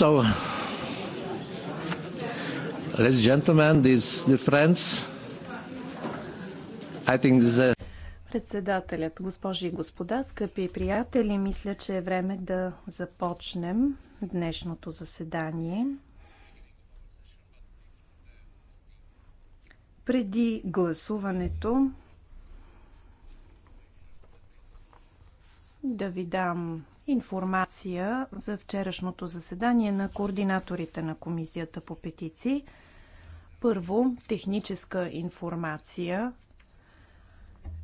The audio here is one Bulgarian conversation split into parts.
So, ladies and gentlemen, these the friends, I think this is a... Председателят, госпожи и господа, скъпи приятели, мисля, че е време да започнем днешното заседание. Преди гласуването да ви дам информация за вчерашното заседание на координаторите на Комисията по петиции. Първо, техническа информация.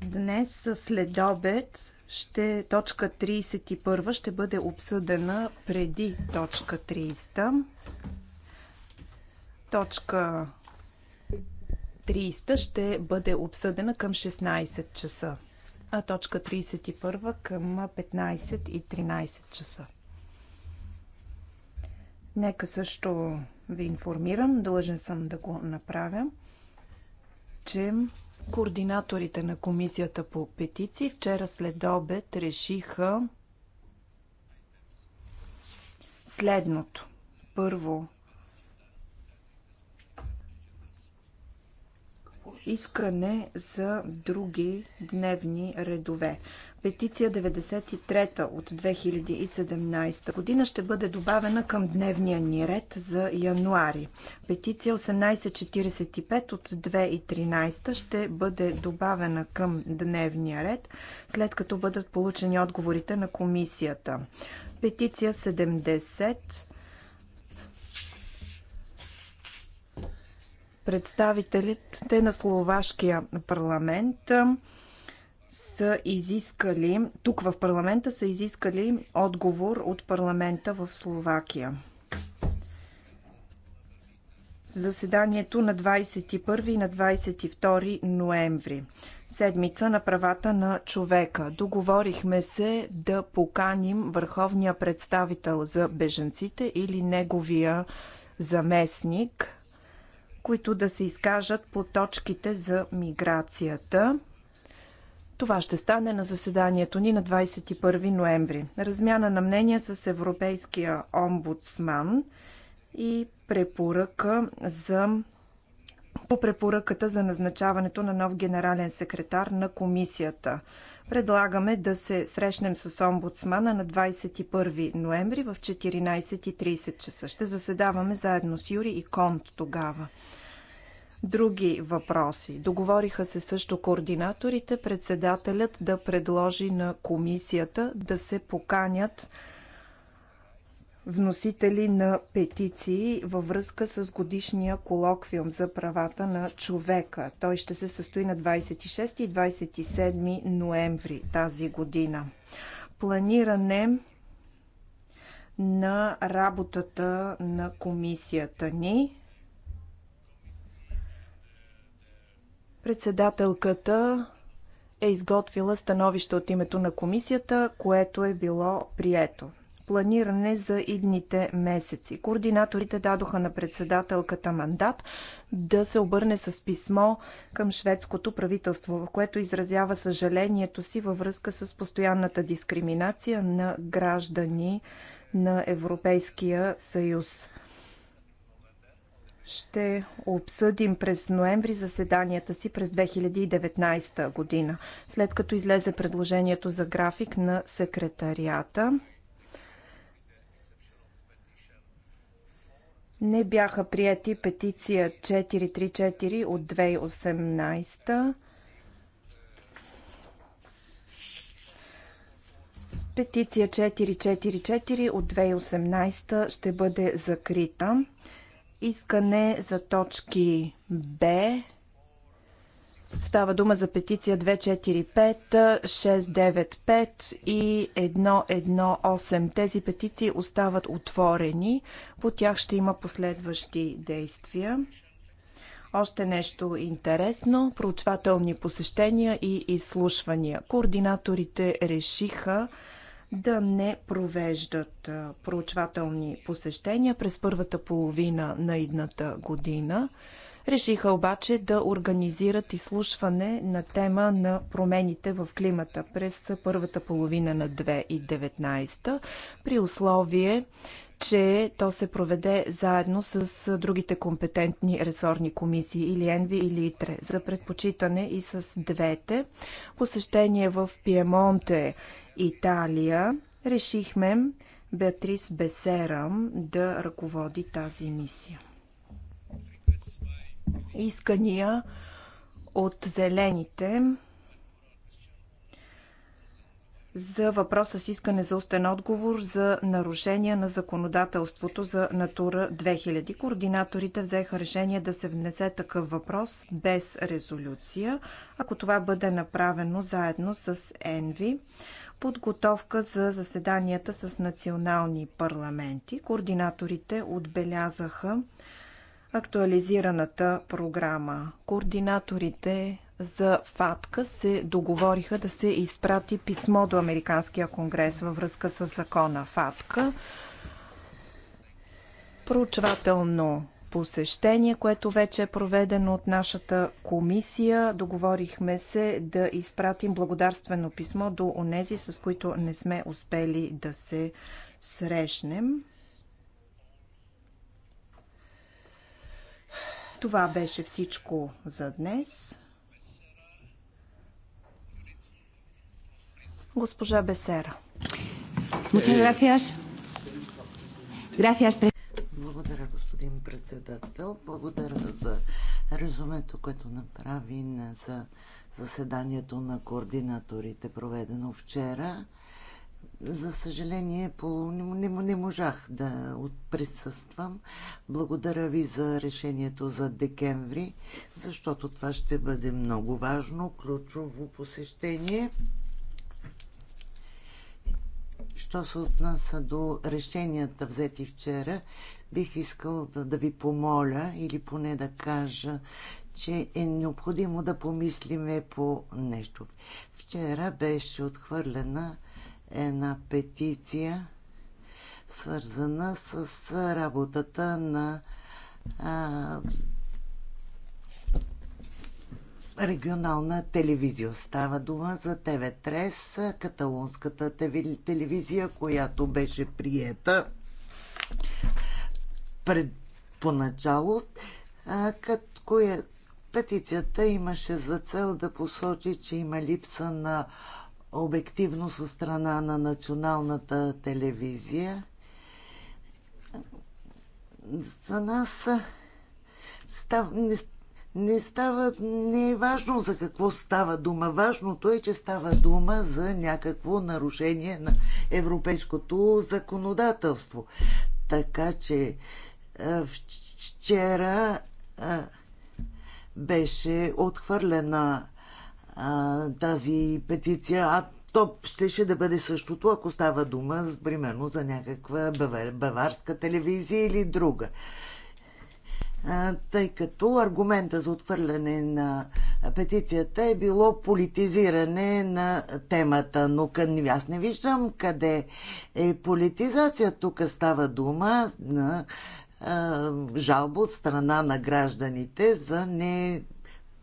Днес след обед ще, точка 31 ще бъде обсъдена преди точка 30. Точка 30 ще бъде обсъдена към 16 часа а точка 31 към 15 и 13 часа. Нека също ви информирам, дължен съм да го направя, че координаторите на комисията по петиции вчера след обед решиха следното. Първо, искане за други дневни редове. Петиция 93 от 2017 година ще бъде добавена към дневния ни ред за януари. Петиция 1845 от 2013 ще бъде добавена към дневния ред, след като бъдат получени отговорите на комисията. Петиция 70 Представителите на Словашкия парламент са изискали, тук в парламента са изискали отговор от парламента в Словакия. Заседанието на 21 и на 22 ноември. Седмица на правата на човека. Договорихме се да поканим върховния представител за беженците или неговия заместник които да се изкажат по точките за миграцията. Това ще стане на заседанието ни на 21 ноември. Размяна на мнения с Европейския омбудсман и препоръка за по препоръката за назначаването на нов генерален секретар на комисията. Предлагаме да се срещнем с омбудсмана на 21 ноември в 14.30 часа. Ще заседаваме заедно с Юри и Конт тогава. Други въпроси. Договориха се също координаторите, председателят да предложи на комисията да се поканят вносители на петиции във връзка с годишния колоквиум за правата на човека. Той ще се състои на 26 и 27 ноември тази година. Планиране на работата на комисията ни. Председателката е изготвила становище от името на комисията, което е било прието планиране за идните месеци. Координаторите дадоха на председателката мандат да се обърне с писмо към шведското правителство, в което изразява съжалението си във връзка с постоянната дискриминация на граждани на Европейския съюз. Ще обсъдим през ноември заседанията си през 2019 година, след като излезе предложението за график на секретарията. Не бяха прияти петиция 434 от 2018 Петиция 444 от 2018 ще бъде закрита. Искане за точки Б, Става дума за петиция 245, 695 и 118. Тези петиции остават отворени. По тях ще има последващи действия. Още нещо интересно проучвателни посещения и изслушвания. Координаторите решиха да не провеждат проучвателни посещения през първата половина на идната година. Решиха обаче да организират изслушване на тема на промените в климата през първата половина на 2019 при условие, че то се проведе заедно с другите компетентни ресорни комисии или ЕНВИ или ИТРЕ за предпочитане и с двете. Посещение в Пиемонте, Италия, решихме Беатрис Бесерам да ръководи тази мисия искания от зелените за въпроса с искане за устен отговор за нарушение на законодателството за Натура 2000. Координаторите взеха решение да се внесе такъв въпрос без резолюция, ако това бъде направено заедно с ЕНВИ. Подготовка за заседанията с национални парламенти. Координаторите отбелязаха актуализираната програма. Координаторите за ФАТКА се договориха да се изпрати писмо до Американския конгрес във връзка с закона ФАТКА. Проучвателно посещение, което вече е проведено от нашата комисия. Договорихме се да изпратим благодарствено писмо до онези, с които не сме успели да се срещнем. Това беше всичко за днес. Госпожа Бесера. Е. Благодаря, господин председател. Благодаря за резюмето, което направи за заседанието на координаторите, проведено вчера за съжаление, по... не, не можах да присъствам. Благодаря ви за решението за декември, защото това ще бъде много важно, ключово посещение. Що се отнася до решенията взети вчера, бих искал да, да ви помоля или поне да кажа, че е необходимо да помислиме по нещо. Вчера беше отхвърлена една петиция, свързана с работата на а, регионална телевизия. Става дума за ТВ Трес, каталунската телевизия, която беше приета пред, поначало, а, кът, коя, петицията имаше за цел да посочи, че има липса на обективност от страна на националната телевизия. За нас став, не, не става, не е важно за какво става дума. Важното е, че става дума за някакво нарушение на европейското законодателство. Така че вчера беше отхвърлена а, тази петиция, а то щеше да бъде същото, ако става дума, примерно, за някаква бавар, баварска телевизия или друга. А, тъй като аргумента за отвърляне на петицията е било политизиране на темата, но къд, аз не виждам къде е политизация. Тук става дума на а, жалба от страна на гражданите за не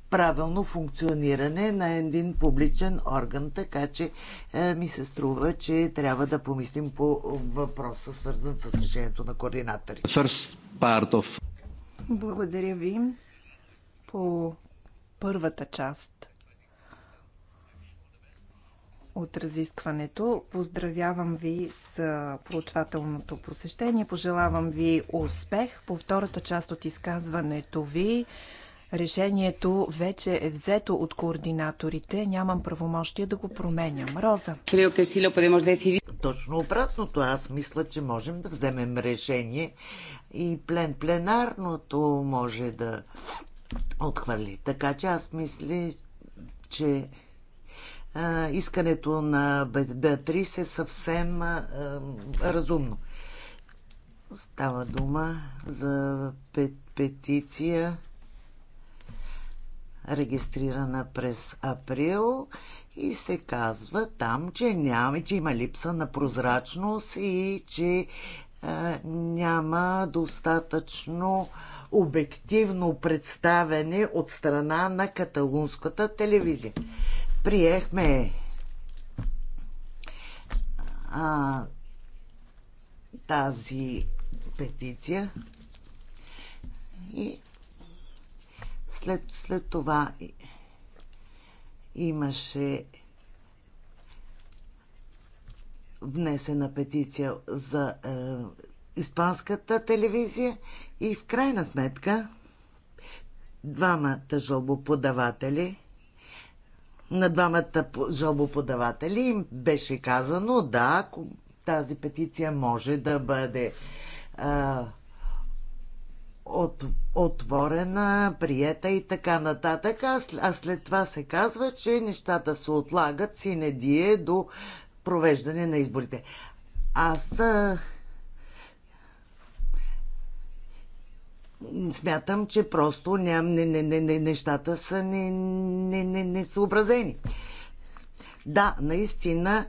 правилно функциониране на един публичен орган. Така че е, ми се струва, че трябва да помислим по въпроса, свързан с решението на координатори. Of... Благодаря ви по първата част от разискването. Поздравявам ви с проучвателното посещение. Пожелавам ви успех по втората част от изказването ви. Решението вече е взето от координаторите. Нямам правомощия да го променям. Роза. Точно обратното. Аз мисля, че можем да вземем решение и плен пленарното може да отхвърли. Така че аз мисля, че а, искането на Беатрис е съвсем а, разумно. Става дума за пет, петиция регистрирана през април и се казва там, че няма, че има липса на прозрачност и че а, е, няма достатъчно обективно представяне от страна на каталунската телевизия. Приехме а, е, тази петиция и след, след това имаше внесена петиция за е, испанската телевизия и в крайна сметка двамата жалбоподаватели на двамата жалбоподаватели им беше казано да, тази петиция може да бъде е, от, отворена, приета и така нататък. А, а след това се казва, че нещата се отлагат си не дие до провеждане на изборите. Аз а... смятам, че просто ням, не, не, не, не, нещата са несъобразени. Не, не, не, не съобразени. да, наистина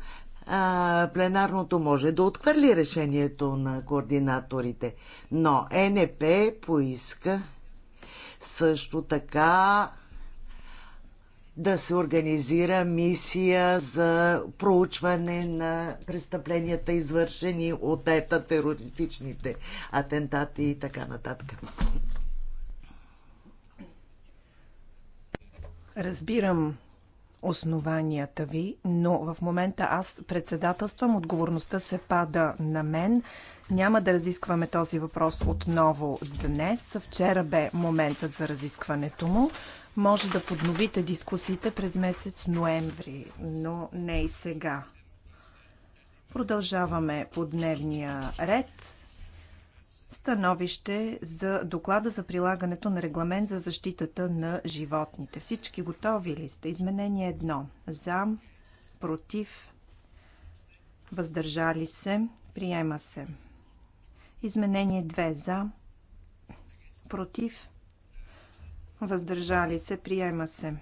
а, пленарното може да отхвърли решението на координаторите. Но НП поиска също така да се организира мисия за проучване на престъпленията, извършени от ета терористичните атентати и така нататък. Разбирам основанията ви, но в момента аз председателствам, отговорността се пада на мен. Няма да разискваме този въпрос отново днес. Вчера бе моментът за разискването му. Може да подновите дискусиите през месец ноември, но не и сега. Продължаваме по дневния ред. Становище за доклада за прилагането на регламент за защитата на животните. Всички готови ли сте? Изменение едно. За, против, въздържали се, приема се. Изменение 2 за, против, въздържали се, приема се.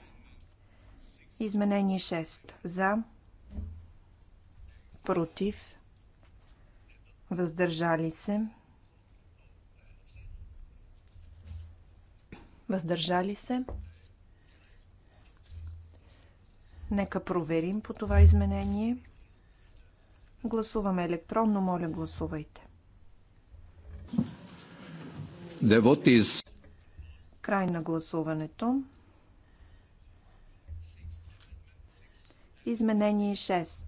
Изменение 6 за, против, въздържали се, въздържали се. Нека проверим по това изменение. Гласуваме електронно, моля гласувайте. Is... Край на гласуването. Изменение 6.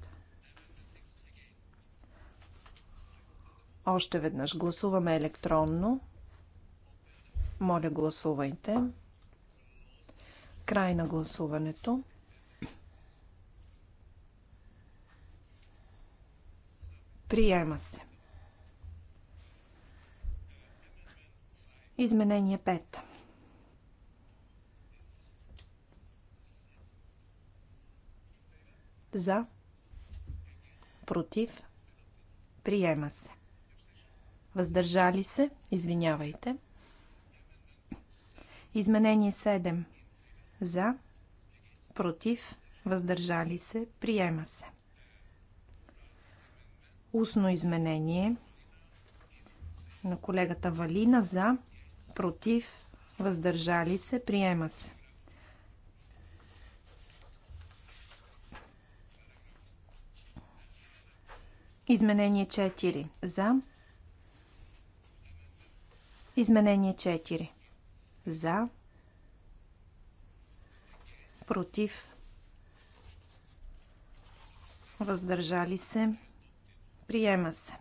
Още веднъж гласуваме електронно. Моля, гласувайте. Край на гласуването. Приема се. Изменение 5. За. Против. Приема се. Въздържали се. Извинявайте. Изменение 7. За. Против. Въздържали се. Приема се. Устно изменение на колегата Валина за, против, въздържали се, приема се. Изменение 4 за. Изменение 4 за, против, въздържали се, приема се.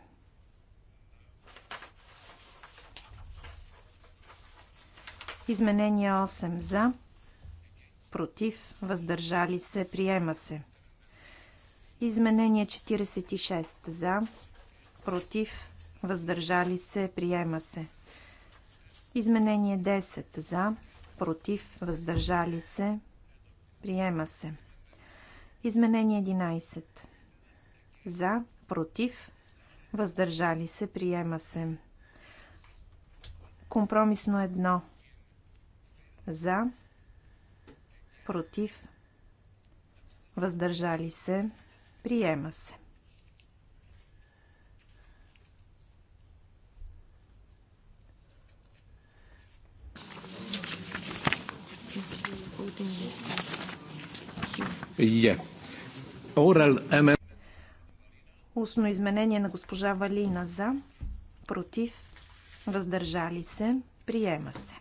Изменение 8 за, против, въздържали се, приема се. Изменение 46 за, против, въздържали се, приема се. Изменение 10 за, против, въздържали се, приема се. Изменение 11 за, против, въздържали се, приема се. Компромисно 1 за, против, въздържали се, приема се. Е. Устно изменение на госпожа Валина за, против, въздържали се, приема се.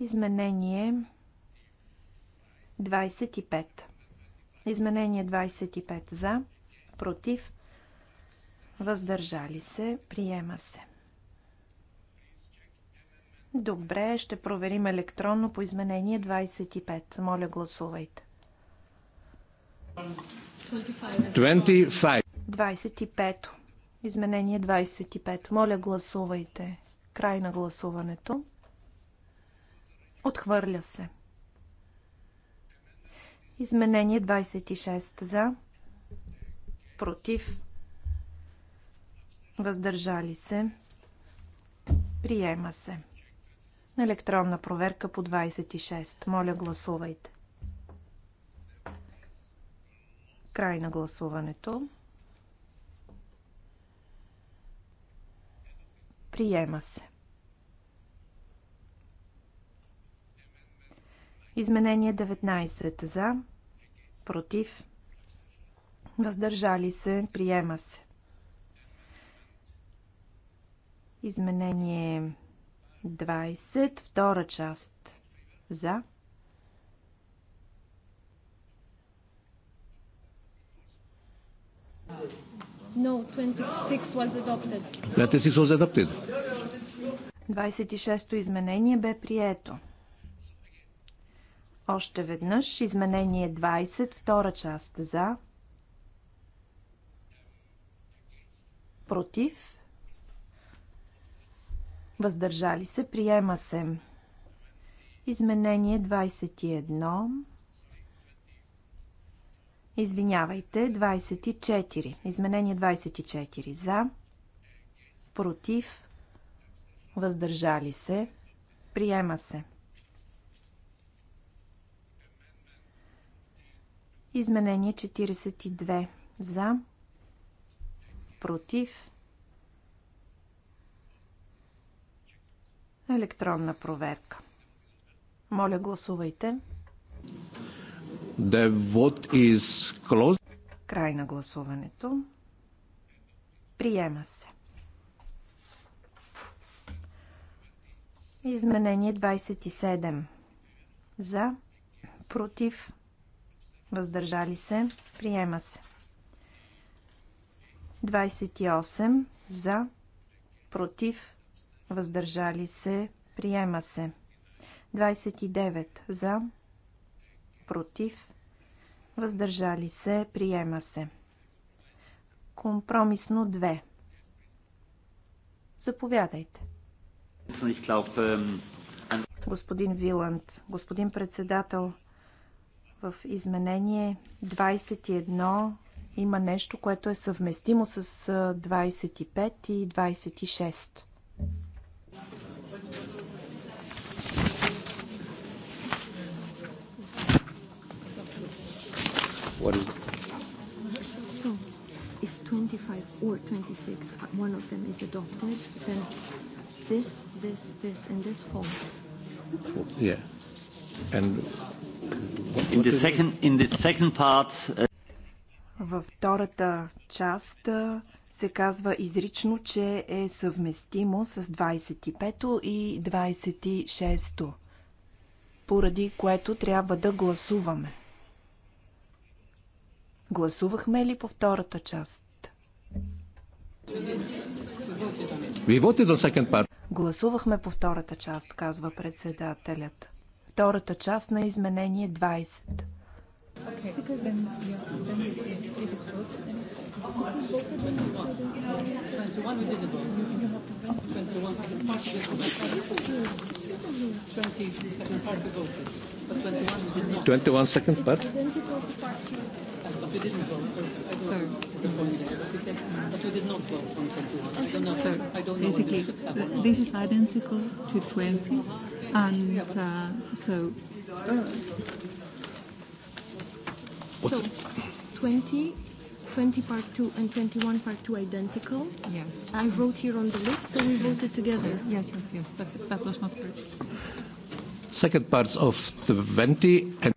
Изменение 25. Изменение 25 за, против, въздържали се, приема се. Добре, ще проверим електронно по изменение 25. Моля, гласувайте. 25. 25. Изменение 25. Моля, гласувайте. Край на гласуването. Отхвърля се. Изменение 26 за. Против. Въздържали се. Приема се. Електронна проверка по 26. Моля, гласувайте. Край на гласуването. Приема се. Изменение 19 за, против, въздържали се, приема се. Изменение 20. Втора част. За. No, 26 was adopted. 26 то изменение бе прието. Още веднъж изменение 20, втора част за, против, въздържали се, приема се. Изменение 21. Извинявайте, 24. Изменение 24. За, против, въздържали се, приема се. Изменение 42. За, против, Електронна проверка. Моля, гласувайте. The vote is closed. Край на гласуването. Приема се. Изменение 27. За, против, въздържали се, приема се. 28. За, против, въздържали се, приема се. 29 за, против, въздържали се, приема се. Компромисно 2. Заповядайте. Господин Виланд, господин председател, в изменение 21 има нещо, което е съвместимо с 25 и 26. What is? it? So, if 25 or 26, one of them is adopted, then this, this, this, and this fall. Yeah. And. In the second, in the second part. uh... Във втората част се казва изрично, че е съвместимо с 25-то и 26-то, поради което трябва да гласуваме. Гласувахме ли по втората част? Гласувахме по втората част, казва председателят. Втората част на изменение 20. Okay. 21 second part. We didn't vote, so I don't know But we did not vote on 21. I don't know, I don't know Basically This is identical to 20, and so. What's it? 20, 20 part 2 and 21 part 2 identical. Yes. I wrote here on the list, so we voted together. Yes, yes, yes. But that was not correct. Second parts of 20 and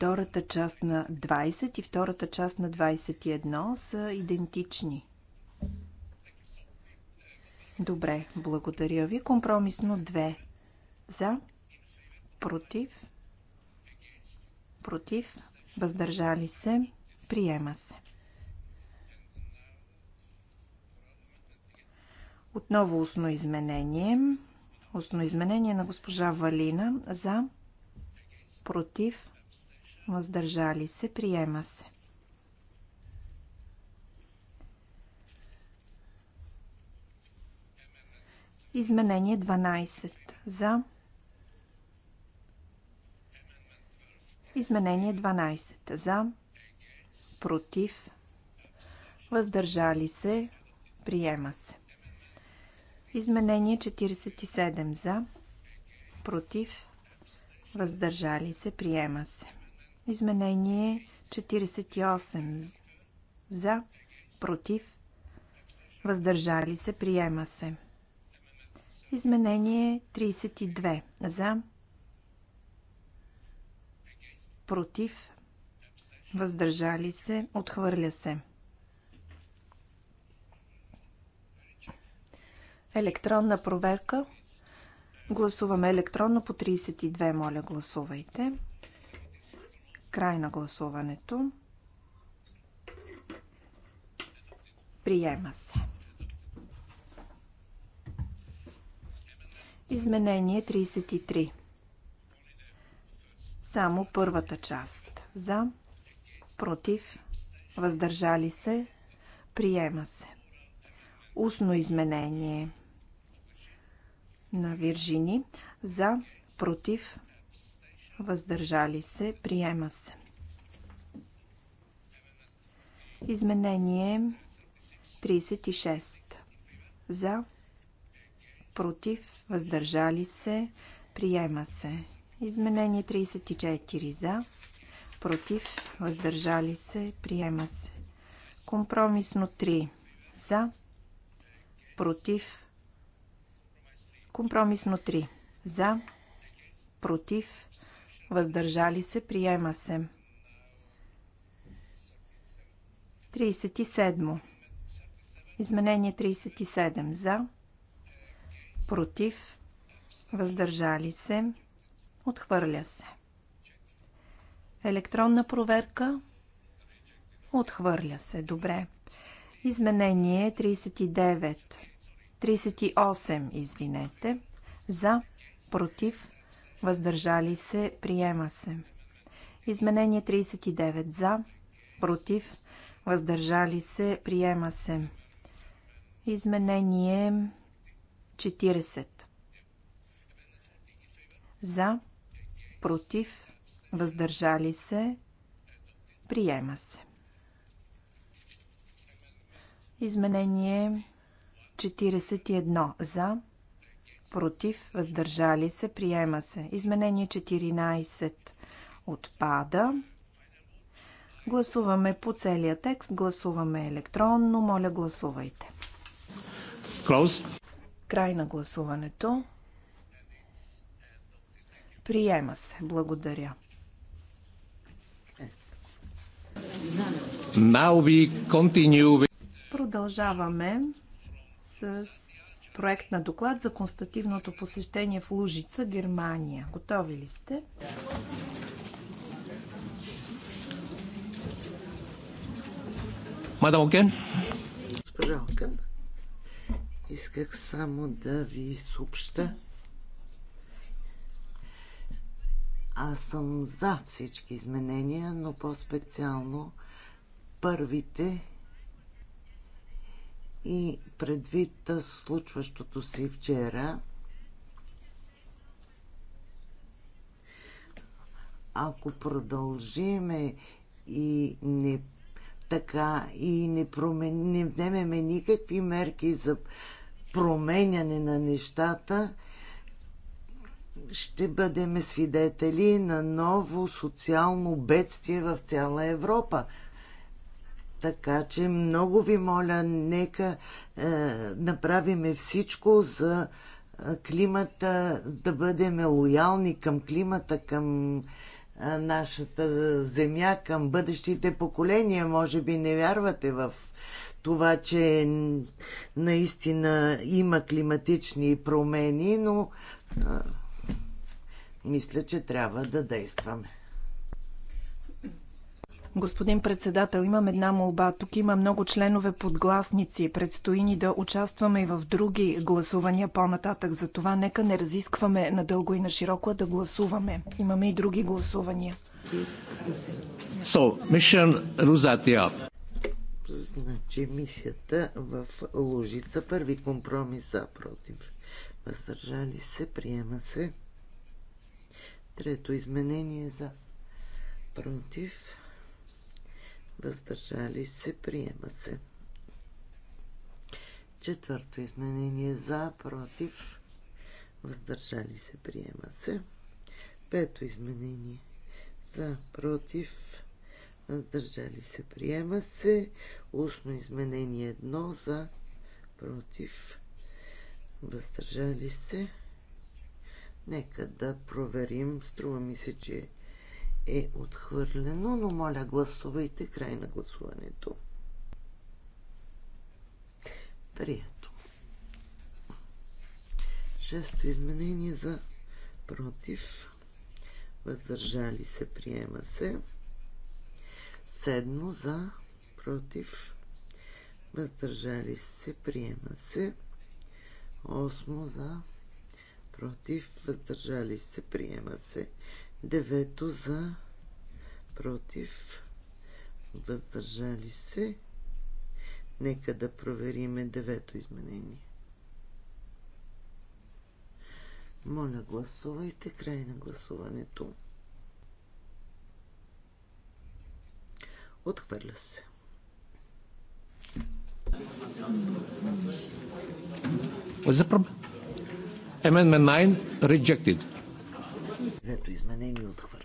Втората част на 20 и втората част на 21 са идентични. Добре, благодаря ви. Компромисно 2. За. Против. Против. Въздържали се. Приема се. Отново устно изменение. Устно изменение на госпожа Валина за против въздържали се, приема се. Изменение 12 за Изменение 12 за против въздържали се, приема се. Изменение 47 за против въздържали се, приема се. Изменение 48. За, против, въздържали се, приема се. Изменение 32. За, против, въздържали се, отхвърля се. Електронна проверка. Гласуваме електронно по 32. Моля, гласувайте. Край на гласуването. Приема се. Изменение 33. Само първата част. За, против, въздържали се, приема се. Устно изменение на Виржини. За, против, въздържали се, приема се. Изменение 36. За, против, въздържали се, приема се. Изменение 34. За, против, въздържали се, приема се. Компромисно 3. За, против, компромисно 3. За, против, въздържали се, приема се. 37. Изменение 37. За, против, въздържали се, отхвърля се. Електронна проверка, отхвърля се, добре. Изменение 39. 38, извинете. За, против, въздържали се, приема се. Изменение 39 за, против, въздържали се, приема се. Изменение 40 за, против, въздържали се, приема се. Изменение 41 за, против, въздържали се, приема се. Изменение 14 отпада. Гласуваме по целия текст, гласуваме електронно, моля гласувайте. Клаус. Край на гласуването. Приема се. Благодаря. Продължаваме с проект на доклад за констативното посещение в Лужица, Германия. Готови ли сте? Мадам Окен? Госпожа Окен, исках само да ви съобща. Аз съм за всички изменения, но по-специално първите и предвид случващото си вчера, ако продължиме и не така и не, промен, не внемеме никакви мерки за променяне на нещата, ще бъдем свидетели на ново социално бедствие в цяла Европа. Така че много ви моля, нека е, направиме всичко за е, климата, да бъдем лоялни към климата, към е, нашата земя, към бъдещите поколения. Може би не вярвате в това, че наистина има климатични промени, но е, мисля, че трябва да действаме. Господин председател, имам една молба. Тук има много членове подгласници. Предстои ни да участваме и в други гласувания по-нататък. Затова нека не разискваме надълго и на широко, а да гласуваме. Имаме и други гласувания. So, mission Rosatia. Значи мисията в Лужица. Първи компромис за против. Въздържали се, приема се. Трето изменение за против въздържали се, приема се. Четвърто изменение за, против, въздържали се, приема се. Пето изменение за, против, въздържали се, приема се. Устно изменение едно за, против, въздържали се. Нека да проверим. Струва ми се, че е е отхвърлено, но моля гласувайте край на гласуването. Прието. Шесто изменение за против. Въздържали се, приема се. Седмо за против. Въздържали се, приема се. Осмо за против. Въздържали се, приема се. Девето за против. Въздържали се. Нека да провериме девето изменение. Моля, гласувайте край на гласуването. Отхвърля се. What's the problem? Amendment 9 rejected. Трето изменение отхвърля.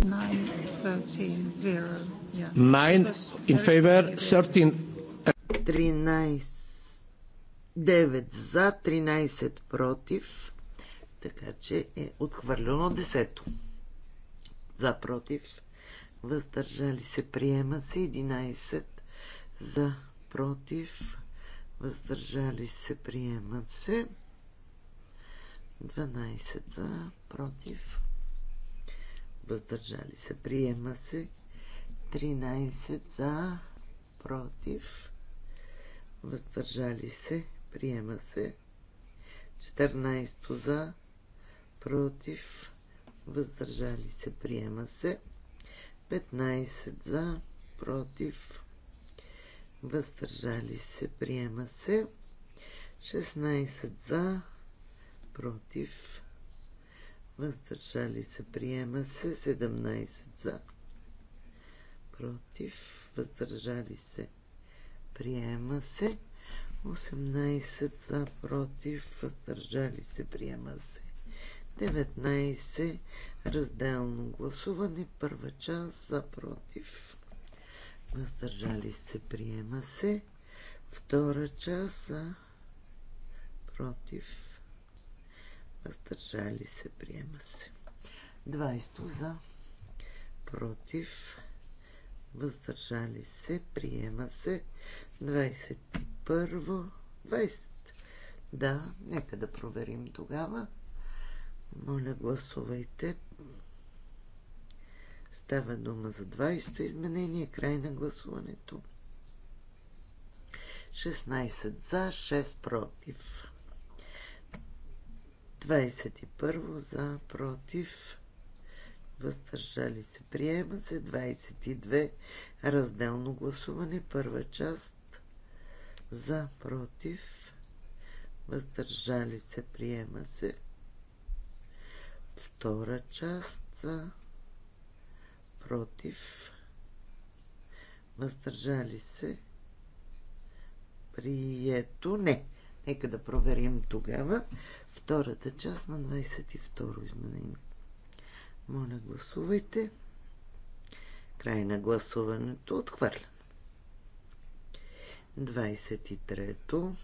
9 in favor, 13. 13. 9 за, 13 против. Така че е отхвърлено 10. За, против. Въздържали се, приема се 11 за, против. Въздържали се, приемат се. 12 за, против, въздържали се. Приема се 13 за, против, въздържали се. Приема се 14 за, против, въздържали се. Приема се 15 за, против, въздържали се. Приема се 16 за, против, въздържали се, приема се 17 за, против, въздържали се, приема се 18 за, против, въздържали се, приема се 19 разделно гласуване, първа част за, против, въздържали се, приема се втора част за, против, въздържали се, приема се. 20 за, против, въздържали се, приема се. 21, 20. Да, нека да проверим тогава. Моля, гласувайте. Става дума за 20-то изменение, край на гласуването. 16 за, 6 против. 21 за, против, въздържали се. Приема се 22 разделно гласуване, първа част за, против, въздържали се. Приема се втора част за, против, въздържали се. Прието не. Нека да проверим тогава втората част на 22 изменение. Моля, гласувайте. Край на гласуването. отхвърлям. 23-то.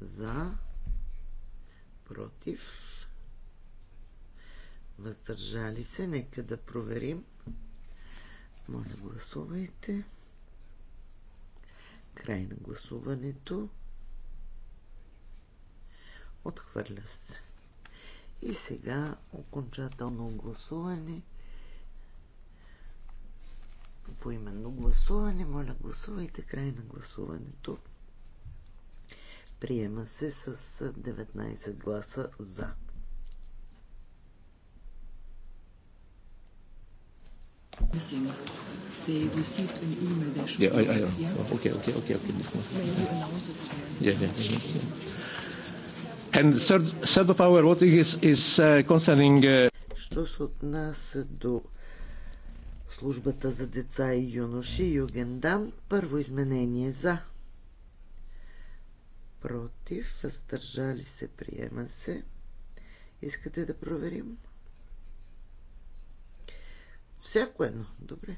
За. Против. Въздържали се. Нека да проверим. Моля, гласувайте. Край на гласуването. Отхвърля се. И сега окончателно гласуване. По именно гласуване. Моля, гласувайте край на гласуването. Приема се с 19 гласа за. Missing. They received an email. They yeah, I, I don't. know. Yeah? Okay, okay, okay, okay. Maybe announce it again. Yeah, yeah. yeah. And third, third of our voting is, is uh, concerning... Uh... Що се отнася до службата за деца и юноши Югендам, първо изменение за против, въздържали се, приема се. Искате да проверим? Всяко едно. Добре.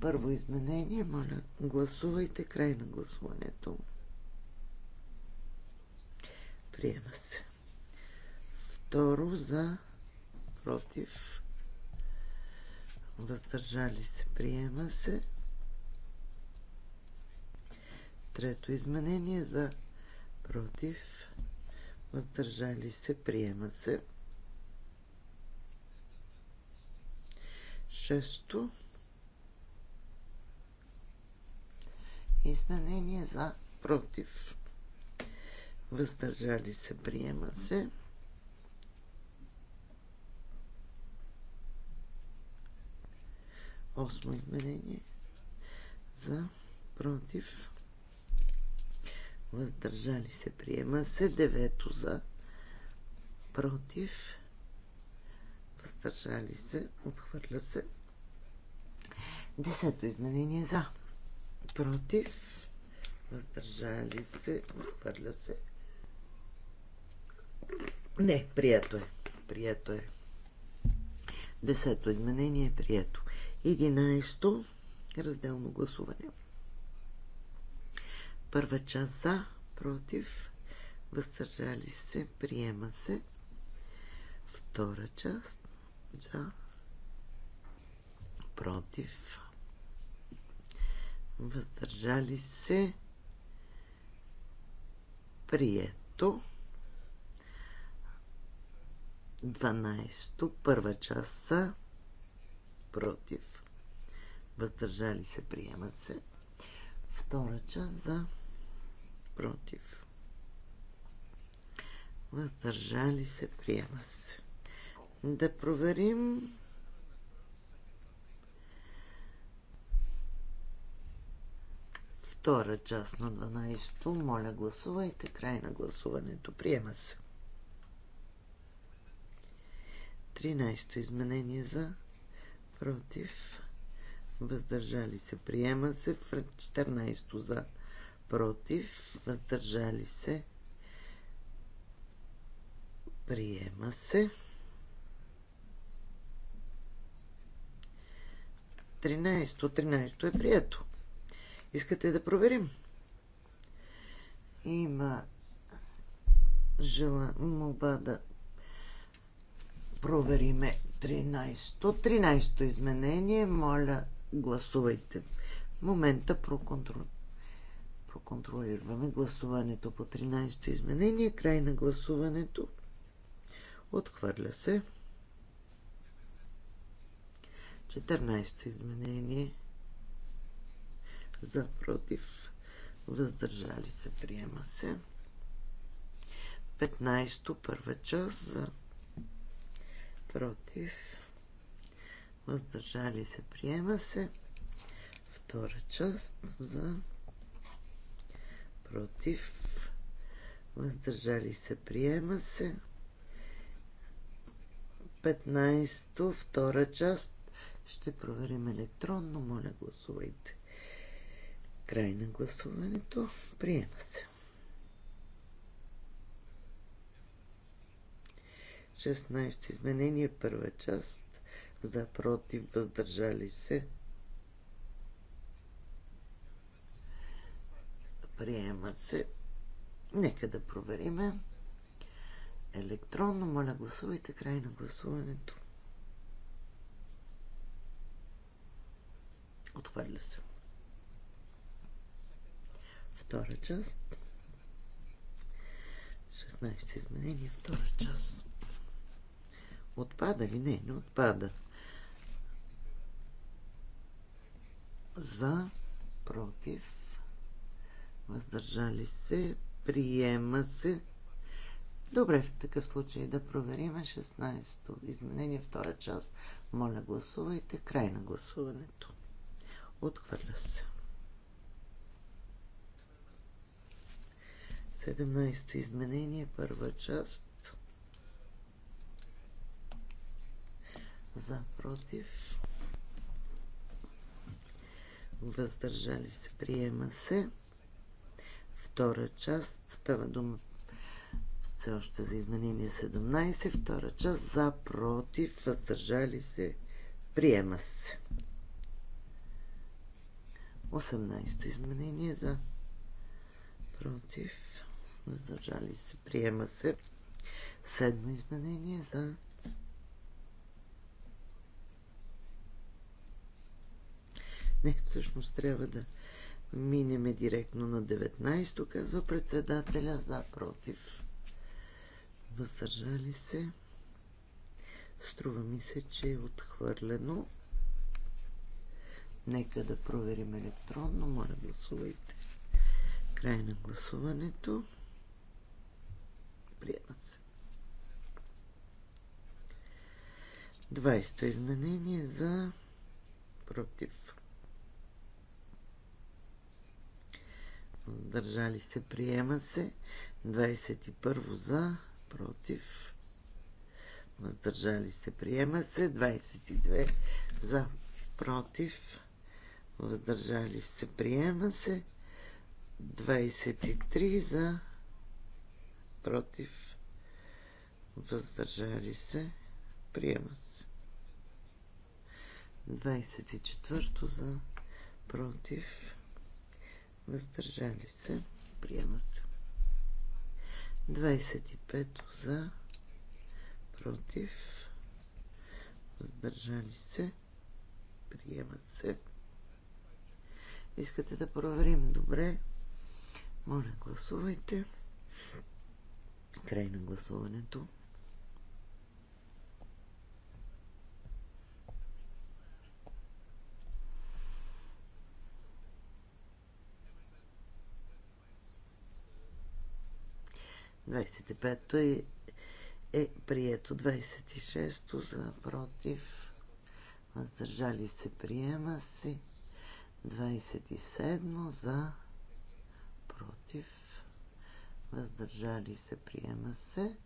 Първо изменение, моля, гласувайте край на гласуването. Приема се. Второ за против. Въздържали се. Приема се. Трето изменение за против. Въздържали се. Приема се. Шесто. Изменение за против въздържали се, приема се. Осмо изменение за против въздържали се, приема се. Девето за против въздържали се, отхвърля се. Десето изменение за против въздържали се, отхвърля се. Не, прието е. Прието е. Десето изменение е прието. Единайсто разделно гласуване. Първа част за, против, въздържали се, приема се. Втора част за, против, въздържали се, прието. 12. Първа част са против. Въздържали се, приемат се. Втора част за против. Въздържали се, приема се. Да проверим втора част на 12. то Моля, гласувайте. Край на гласуването. Приема се. 13-то изменение за против. Въздържали се. Приема се. 14-то за против. Въздържали се. Приема се. 13-то. 13-то е прието. Искате да проверим? Има жела молба да провериме 13-то. 13-то изменение. Моля, гласувайте. В момента проконтрол... проконтролираме гласуването по 13-то изменение. Край на гласуването. Отхвърля се. 14-то изменение. За против. Въздържали се. Приема се. 15-то първа част за против, въздържали се, приема се. Втора част за против, въздържали се, приема се. 15 втора част ще проверим електронно. Моля, гласувайте. Край на гласуването. Приема се. 16 изменение, първа част. За, против, въздържали се. Приема се. Нека да провериме. Електронно, моля, гласувайте край на гласуването. Отхвърля се. Втора част. 16 изменение, втора част. Отпада ли? Не, не отпада. За, против, въздържали се, приема се. Добре, в такъв случай да проверим 16-то изменение, втора част. Моля, гласувайте. Край на гласуването. Отхвърля се. 17-то изменение, първа част. за против въздържали се приема се втора част става дума все още за изменение 17 втора част за против въздържали се приема се 18 изменение за против въздържали се приема се седмо изменение за Не, всъщност трябва да минеме директно на 19-то, казва председателя, за против. Въздържали се. Струва ми се, че е отхвърлено. Нека да проверим електронно. Моля, гласувайте. Край на гласуването. Приема се. 20-то изменение за против въздържали се, приема се. 21 за, против, въздържали се, приема се. 22 за, против, въздържали се, приема се. 23 за, против, въздържали се, приема се. 24 за, против, въздържали се, приема се. 25 за, против, въздържали се, приема се. Искате да проверим добре? Моля, гласувайте. Край на гласуването. 25-то е, е прието. 26-то за против. Въздържали се приема се. 27 за против. Въздържали се приема се.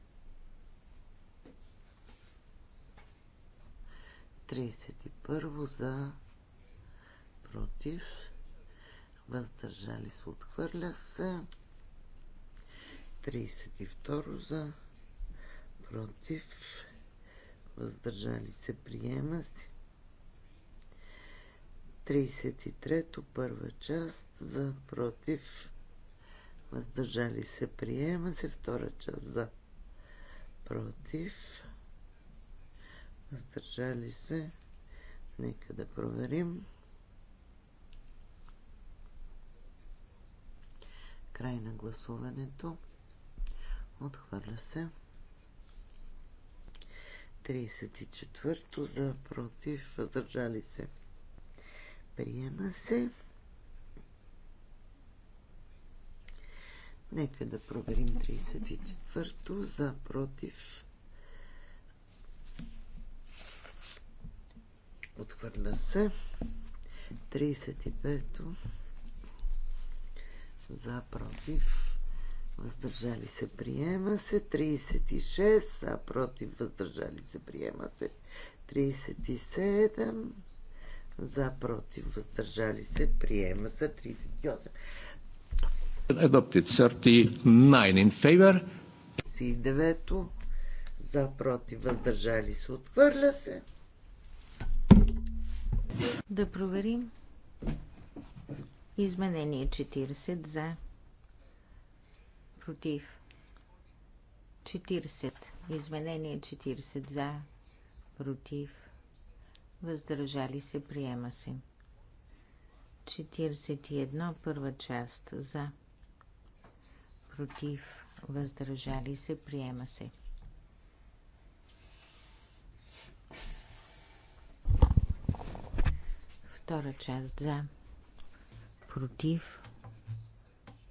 31 за против. Въздържали се отхвърля се. 32 за, против, въздържали се, приема се. 33-то, първа част, за, против, въздържали се, приема се, втора част, за, против, въздържали се, нека да проверим. Край на гласуването. Отхвърля се. 34 за против, въздържали се. Приема се. Нека да проверим 34-то за против. Отхвърля се. 35-то за против въздържали се, приема се. 36 а против, въздържали се, приема се. 37 за, против, въздържали се, приема се. 38. Adopted 39 in favor. 39 за, против, въздържали се, отхвърля се. Да проверим. Изменение 40 за против. 40. Изменение 40 за, против. Въздържали се, приема се. 41. Първа част за, против. Въздържали се, приема се. Втора част за, против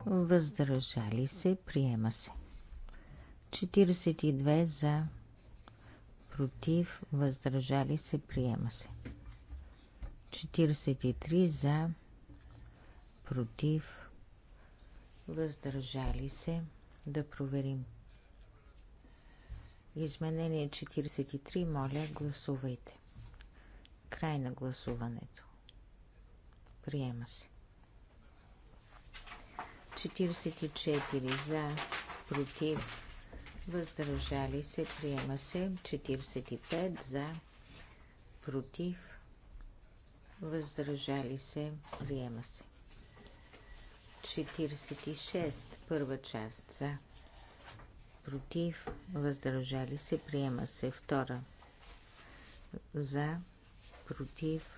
въздържали се, приема се. 42 за, против, въздържали се, приема се. 43 за, против, въздържали се, да проверим. Изменение 43, моля, гласувайте. Край на гласуването. Приема се. 44 за, против, въздържали се, приема се 45 за, против, въздържали се, приема се 46 първа част за, против, въздържали се, приема се втора за, против,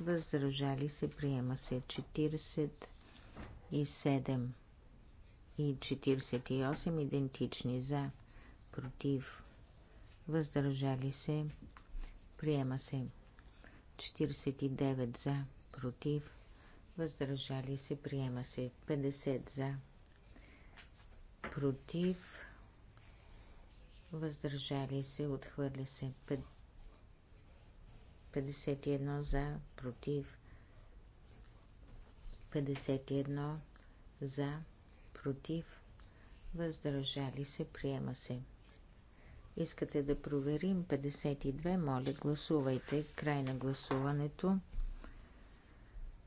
въздържали се, приема се 40 и 7 и 48 идентични за, против, въздържали се, приема се. 49 за, против, въздържали се, приема се. 50 за, против, въздържали се, отхвърля се. 51 за, против, 51 за, против, въздържали се, приема се. Искате да проверим 52, моля гласувайте. Край на гласуването.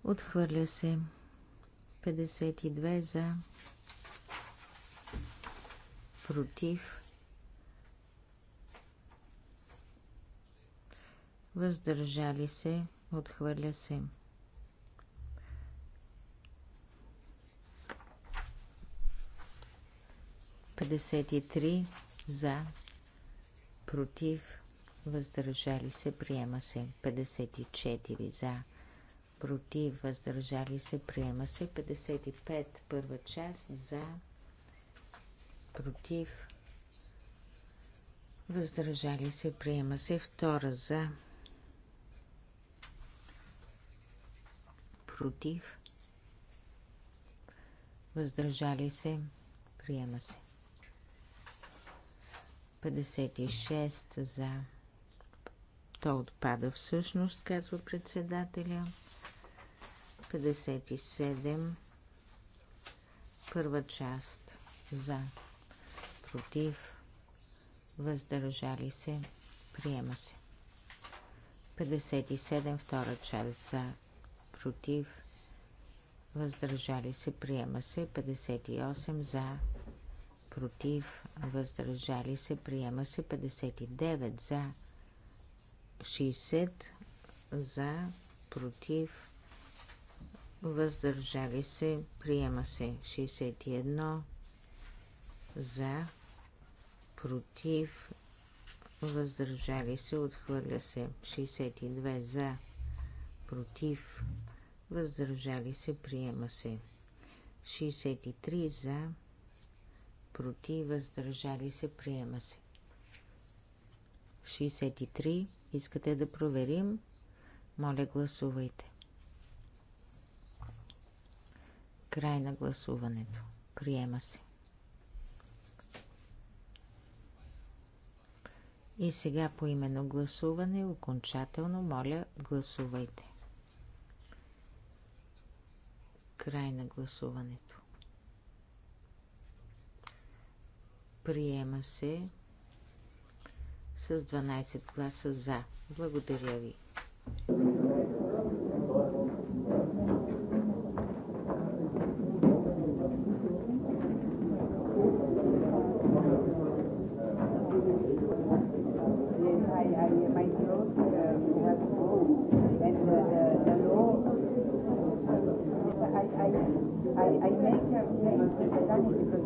Отхвърля се 52 за, против, въздържали се, отхвърля се. 53 за, против, въздържали се, приема се. 54 за, против, въздържали се, приема се. 55 първа част за, против, въздържали се, приема се. Втора за, против, въздържали се, приема се. 56 за. То отпада всъщност, казва председателя. 57. Първа част за. Против. Въздържали се. Приема се. 57. Втора част за. Против. Въздържали се. Приема се. 58 за против, въздържали се, приема се 59 за, 60 за, против, въздържали се, приема се 61 за, против, въздържали се, отхвърля се 62 за, против, въздържали се, приема се 63 за, против, въздържали се, приема се. 63. Искате да проверим? Моля, гласувайте. Край на гласуването. Приема се. И сега по именно гласуване, окончателно, моля, гласувайте. Край на гласуването. Приема се с 12 гласа за. Благодаря ви. I, I make a mistake.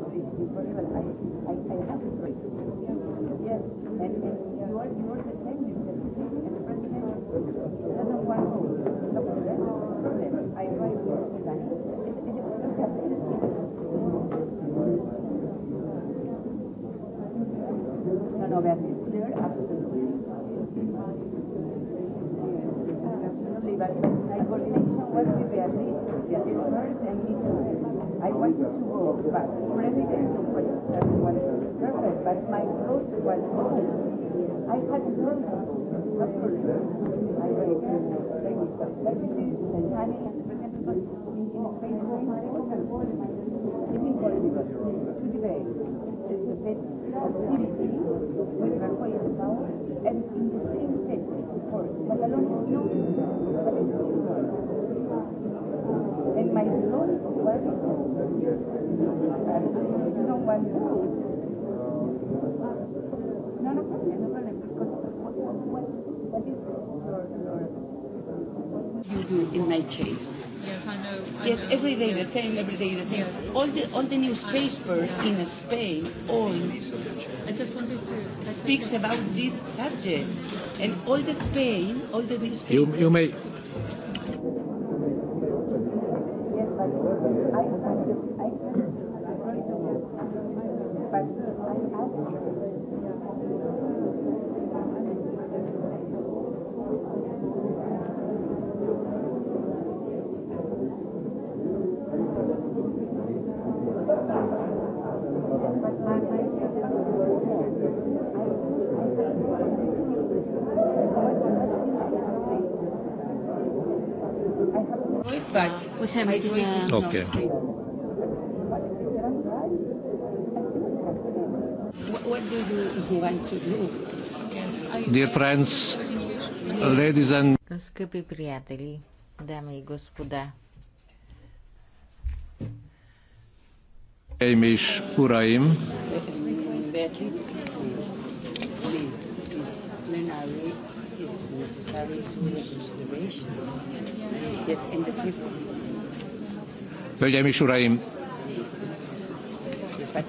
case. Yes, I know. I yes, know. every day yes. the same, every day the same. Yes. All the all the newspapers yeah. in Spain, all. I just to. Speaks about this subject, and all the Spain, all the newspapers. You, you may Midnight. Okay. What do you want to do? Dear friends, ladies and... Скъпи приятели, дами и господа. Емиш Ураим. Yes, in the Hölgyeim és Uraim,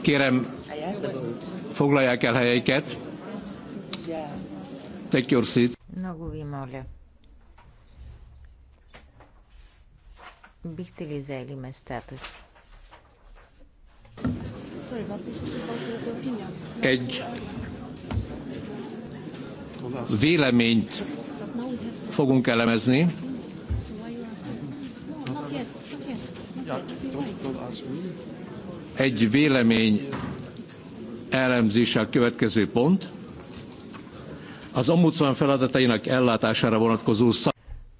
kérem, foglalják el helyeiket. Take your seat. Много ви моля. Бихте ли заели местата си? Egy véleményt fogunk elemezni. Egy vélemény elemzése a következő pont. Az ombudsman feladatainak ellátására vonatkozó szak...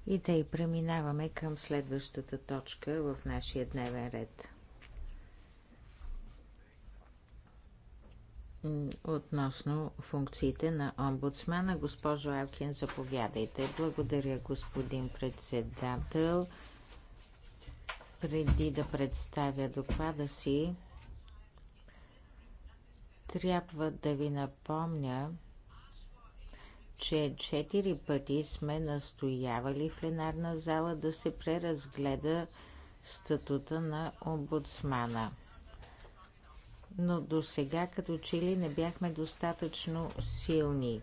И тъй преминаваме към следващата точка в нашия дневен ред. Относно функциите на омбудсмана, госпожо Алкин, заповядайте. Благодаря, господин председател. Преди да представя доклада си, трябва да ви напомня, че четири пъти сме настоявали в пленарна зала да се преразгледа статута на омбудсмана. Но до сега като че ли не бяхме достатъчно силни.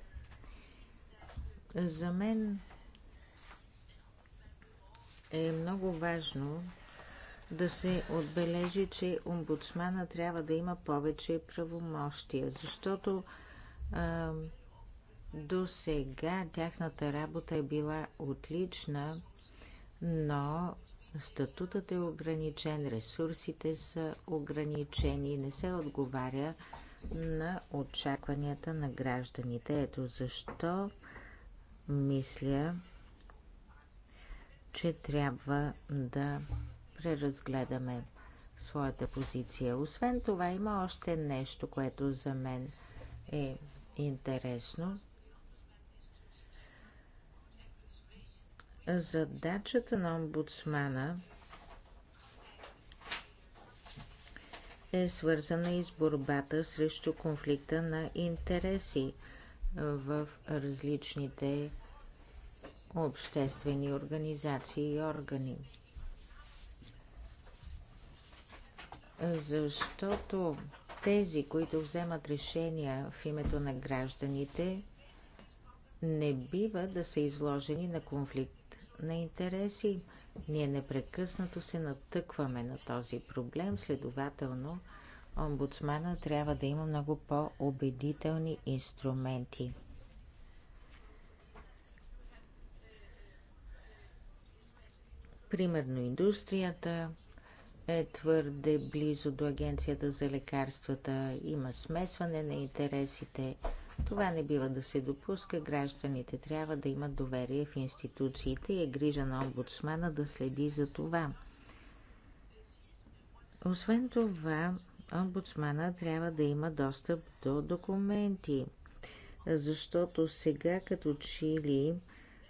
За мен е много важно да се отбележи, че омбудсмана трябва да има повече правомощия, защото а, до сега тяхната работа е била отлична, но статутът е ограничен, ресурсите са ограничени, и не се отговаря на очакванията на гражданите. Ето защо мисля, че трябва да преразгледаме своята позиция. Освен това, има още нещо, което за мен е интересно. Задачата на омбудсмана е свързана и с борбата срещу конфликта на интереси в различните обществени организации и органи. защото тези, които вземат решения в името на гражданите, не бива да са изложени на конфликт на интереси. Ние непрекъснато се натъкваме на този проблем, следователно омбудсмана трябва да има много по-убедителни инструменти. Примерно индустрията, е твърде близо до Агенцията за лекарствата. Има смесване на интересите. Това не бива да се допуска. Гражданите трябва да имат доверие в институциите и е грижа на омбудсмана да следи за това. Освен това, омбудсмана трябва да има достъп до документи, защото сега като чили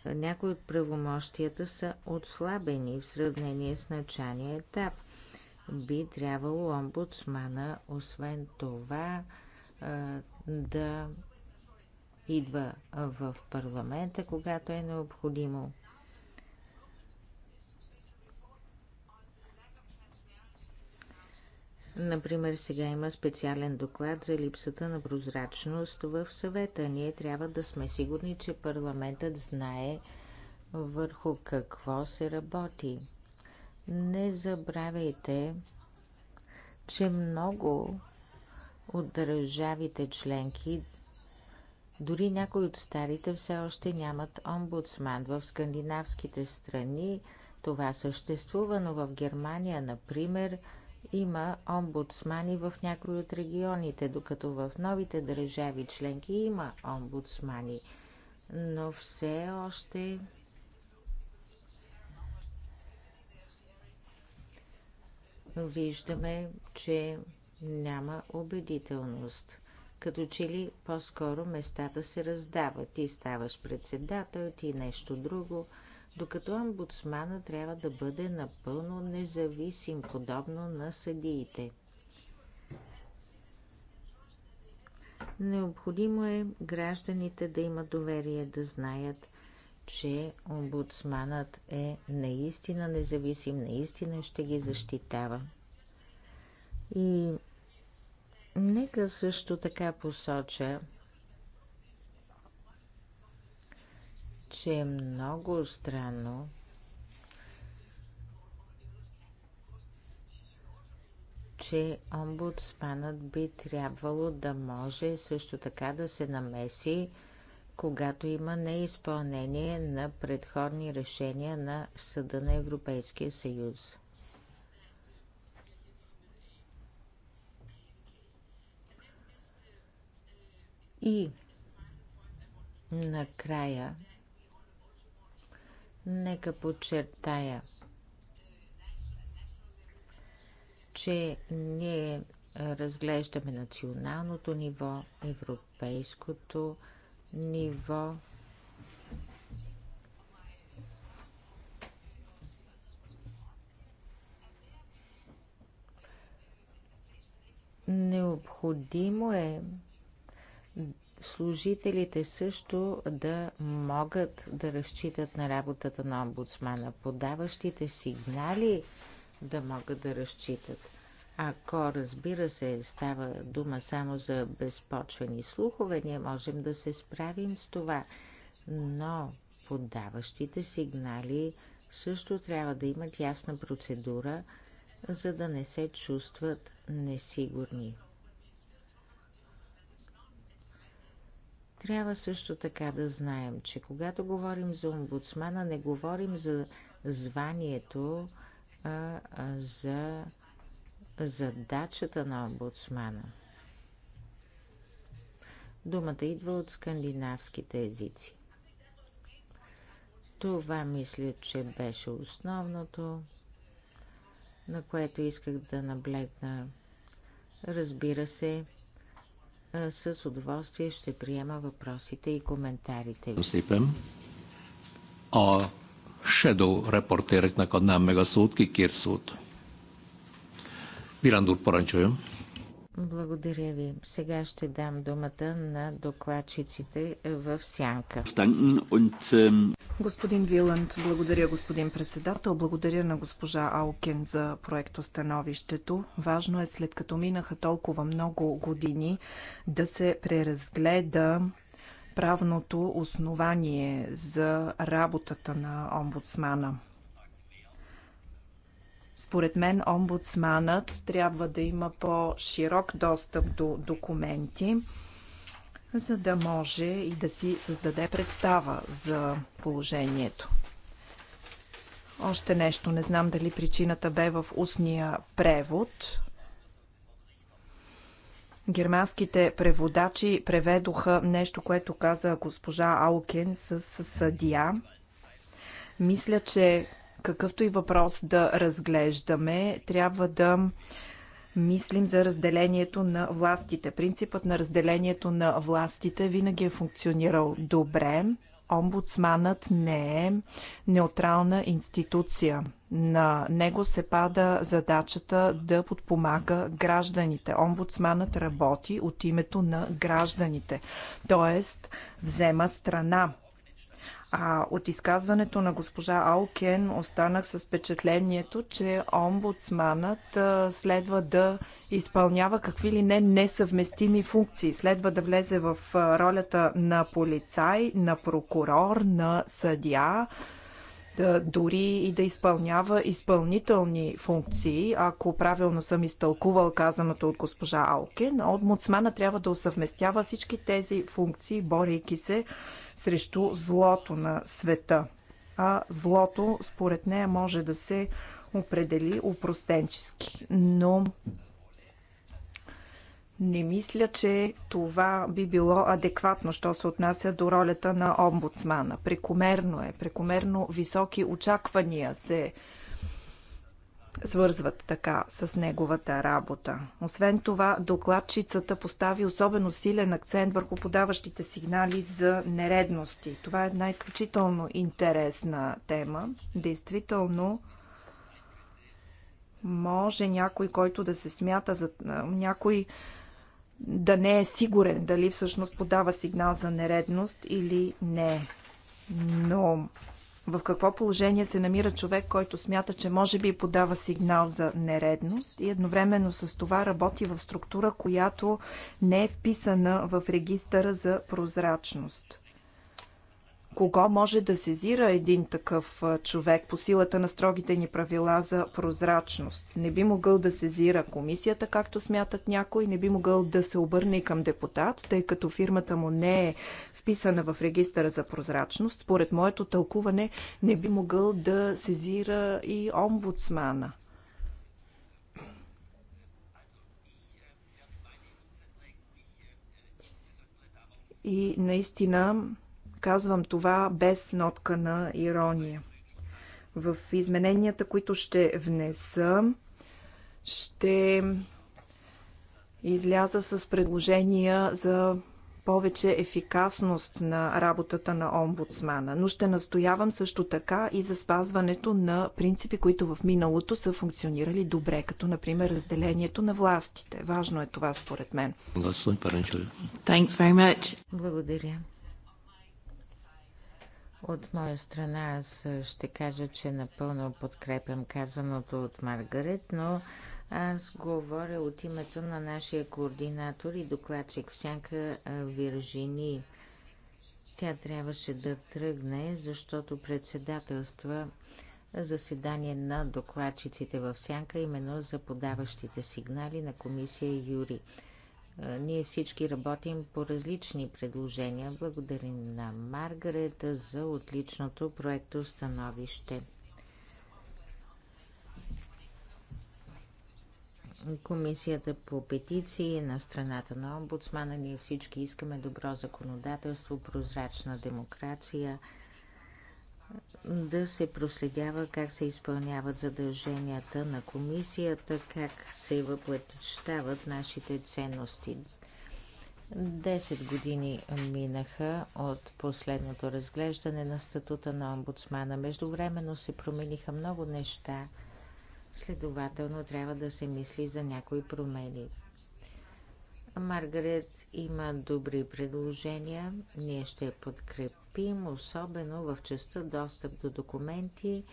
някои от правомощията са отслабени в сравнение с началния етап би трябвало омбудсмана, освен това, да идва в парламента, когато е необходимо. Например, сега има специален доклад за липсата на прозрачност в съвета. Ние трябва да сме сигурни, че парламентът знае върху какво се работи. Не забравяйте, че много от държавите членки, дори някои от старите, все още нямат омбудсман. В скандинавските страни това съществува, но в Германия, например, има омбудсмани в някои от регионите, докато в новите държави членки има омбудсмани. Но все още виждаме, че няма убедителност. Като че ли по-скоро местата се раздават. Ти ставаш председател, ти нещо друго, докато омбудсмана трябва да бъде напълно независим, подобно на съдиите. Необходимо е гражданите да имат доверие, да знаят че омбудсманът е наистина независим, наистина ще ги защитава. И нека също така посоча, че е много странно, че омбудсманът би трябвало да може също така да се намеси когато има неизпълнение на предходни решения на Съда на Европейския съюз. И накрая, нека подчертая, че ние разглеждаме националното ниво, европейското ниво, ниво. Необходимо е служителите също да могат да разчитат на работата на омбудсмана, подаващите сигнали да могат да разчитат. Ако, разбира се, става дума само за безпочвени слухове, ние можем да се справим с това. Но подаващите сигнали също трябва да имат ясна процедура, за да не се чувстват несигурни. Трябва също така да знаем, че когато говорим за омбудсмана, не говорим за званието, а за задачата на омбудсмана. Думата идва от скандинавските езици. Това мисля, че беше основното, на което исках да наблегна. Разбира се, с удоволствие ще приема въпросите и коментарите ви. Szépen. А шедо reportereknek на meg a szót, ki Виландур, поранчуем. Благодаря ви. Сега ще дам думата на докладчиците в сянка. Ähm, господин Виланд, благодаря господин председател, благодаря на госпожа Алкен за проектостановището. Важно е след като минаха толкова много години да се преразгледа правното основание за работата на омбудсмана. Според мен омбудсманът трябва да има по-широк достъп до документи, за да може и да си създаде представа за положението. Още нещо, не знам дали причината бе в устния превод. Германските преводачи преведоха нещо, което каза госпожа Аукен с съдия. Мисля, че какъвто и въпрос да разглеждаме, трябва да мислим за разделението на властите. Принципът на разделението на властите винаги е функционирал добре. Омбудсманът не е неутрална институция. На него се пада задачата да подпомага гражданите. Омбудсманът работи от името на гражданите, т.е. взема страна а от изказването на госпожа Алкен останах с впечатлението, че омбудсманът следва да изпълнява какви ли не несъвместими функции. Следва да влезе в ролята на полицай, на прокурор, на съдия, да, дори и да изпълнява изпълнителни функции, ако правилно съм изтълкувал казаното от госпожа от омбудсмана трябва да усъвместява всички тези функции, борейки се срещу злото на света. А злото, според нея, може да се определи упростенчески. Но не мисля, че това би било адекватно, що се отнася до ролята на омбудсмана. Прекомерно е. Прекомерно високи очаквания се свързват така с неговата работа. Освен това, докладчицата постави особено силен акцент върху подаващите сигнали за нередности. Това е една изключително интересна тема. Действително, може някой, който да се смята за някой да не е сигурен дали всъщност подава сигнал за нередност или не. Но в какво положение се намира човек, който смята, че може би подава сигнал за нередност и едновременно с това работи в структура, която не е вписана в регистъра за прозрачност? кого може да сезира един такъв човек по силата на строгите ни правила за прозрачност? Не би могъл да сезира комисията, както смятат някои, не би могъл да се обърне и към депутат, тъй като фирмата му не е вписана в регистъра за прозрачност. Според моето тълкуване не би могъл да сезира и омбудсмана. И наистина Казвам това без нотка на ирония. В измененията, които ще внеса, ще изляза с предложения за повече ефикасност на работата на омбудсмана, но ще настоявам също така и за спазването на принципи, които в миналото са функционирали добре, като например разделението на властите. Важно е това според мен. Благодаря. От моя страна аз ще кажа, че напълно подкрепям казаното от Маргарет, но аз говоря от името на нашия координатор и докладчик в сянка Виржини. Тя трябваше да тръгне, защото председателства заседание на докладчиците в сянка именно за подаващите сигнали на комисия Юри. Ние всички работим по различни предложения. Благодарим на Маргарет за отличното проекто становище. Комисията по петиции на страната на омбудсмана. Ние всички искаме добро законодателство, прозрачна демокрация – да се проследява как се изпълняват задълженията на комисията, как се въплътещават нашите ценности. Десет години минаха от последното разглеждане на статута на омбудсмана. Междувременно се промениха много неща. Следователно трябва да се мисли за някои промени. Маргарет има добри предложения. Ние ще подкрепим търпим, особено в частта достъп до документи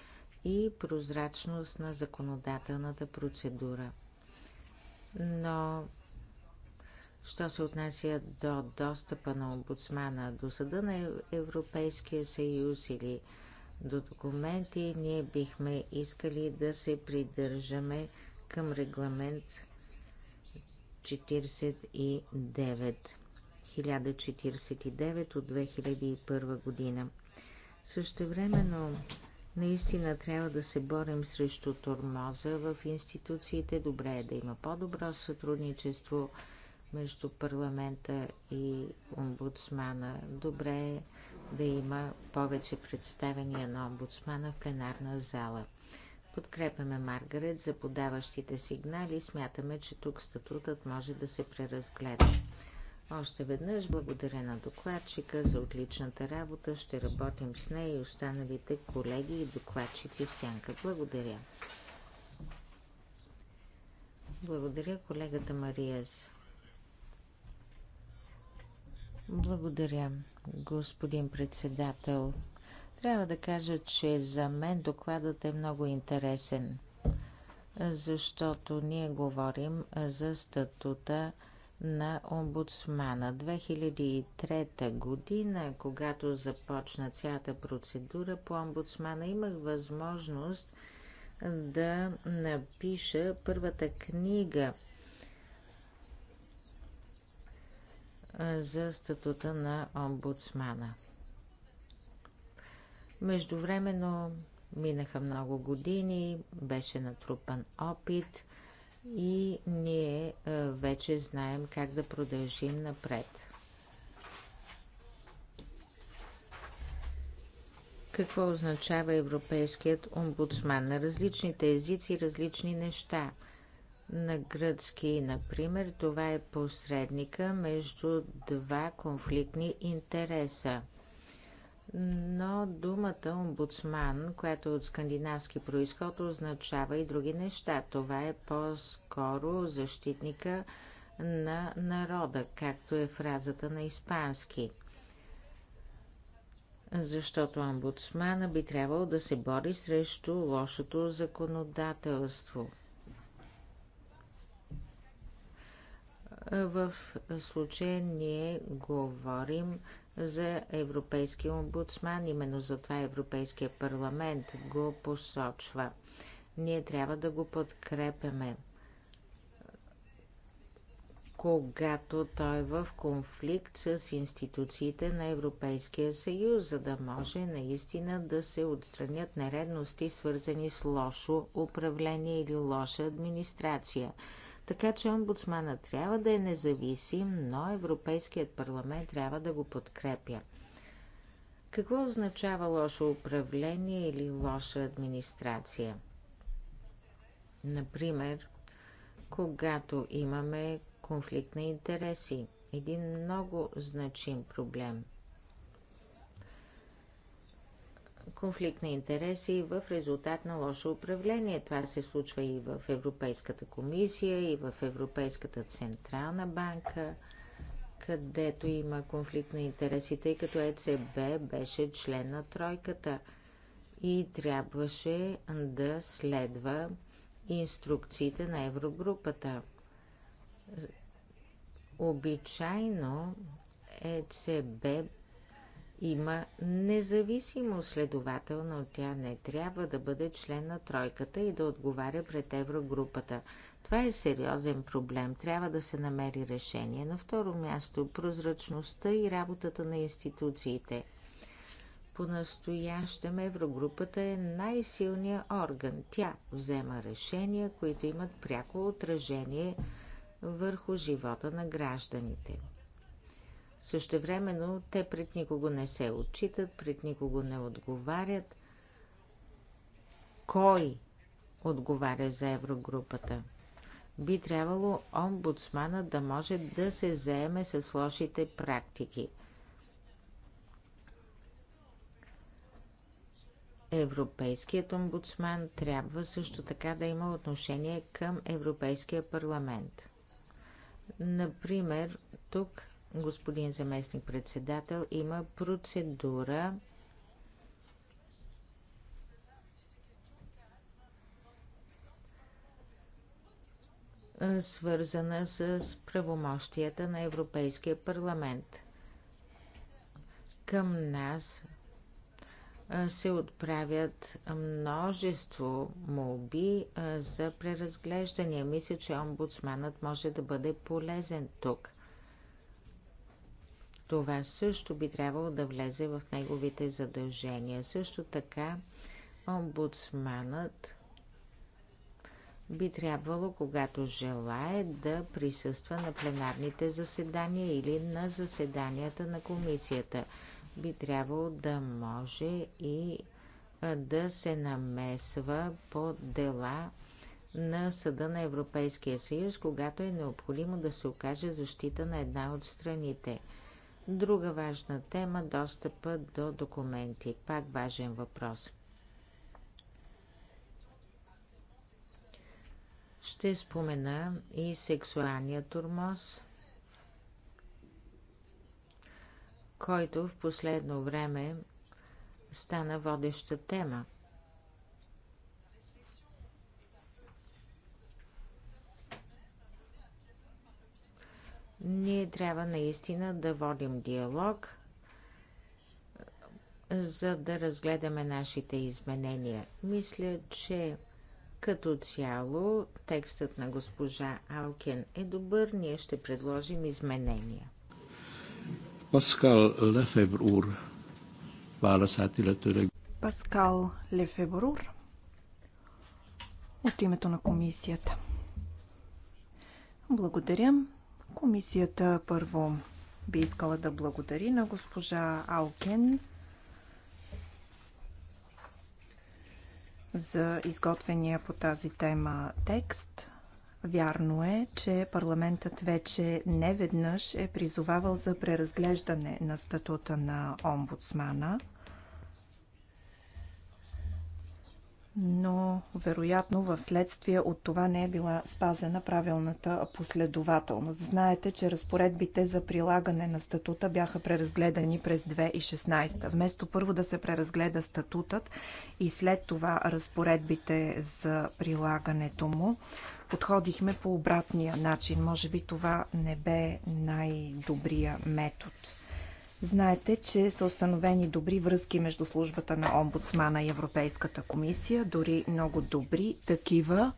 и прозрачност на законодателната процедура. Но, що се отнася до достъпа на омбудсмана до съда на Европейския съюз или до документи, ние бихме искали да се придържаме към регламент 49. 1049 от 2001 година. Същевременно наистина трябва да се борим срещу тормоза в институциите. Добре е да има по-добро сътрудничество между парламента и омбудсмана. Добре е да има повече представения на омбудсмана в пленарна зала. Подкрепяме Маргарет за подаващите сигнали. Смятаме, че тук статутът може да се преразгледа. Още веднъж благодаря на докладчика за отличната работа. Ще работим с нея и останалите колеги и докладчици в сянка. Благодаря. Благодаря колегата Мариес. Благодаря, господин председател. Трябва да кажа, че за мен докладът е много интересен, защото ние говорим за статута на омбудсмана. 2003 година, когато започна цялата процедура по омбудсмана, имах възможност да напиша първата книга за статута на омбудсмана. Междувременно минаха много години, беше натрупан опит – и ние е, вече знаем как да продължим напред. Какво означава Европейският омбудсман? На различните езици различни неща. На гръцки, например, това е посредника между два конфликтни интереса – но думата омбудсман, която е от скандинавски происход, означава и други неща. Това е по-скоро защитника на народа, както е фразата на испански. Защото омбудсмана би трябвало да се бори срещу лошото законодателство. В случая ние говорим за Европейския омбудсман. Именно за това Европейския парламент го посочва. Ние трябва да го подкрепяме, когато той е в конфликт с институциите на Европейския съюз, за да може наистина да се отстранят нередности, свързани с лошо управление или лоша администрация – така че омбудсмана трябва да е независим, но Европейският парламент трябва да го подкрепя. Какво означава лошо управление или лоша администрация? Например, когато имаме конфликт на интереси, един много значим проблем – конфликт на интереси в резултат на лошо управление. Това се случва и в Европейската комисия, и в Европейската централна банка, където има конфликт на интереси, тъй като ЕЦБ беше член на тройката и трябваше да следва инструкциите на Еврогрупата. Обичайно ЕЦБ има независимо следователно тя не трябва да бъде член на тройката и да отговаря пред еврогрупата. Това е сериозен проблем. Трябва да се намери решение. На второ място прозрачността и работата на институциите. По-настоящем Еврогрупата е най-силният орган. Тя взема решения, които имат пряко отражение върху живота на гражданите. Същевременно те пред никого не се отчитат, пред никого не отговарят. Кой отговаря за еврогрупата? Би трябвало омбудсмана да може да се заеме с лошите практики. Европейският омбудсман трябва също така да има отношение към Европейския парламент. Например, тук господин заместник председател, има процедура свързана с правомощията на Европейския парламент. Към нас се отправят множество молби за преразглеждания. Мисля, че омбудсманът може да бъде полезен тук. Това също би трябвало да влезе в неговите задължения. Също така, омбудсманът би трябвало, когато желае, да присъства на пленарните заседания или на заседанията на комисията. Би трябвало да може и да се намесва по дела на Съда на Европейския съюз, когато е необходимо да се окаже защита на една от страните – Друга важна тема – достъпа до документи. Пак важен въпрос. Ще спомена и сексуалния турмоз, който в последно време стана водеща тема – Ние трябва наистина да водим диалог, за да разгледаме нашите изменения. Мисля, че като цяло текстът на госпожа Алкен е добър. Ние ще предложим изменения. Паскал Лефебрур. Паскал Лефебрур от името на комисията. Благодаря. Комисията първо би искала да благодари на госпожа Алкен за изготвения по тази тема текст. Вярно е, че парламентът вече не веднъж е призовавал за преразглеждане на статута на омбудсмана – но вероятно в следствие от това не е била спазена правилната последователност. Знаете, че разпоредбите за прилагане на статута бяха преразгледани през 2016. Вместо първо да се преразгледа статутът и след това разпоредбите за прилагането му, подходихме по обратния начин. Може би това не бе най-добрия метод. Знаете, че са установени добри връзки между службата на омбудсмана и Европейската комисия, дори много добри такива.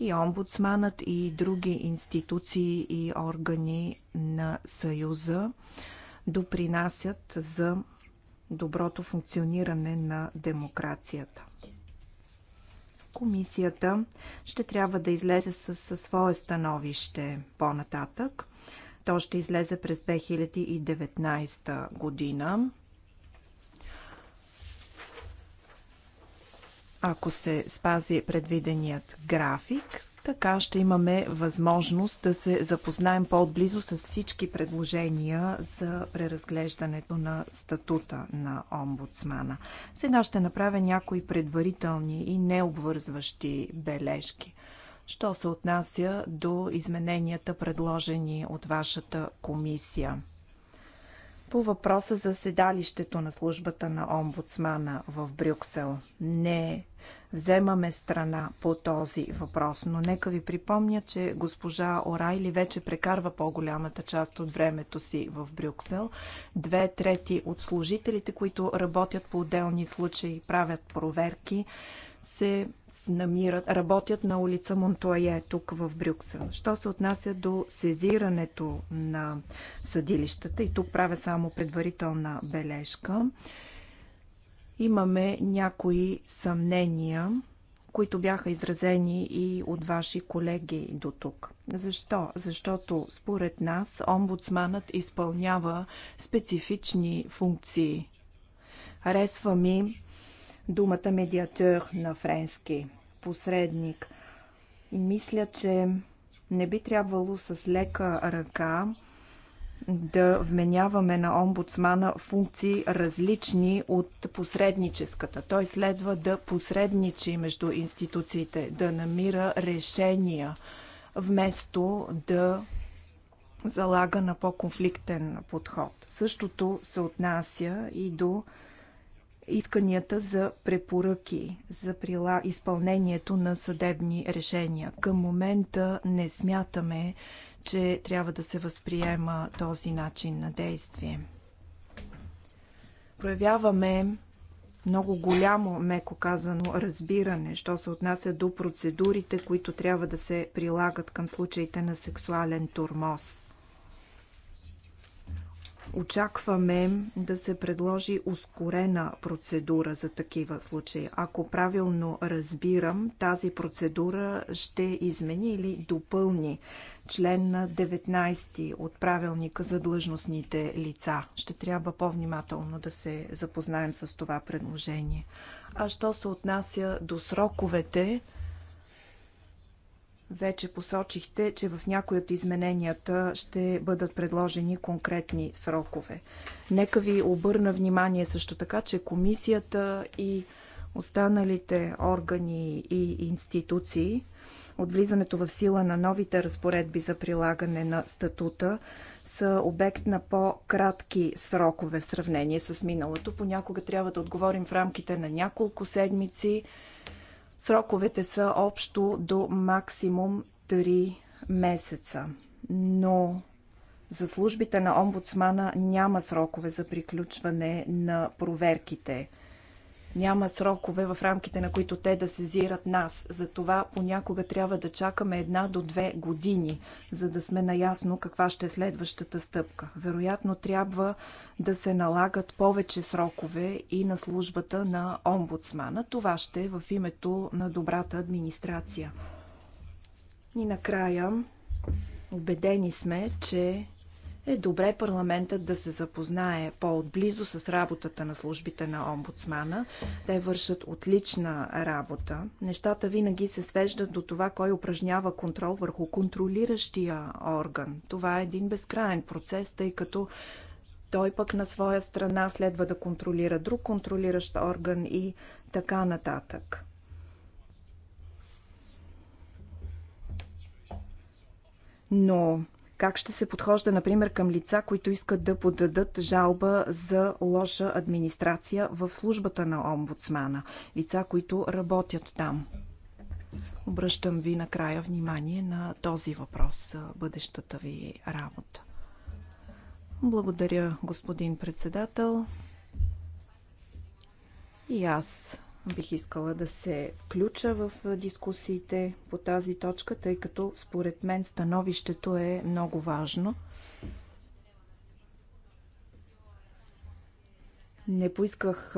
И омбудсманът и други институции и органи на Съюза допринасят за доброто функциониране на демокрацията. Комисията ще трябва да излезе със свое становище по-нататък. То ще излезе през 2019 година. Ако се спази предвиденият график, така ще имаме възможност да се запознаем по-отблизо с всички предложения за преразглеждането на статута на омбудсмана. Сега ще направя някои предварителни и необвързващи бележки що се отнася до измененията, предложени от вашата комисия. По въпроса за седалището на службата на омбудсмана в Брюксел. Не вземаме страна по този въпрос, но нека ви припомня, че госпожа Орайли вече прекарва по-голямата част от времето си в Брюксел. Две трети от служителите, които работят по отделни случаи, правят проверки, се намират, работят на улица Монтуае тук в Брюксел. Що се отнася до сезирането на съдилищата, и тук правя само предварителна бележка, имаме някои съмнения, които бяха изразени и от ваши колеги до тук. Защо? Защото според нас омбудсманът изпълнява специфични функции. Харесва ми думата медиатър на френски посредник. И мисля, че не би трябвало с лека ръка да вменяваме на омбудсмана функции различни от посредническата. Той следва да посредничи между институциите, да намира решения, вместо да залага на по-конфликтен подход. Същото се отнася и до исканията за препоръки за прила... изпълнението на съдебни решения. Към момента не смятаме, че трябва да се възприема този начин на действие. Проявяваме много голямо, меко казано, разбиране, що се отнася до процедурите, които трябва да се прилагат към случаите на сексуален турмоз. Очакваме да се предложи ускорена процедура за такива случаи. Ако правилно разбирам, тази процедура ще измени или допълни член на 19 от правилника за длъжностните лица. Ще трябва по-внимателно да се запознаем с това предложение. А що се отнася до сроковете, вече посочихте, че в някои от измененията ще бъдат предложени конкретни срокове. Нека ви обърна внимание също така, че комисията и останалите органи и институции от влизането в сила на новите разпоредби за прилагане на статута са обект на по-кратки срокове в сравнение с миналото. Понякога трябва да отговорим в рамките на няколко седмици, Сроковете са общо до максимум 3 месеца, но за службите на омбудсмана няма срокове за приключване на проверките. Няма срокове в рамките на които те да сезират нас. Затова понякога трябва да чакаме една до две години, за да сме наясно каква ще е следващата стъпка. Вероятно трябва да се налагат повече срокове и на службата на омбудсмана. Това ще е в името на добрата администрация. И накрая, убедени сме, че е добре парламентът да се запознае по-отблизо с работата на службите на омбудсмана. Те вършат отлична работа. Нещата винаги се свеждат до това, кой упражнява контрол върху контролиращия орган. Това е един безкрайен процес, тъй като той пък на своя страна следва да контролира друг контролиращ орган и така нататък. Но как ще се подхожда, например, към лица, които искат да подадат жалба за лоша администрация в службата на омбудсмана? Лица, които работят там? Обръщам ви накрая внимание на този въпрос за бъдещата ви работа. Благодаря, господин председател. И аз бих искала да се включа в дискусиите по тази точка, тъй като според мен становището е много важно. Не поисках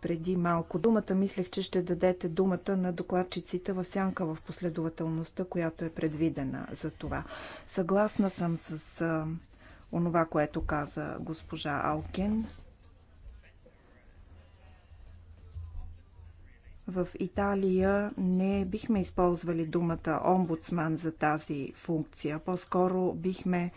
преди малко думата. Мислех, че ще дадете думата на докладчиците в сянка в последователността, която е предвидена за това. Съгласна съм с онова, което каза госпожа Алкен. В Италия не бихме използвали думата омбудсман за тази функция. По-скоро бихме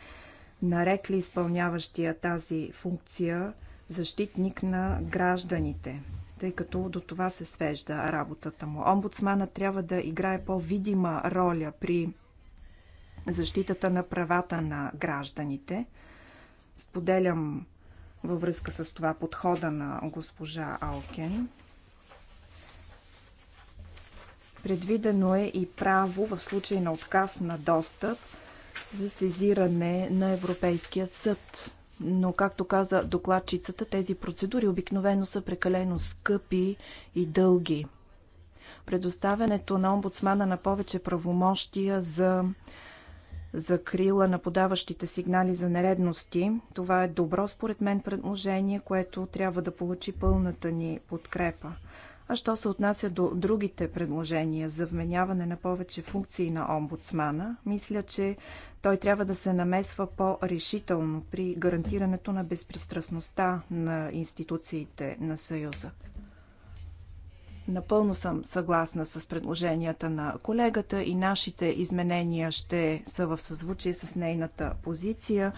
нарекли изпълняващия тази функция защитник на гражданите, тъй като до това се свежда работата му. Омбудсмана трябва да играе по-видима роля при защитата на правата на гражданите. Споделям във връзка с това подхода на госпожа Алкен. Предвидено е и право в случай на отказ на достъп за сезиране на Европейския съд. Но, както каза докладчицата, тези процедури обикновено са прекалено скъпи и дълги. Предоставянето на омбудсмана на повече правомощия за закрила на подаващите сигнали за нередности. Това е добро, според мен, предложение, което трябва да получи пълната ни подкрепа. А що се отнася до другите предложения за вменяване на повече функции на омбудсмана, мисля, че той трябва да се намесва по-решително при гарантирането на безпристрастността на институциите на Съюза. Напълно съм съгласна с предложенията на колегата и нашите изменения ще са в съзвучие с нейната позиция.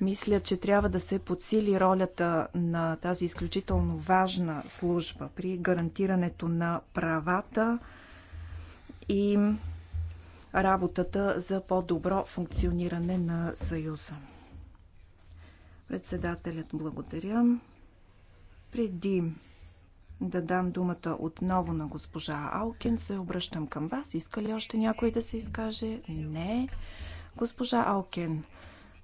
Мисля, че трябва да се подсили ролята на тази изключително важна служба при гарантирането на правата и работата за по-добро функциониране на Съюза. Председателят благодаря. Преди да дам думата отново на госпожа Алкин. Се обръщам към вас. Иска ли още някой да се изкаже? Не. Госпожа Алкин,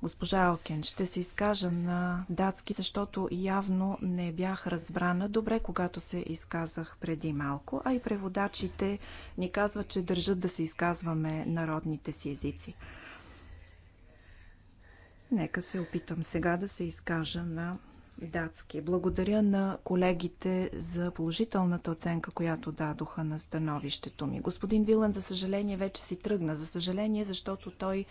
госпожа Алкин, ще се изкажа на датски, защото явно не бях разбрана добре, когато се изказах преди малко, а и преводачите ни казват, че държат да се изказваме народните си езици. Нека се опитам сега да се изкажа на датски. Благодаря на колегите за положителната оценка, която дадоха на становището ми. Господин Вилан, за съжаление, вече си тръгна. За съжаление, защото той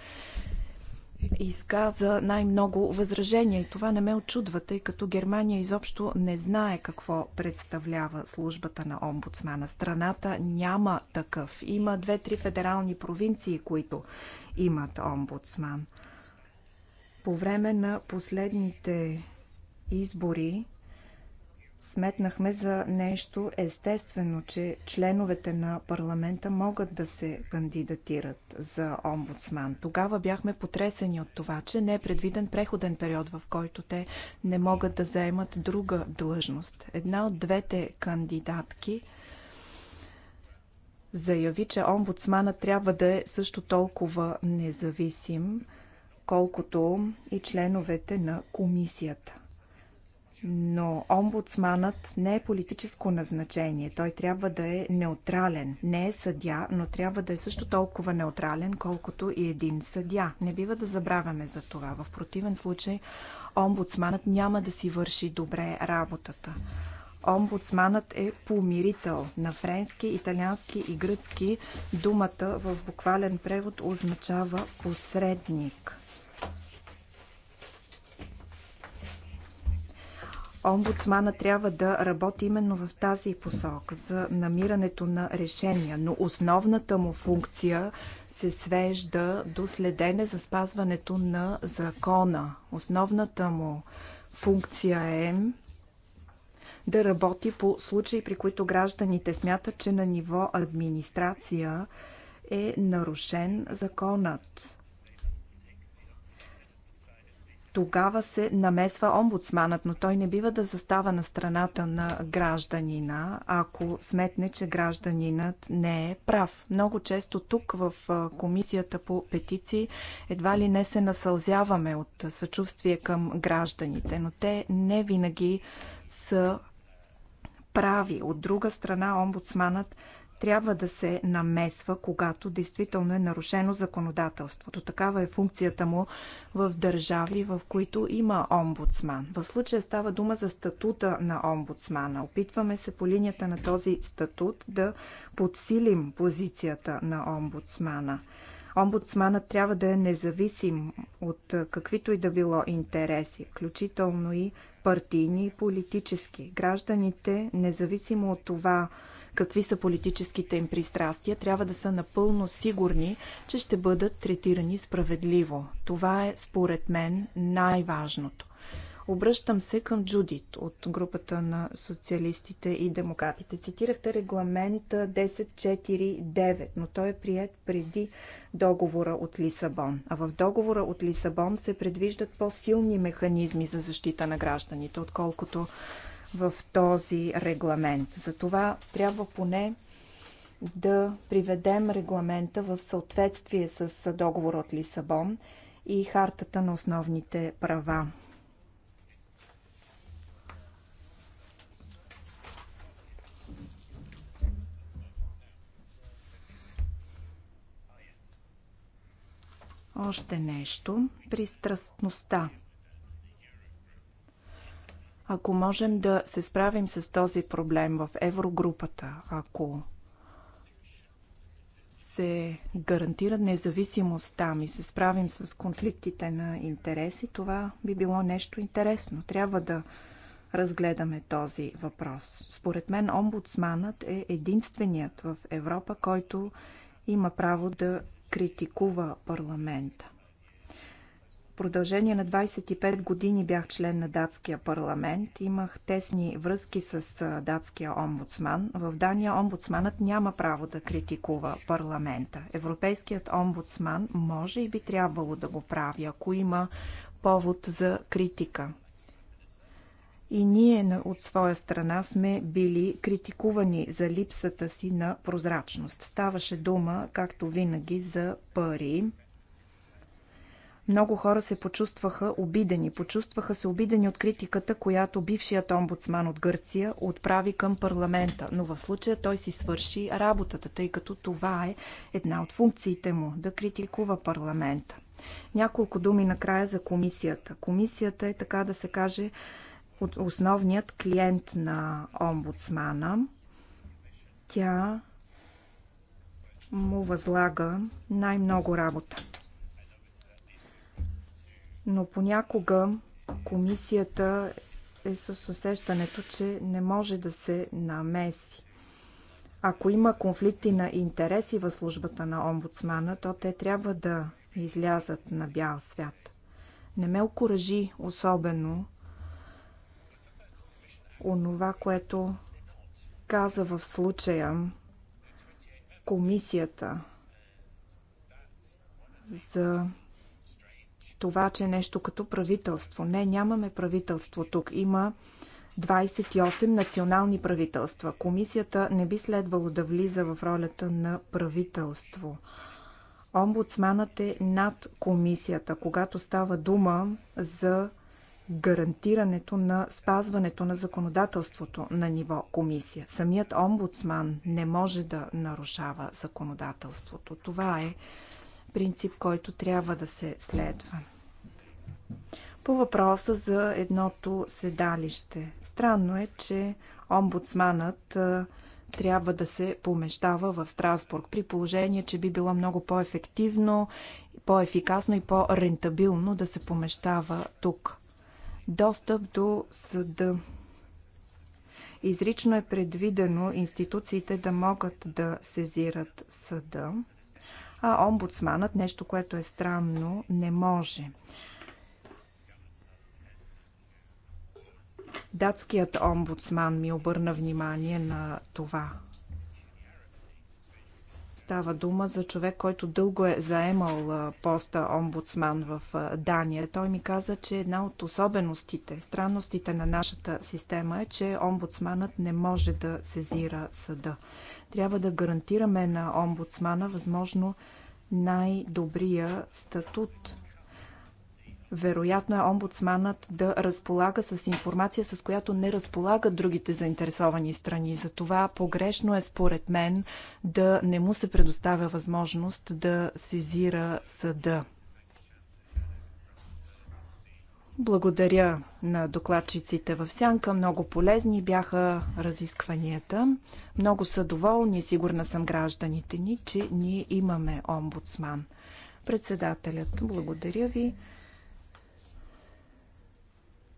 изказа най-много възражения и това не ме очудва, тъй като Германия изобщо не знае какво представлява службата на омбудсмана. Страната няма такъв. Има две-три федерални провинции, които имат омбудсман. По време на последните избори сметнахме за нещо естествено, че членовете на парламента могат да се кандидатират за омбудсман. Тогава бяхме потресени от това, че не е предвиден преходен период, в който те не могат да заемат друга длъжност. Една от двете кандидатки заяви, че омбудсмана трябва да е също толкова независим, колкото и членовете на комисията но омбудсманът не е политическо назначение. Той трябва да е неутрален. Не е съдя, но трябва да е също толкова неутрален, колкото и един съдя. Не бива да забравяме за това. В противен случай омбудсманът няма да си върши добре работата. Омбудсманът е помирител. На френски, италиански и гръцки думата в буквален превод означава посредник. Омбудсмана трябва да работи именно в тази посока за намирането на решения, но основната му функция се свежда до следене за спазването на закона. Основната му функция е да работи по случаи, при които гражданите смятат, че на ниво администрация е нарушен законът тогава се намесва омбудсманът, но той не бива да застава на страната на гражданина, ако сметне, че гражданинът не е прав. Много често тук в комисията по петиции едва ли не се насълзяваме от съчувствие към гражданите, но те не винаги са прави. От друга страна, омбудсманът трябва да се намесва, когато действително е нарушено законодателството. Такава е функцията му в държави, в които има омбудсман. В случая става дума за статута на омбудсмана. Опитваме се по линията на този статут да подсилим позицията на омбудсмана. Омбудсманът трябва да е независим от каквито и да било интереси, включително и партийни и политически. Гражданите, независимо от това, какви са политическите им пристрастия, трябва да са напълно сигурни, че ще бъдат третирани справедливо. Това е, според мен, най-важното. Обръщам се към Джудит от групата на социалистите и демократите. Цитирахте регламент 1049, но той е прият преди договора от Лисабон. А в договора от Лисабон се предвиждат по-силни механизми за защита на гражданите, отколкото в този регламент. Затова трябва поне да приведем регламента в съответствие с договор от Лисабон и хартата на основните права. Още нещо. Пристрастността. Ако можем да се справим с този проблем в еврогрупата, ако се гарантира независимост там и се справим с конфликтите на интереси, това би било нещо интересно. Трябва да разгледаме този въпрос. Според мен омбудсманът е единственият в Европа, който има право да критикува парламента продължение на 25 години бях член на датския парламент. Имах тесни връзки с датския омбудсман. В Дания омбудсманът няма право да критикува парламента. Европейският омбудсман може и би трябвало да го прави, ако има повод за критика. И ние от своя страна сме били критикувани за липсата си на прозрачност. Ставаше дума, както винаги, за пари много хора се почувстваха обидени. Почувстваха се обидени от критиката, която бившият омбудсман от Гърция отправи към парламента. Но в случая той си свърши работата, тъй като това е една от функциите му да критикува парламента. Няколко думи накрая за комисията. Комисията е, така да се каже, основният клиент на омбудсмана. Тя му възлага най-много работа но понякога комисията е с усещането, че не може да се намеси. Ако има конфликти на интереси в службата на омбудсмана, то те трябва да излязат на бял свят. Не ме окоръжи особено онова, което каза в случая комисията за това, че е нещо като правителство. Не, нямаме правителство тук. Има 28 национални правителства. Комисията не би следвало да влиза в ролята на правителство. Омбудсманът е над комисията, когато става дума за гарантирането на спазването на законодателството на ниво комисия. Самият омбудсман не може да нарушава законодателството. Това е принцип, който трябва да се следва. По въпроса за едното седалище. Странно е, че омбудсманът трябва да се помещава в Страсбург, при положение, че би било много по-ефективно, по-ефикасно и по-рентабилно да се помещава тук. Достъп до съда. Изрично е предвидено институциите да могат да сезират съда а омбудсманът, нещо, което е странно, не може. Датският омбудсман ми обърна внимание на това. Става дума за човек, който дълго е заемал поста омбудсман в Дания. Той ми каза, че една от особеностите, странностите на нашата система е, че омбудсманът не може да сезира съда. Трябва да гарантираме на омбудсмана възможно най-добрия статут. Вероятно е омбудсманът да разполага с информация, с която не разполагат другите заинтересовани страни. Затова погрешно е според мен да не му се предоставя възможност да сезира съда. Благодаря на докладчиците в Сянка. Много полезни бяха разискванията. Много са доволни, сигурна съм гражданите ни, че ние имаме омбудсман. Председателят, благодаря ви.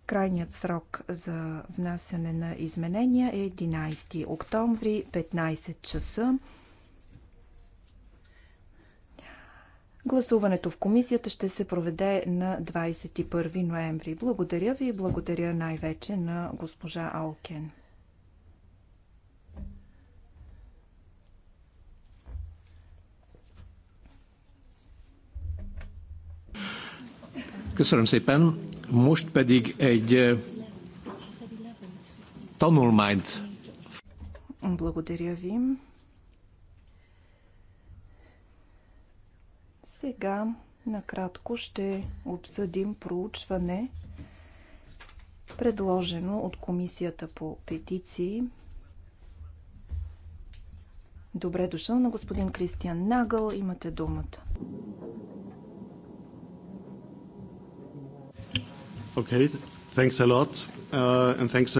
Крайният срок за внасяне на изменения е 11 октомври, 15 часа. Гласуването в комисията ще се проведе на 21 ноември. Благодаря ви и благодаря най-вече на госпожа Алкен. Köszönöm szépen. Most pedig egy eh, tanulmányt. Благодаря ви. Сега накратко ще обсъдим проучване, предложено от Комисията по петиции. Добре дошъл на господин Кристиан Нагъл. Имате думата. Okay, thanks a lot. Uh, and thanks a...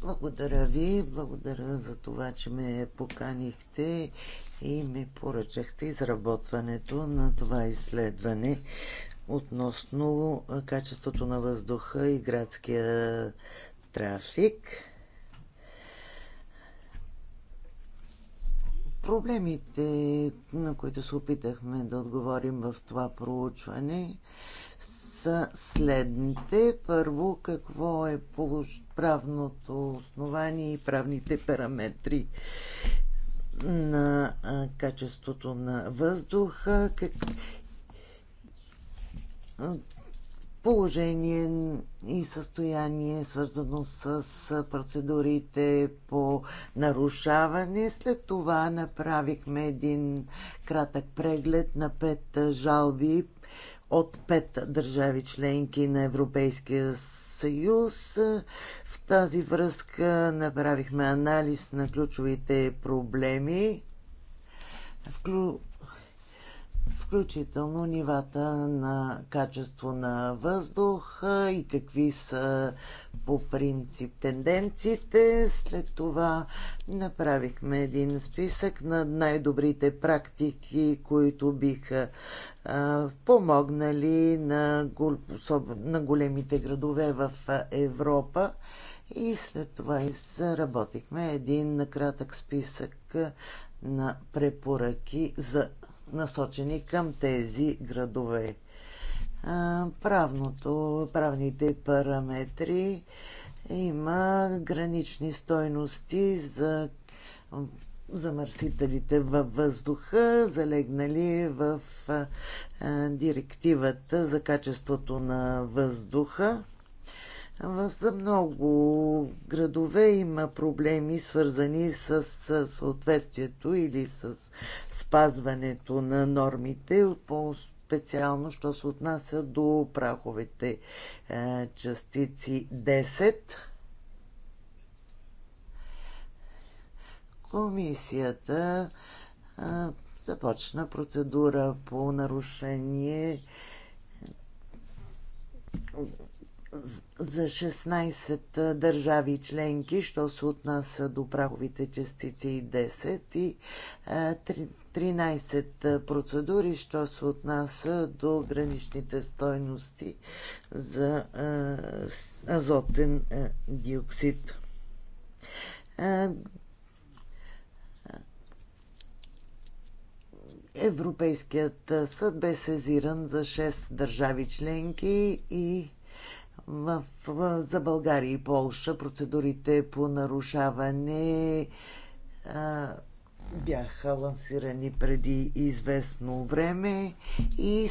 Благодаря ви, благодаря за това, че ме поканихте и ми поръчахте изработването на това изследване относно качеството на въздуха и градския трафик. Проблемите, на които се опитахме да отговорим в това проучване, са следните. Първо, какво е правното основание и правните параметри на качеството на въздуха, как... положение и състояние, свързано с процедурите по нарушаване. След това направихме един кратък преглед на пет жалби от пет държави членки на Европейския съюз съюз. В тази връзка направихме анализ на ключовите проблеми, вклю... включително нивата на качество на въздух и какви са по принцип тенденциите. След това направихме един списък на най-добрите практики, които биха а, помогнали на, гол, особено, на големите градове в Европа. И след това изработихме един кратък списък на препоръки за насочени към тези градове правното, правните параметри. Има гранични стойности за замърсителите във въздуха, залегнали в директивата за качеството на въздуха. За много градове има проблеми, свързани с съответствието или с спазването на нормите специално, що се отнася до праховите е, частици 10. Комисията е, започна процедура по нарушение за 16 държави членки, що се отнася до праховите частици и 10 и 13 процедури, що се отнася до граничните стойности за азотен диоксид. Европейският съд бе сезиран за 6 държави членки и в, в, за България и Полша процедурите по нарушаване а, бяха лансирани преди известно време и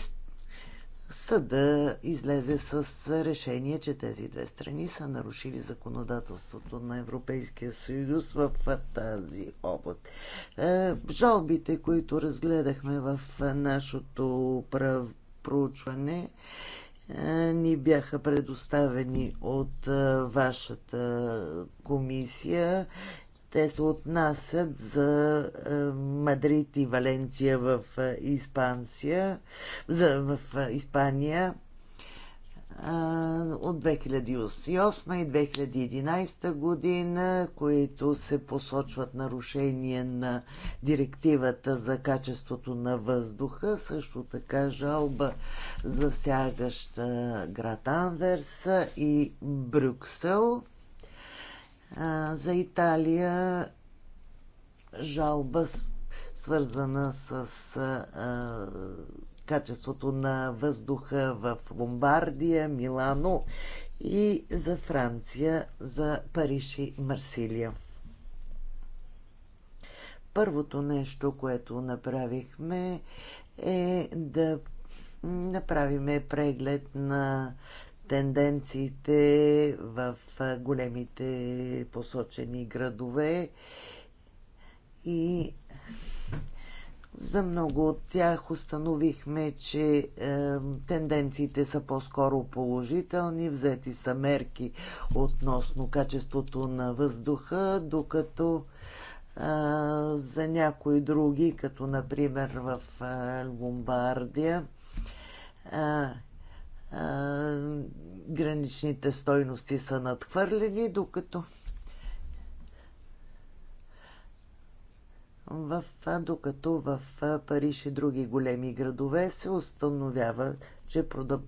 съда излезе с решение, че тези две страни са нарушили законодателството на Европейския съюз в тази област. Жалбите, които разгледахме в нашето проучване, е, ни бяха предоставени от е, вашата комисия. Те се отнасят за е, Мадрид и Валенция в Испанция, за, в Испания от 2008 и 2011 година, които се посочват нарушение на директивата за качеството на въздуха. Също така жалба засягаща град Анверс и Брюксел. За Италия жалба свързана с качеството на въздуха в Ломбардия, Милано и за Франция, за Париж и Марсилия. Първото нещо, което направихме е да направиме преглед на тенденциите в големите посочени градове и за много от тях установихме, че е, тенденциите са по-скоро положителни, взети са мерки относно качеството на въздуха, докато е, за някои други, като например в е, Ломбардия, е, е граничните стойности са надхвърлени, докато в, докато в Париж и други големи градове се установява, че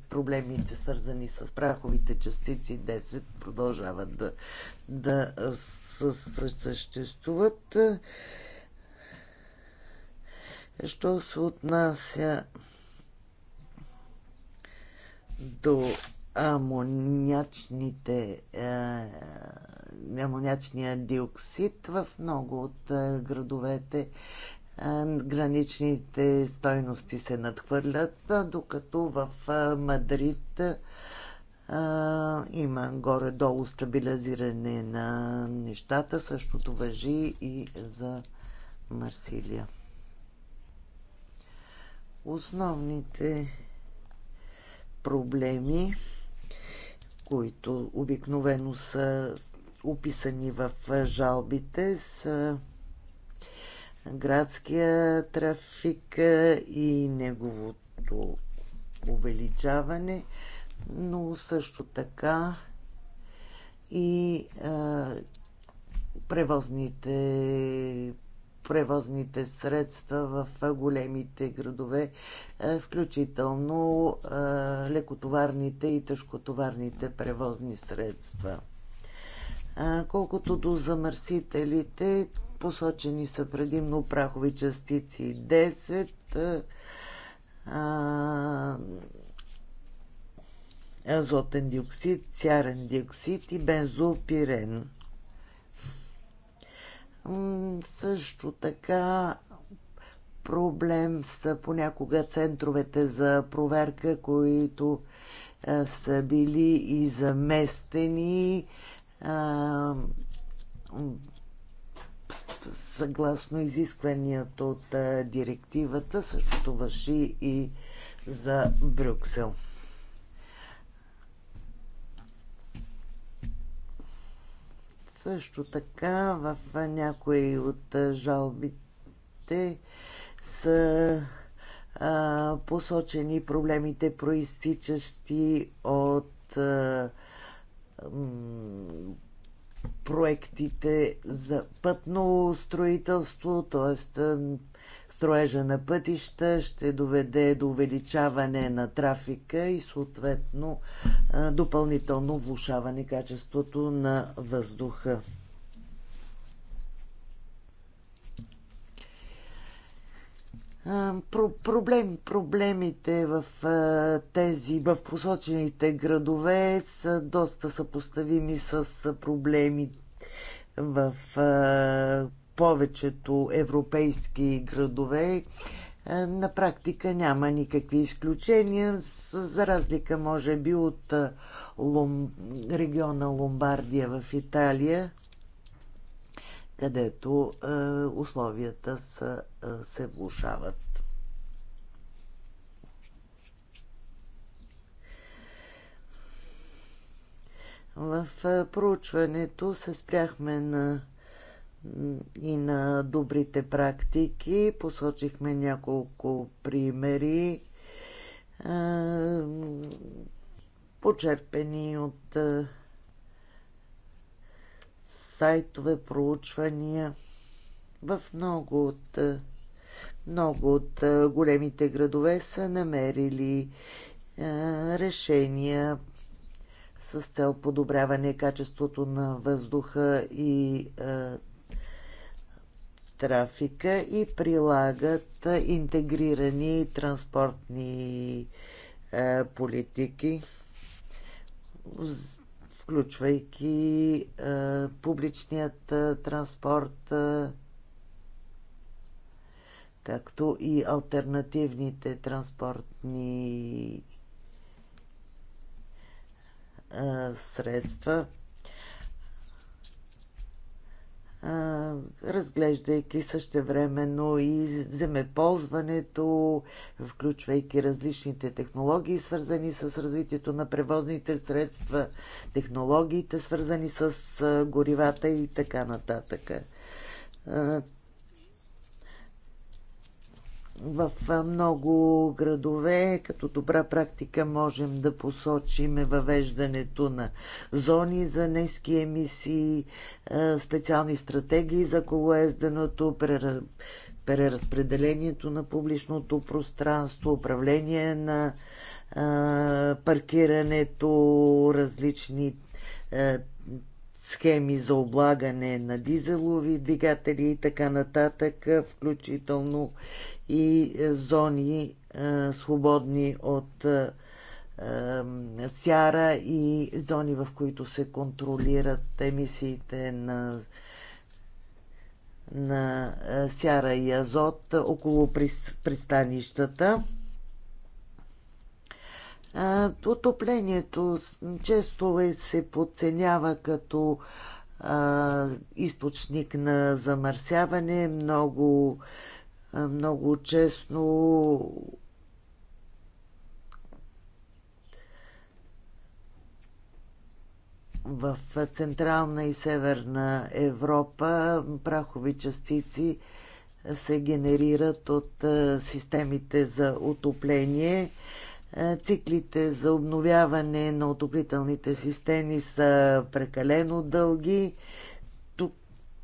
проблемите свързани с праховите частици 10 продължават да, да съществуват. Що се отнася до амонячните е, амонячния диоксид в много от градовете. Граничните стойности се надхвърлят, докато в Мадрид има горе-долу стабилизиране на нещата. Същото въжи и за Марсилия. Основните проблеми, които обикновено са описани в жалбите са градския трафик и неговото увеличаване, но също така и а, превозните превозните средства в големите градове, включително лекотоварните и тежкотоварните превозни средства. Колкото до замърсителите, посочени са предимно прахови частици 10, азотен диоксид, цярен диоксид и бензопирен. Също така проблем са понякога центровете за проверка, които са били и заместени съгласно изискванията от а, директивата, същото върши и за Брюксел. Също така в някои от жалбите са а, посочени проблемите, проистичащи от а, проектите за пътно строителство, т.е. строежа на пътища ще доведе до увеличаване на трафика и съответно допълнително влушаване качеството на въздуха. Про- проблем, проблемите в тези, в посочените градове са доста съпоставими с проблеми в повечето европейски градове. На практика няма никакви изключения, за разлика може би от региона Ломбардия в Италия, където е, условията са, е, се влушават. В е, проучването се спряхме на и на добрите практики. Посочихме няколко примери, почерпени от сайтове, проучвания в много от, много от големите градове са намерили е, решения с цел подобряване качеството на въздуха и е, трафика и прилагат интегрирани транспортни е, политики включвайки а, публичният а, транспорт, а, както и альтернативните транспортни а, средства разглеждайки същевременно и земеползването, включвайки различните технологии, свързани с развитието на превозните средства, технологиите, свързани с горивата и така нататък в много градове като добра практика можем да посочим въвеждането на зони за ниски емисии, специални стратегии за колоезденото, преразпределението на публичното пространство, управление на паркирането, различни схеми за облагане на дизелови двигатели и така нататък, включително и е, зони е, свободни от е, сяра и зони, в които се контролират емисиите на на сяра и азот около пристанищата. Отоплението често се подценява като източник на замърсяване. Много много честно в Централна и Северна Европа прахови частици се генерират от системите за отопление. Циклите за обновяване на отоплителните системи са прекалено дълги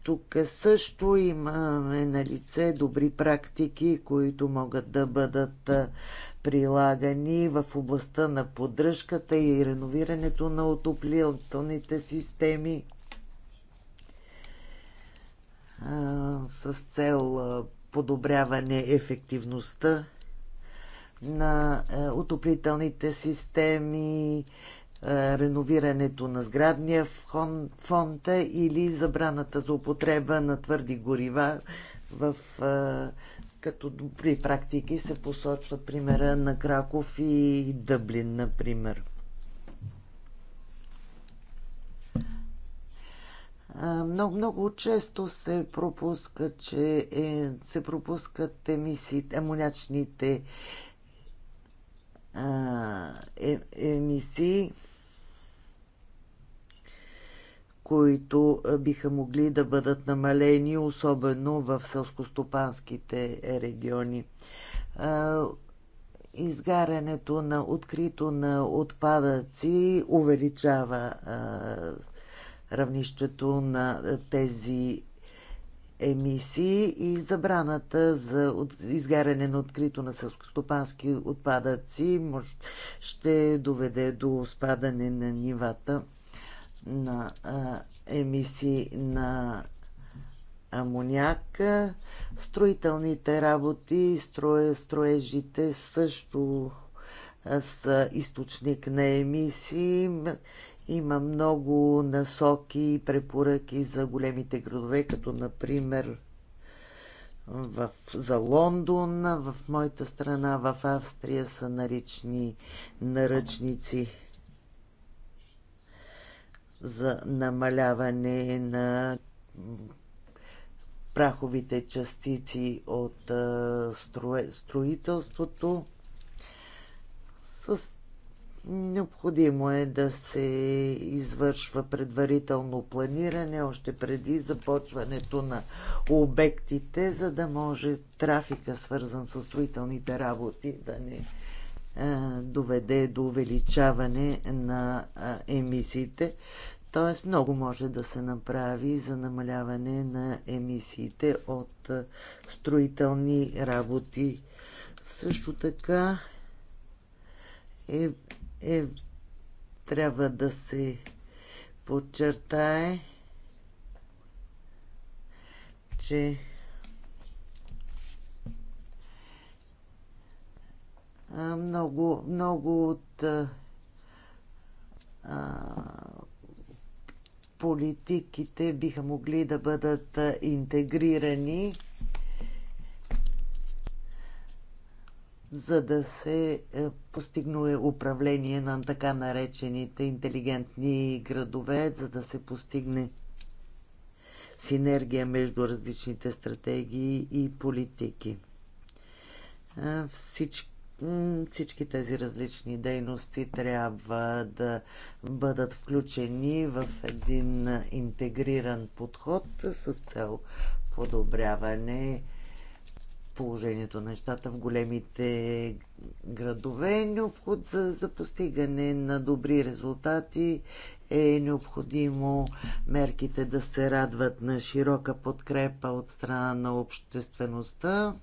тук също имаме на лице добри практики, които могат да бъдат прилагани в областта на поддръжката и реновирането на отоплителните системи с цел подобряване ефективността на отоплителните системи, е, реновирането на сградния фонд или забраната за употреба на твърди горива в е, като добри практики се посочват примера на Краков и Дъблин, например. Е, много, много често се пропуска, че е, се пропускат емисиите, амонячните е, е, емисии които биха могли да бъдат намалени, особено в селскостопанските региони. Изгарянето на открито на отпадъци увеличава равнището на тези емисии и забраната за изгаряне на открито на селскостопански отпадъци ще доведе до спадане на нивата на а, емисии на амоняк. Строителните работи, строежите също са източник на емисии. Има много насоки и препоръки за големите градове, като например в, за Лондон, в моята страна, в Австрия са нарични наръчници за намаляване на праховите частици от строителството. С... Необходимо е да се извършва предварително планиране още преди започването на обектите, за да може трафика, свързан с строителните работи, да не е, доведе до увеличаване на е, емисиите. Т.е. много може да се направи за намаляване на емисиите от е, строителни работи. Също така е, е, трябва да се подчертае, че много, много от политиките биха могли да бъдат интегрирани, за да се е, постигне управление на така наречените интелигентни градове, за да се постигне синергия между различните стратегии и политики. Всички всички тези различни дейности трябва да бъдат включени в един интегриран подход с цел подобряване положението на нещата в големите градове. Необход за, за постигане на добри резултати е необходимо мерките да се радват на широка подкрепа от страна на обществеността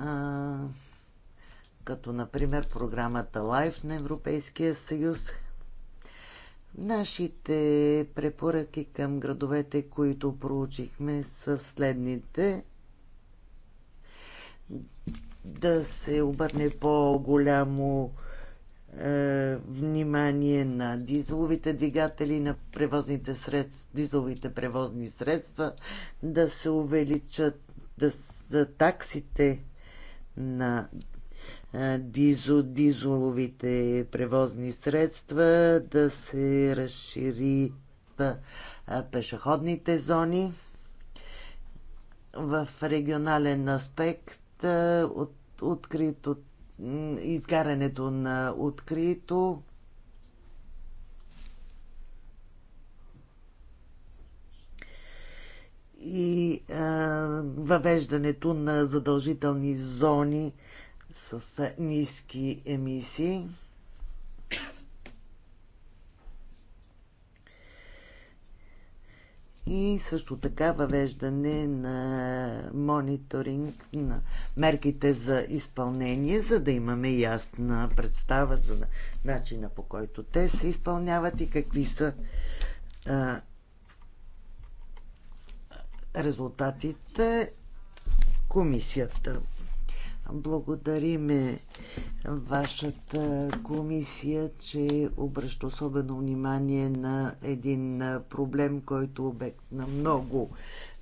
а, като например програмата Life на Европейския съюз. Нашите препоръки към градовете, които проучихме, са следните. Да се обърне по-голямо е, внимание на дизеловите двигатели, на превозните средства, дизеловите превозни средства, да се увеличат да, за таксите на дизо, дизоловите превозни средства, да се разшири пешеходните зони. В регионален аспект от, открито, изгарянето на открито и въвеждането на задължителни зони с ниски емисии. и също така въвеждане на мониторинг на мерките за изпълнение, за да имаме ясна представа за начина по който те се изпълняват и какви са а, резултатите комисията. Благодариме вашата комисия, че обръща особено внимание на един проблем, който е обект на много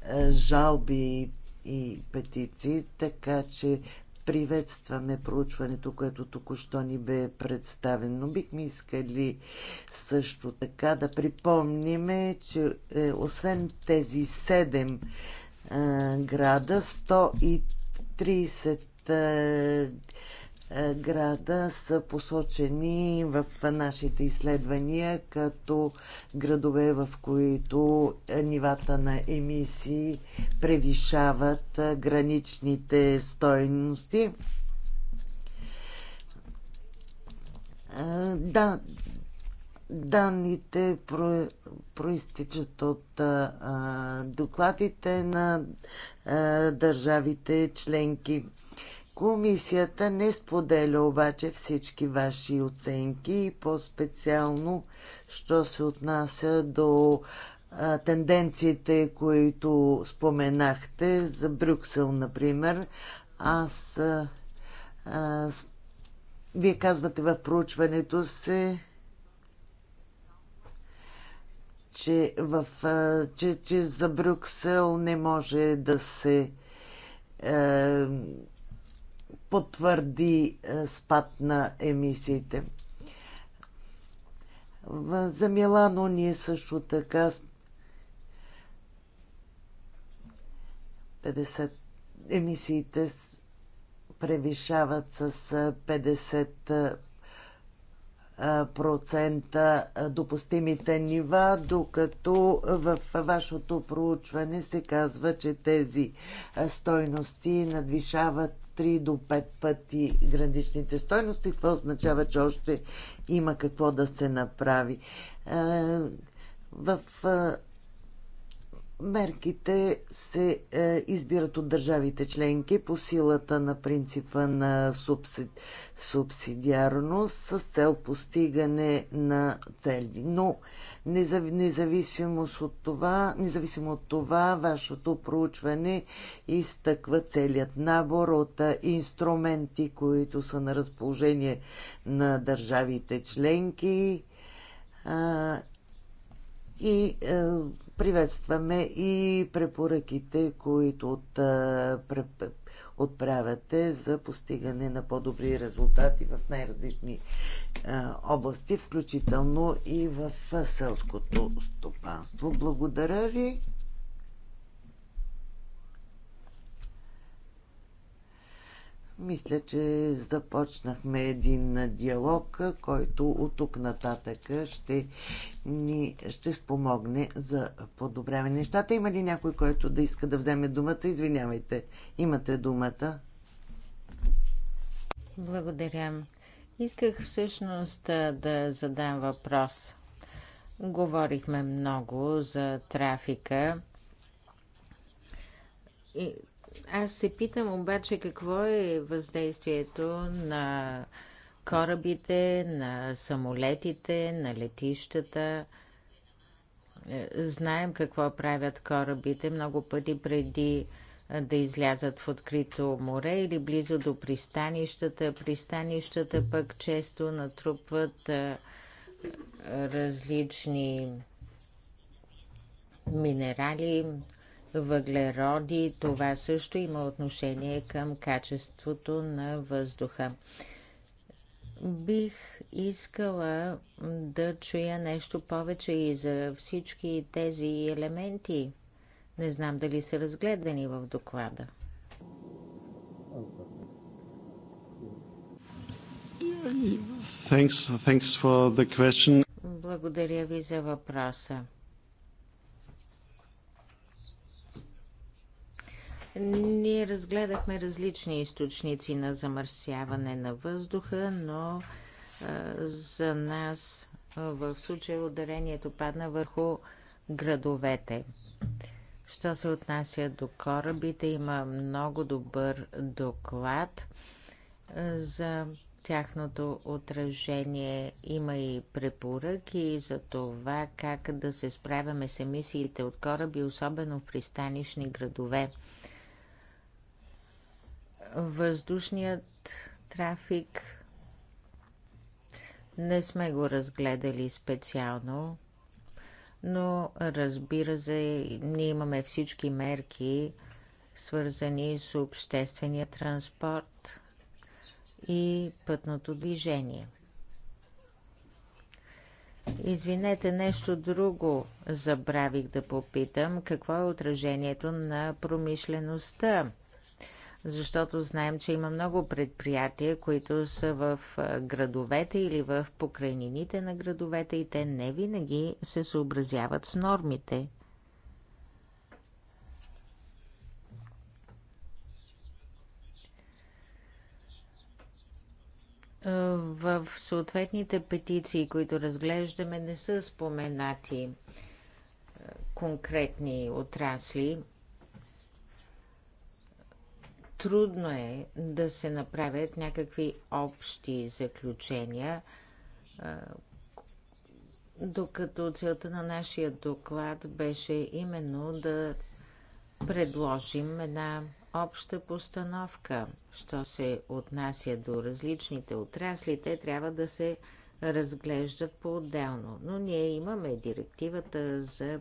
е, жалби и петиции, така че приветстваме проучването, което току-що ни бе представено. Бихме искали също така да припомниме, че е, освен тези 7 е, града, 130 е, е, града са посочени в нашите изследвания като градове, в които е, нивата на емисии превишават е, граничните стойности. Да, данните про, проистичат от а, докладите на а, държавите членки Комисията не споделя обаче всички ваши оценки и по-специално, що се отнася до а, тенденциите, които споменахте, за Брюксел, например. Аз. А, а, вие казвате в проучването се, че, в, а, че, че за Брюксел не може да се. А, потвърди е, спад на емисиите. За Милано ние също така 50 емисиите превишават с 50 е, е, процента допустимите нива, докато в вашето проучване се казва, че тези стойности надвишават 3 до 5 пъти граничните стойности, какво означава, че още има какво да се направи. Е, в е, Мерките се е, избират от държавите членки по силата на принципа на субси... субсидиарност с цел постигане на цели. Но незав... независимо от това, независимо от това, вашето проучване изтъква целият набор от е, инструменти, които са на разположение на държавите членки. А, е, и е, Приветстваме и препоръките, които от, отправяте за постигане на по-добри резултати в най-различни области, включително и в селското стопанство. Благодаря ви. Мисля, че започнахме един диалог, който от тук нататък ще ни ще спомогне за подобряване на нещата. Има ли някой, който да иска да вземе думата? Извинявайте, имате думата. Благодаря. Исках всъщност да задам въпрос. Говорихме много за трафика и аз се питам обаче какво е въздействието на корабите, на самолетите, на летищата. Е, знаем какво правят корабите много пъти преди е, да излязат в открито море или близо до пристанищата. Пристанищата пък често натрупват е, различни минерали, въглероди. Това също има отношение към качеството на въздуха. Бих искала да чуя нещо повече и за всички тези елементи. Не знам дали са разгледани в доклада. Thanks, thanks Благодаря ви за въпроса. Ние разгледахме различни източници на замърсяване на въздуха, но за нас в случая ударението падна върху градовете. Що се отнася до корабите, има много добър доклад за тяхното отражение. Има и препоръки за това как да се справяме с емисиите от кораби, особено в пристанищни градове. Въздушният трафик не сме го разгледали специално, но разбира се, ние имаме всички мерки, свързани с обществения транспорт и пътното движение. Извинете, нещо друго забравих да попитам. Какво е отражението на промишлеността? защото знаем, че има много предприятия, които са в градовете или в покрайнините на градовете и те не винаги се съобразяват с нормите. В съответните петиции, които разглеждаме, не са споменати конкретни отрасли – Трудно е да се направят някакви общи заключения, докато целта на нашия доклад беше именно да предложим една обща постановка. Що се отнася до различните отрасли, те трябва да се разглеждат по-отделно. Но ние имаме директивата за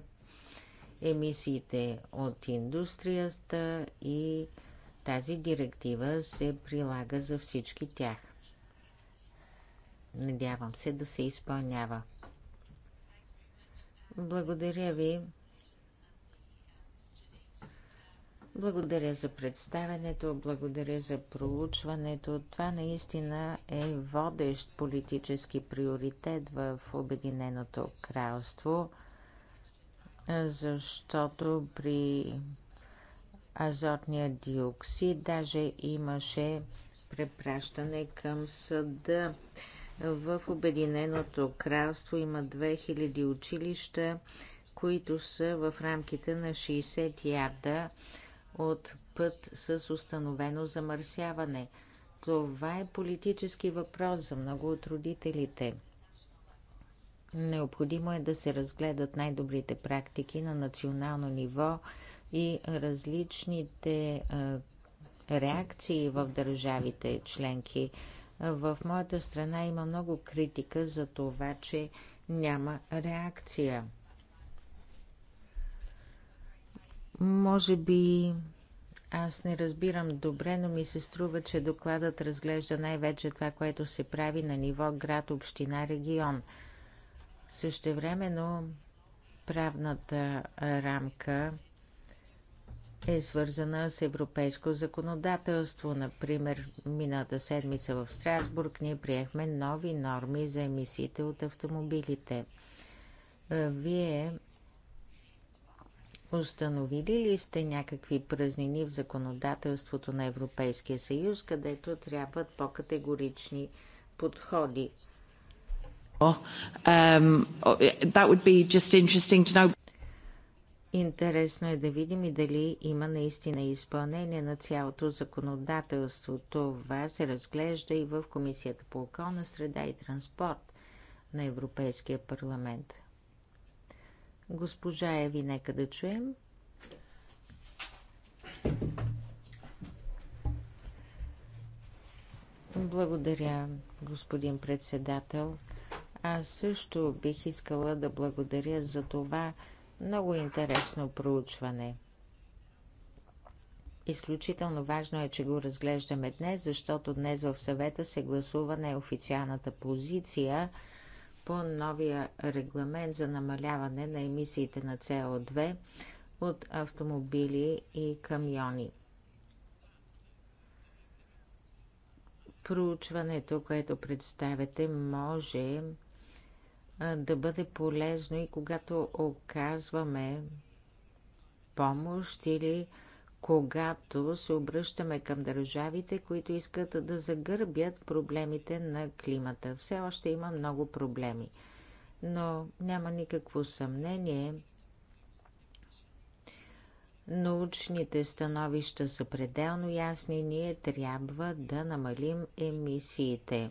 емисиите от индустрията и тази директива се прилага за всички тях. Надявам се да се изпълнява. Благодаря ви. Благодаря за представенето, благодаря за проучването. Това наистина е водещ политически приоритет в Обединеното кралство, защото при азотния диоксид. Даже имаше препращане към съда. В Обединеното кралство има 2000 училища, които са в рамките на 60 ярда от път с установено замърсяване. Това е политически въпрос за много от родителите. Необходимо е да се разгледат най-добрите практики на национално ниво – и различните реакции в държавите членки. В моята страна има много критика за това, че няма реакция. Може би аз не разбирам добре, но ми се струва, че докладът разглежда най-вече това, което се прави на ниво град, община, регион. времено правната рамка е свързана с европейско законодателство. Например, миналата седмица в Страсбург ние приехме нови норми за емисиите от автомобилите. Вие установили ли сте някакви празнини в законодателството на Европейския съюз, където трябват по-категорични подходи? Um, that would be just interesting to know. Интересно е да видим и дали има наистина изпълнение на цялото законодателство. Това се разглежда и в Комисията по околна среда и транспорт на Европейския парламент. Госпожа Еви, нека да чуем. Благодаря, господин председател. Аз също бих искала да благодаря за това, много интересно проучване. Изключително важно е, че го разглеждаме днес, защото днес в съвета се гласува неофициалната позиция по новия регламент за намаляване на емисиите на СО2 от автомобили и камиони. Проучването, което представяте, може да бъде полезно и когато оказваме помощ или когато се обръщаме към държавите, които искат да загърбят проблемите на климата. Все още има много проблеми, но няма никакво съмнение. Научните становища са пределно ясни. Ние трябва да намалим емисиите.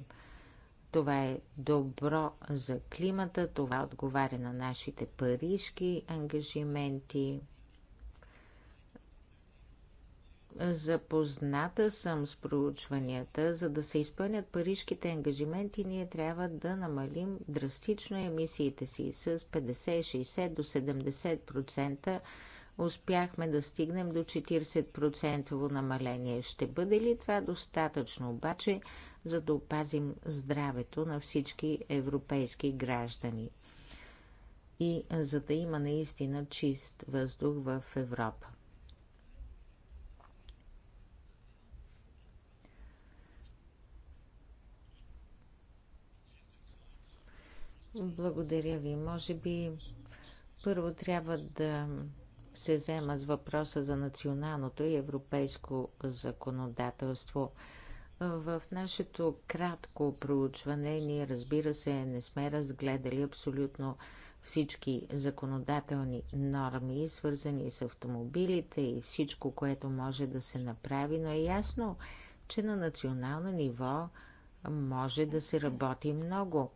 Това е добро за климата, това отговаря на нашите парижки ангажименти. Запозната съм с проучванията. За да се изпълнят парижките ангажименти, ние трябва да намалим драстично емисиите си с 50-60 до 70%. Успяхме да стигнем до 40% намаление. Ще бъде ли това достатъчно? Обаче за да опазим здравето на всички европейски граждани и за да има наистина чист въздух в Европа. Благодаря ви. Може би първо трябва да се взема с въпроса за националното и европейско законодателство – в нашето кратко проучване ние, разбира се, не сме разгледали абсолютно всички законодателни норми, свързани с автомобилите и всичко, което може да се направи, но е ясно, че на национално ниво може да се работи много.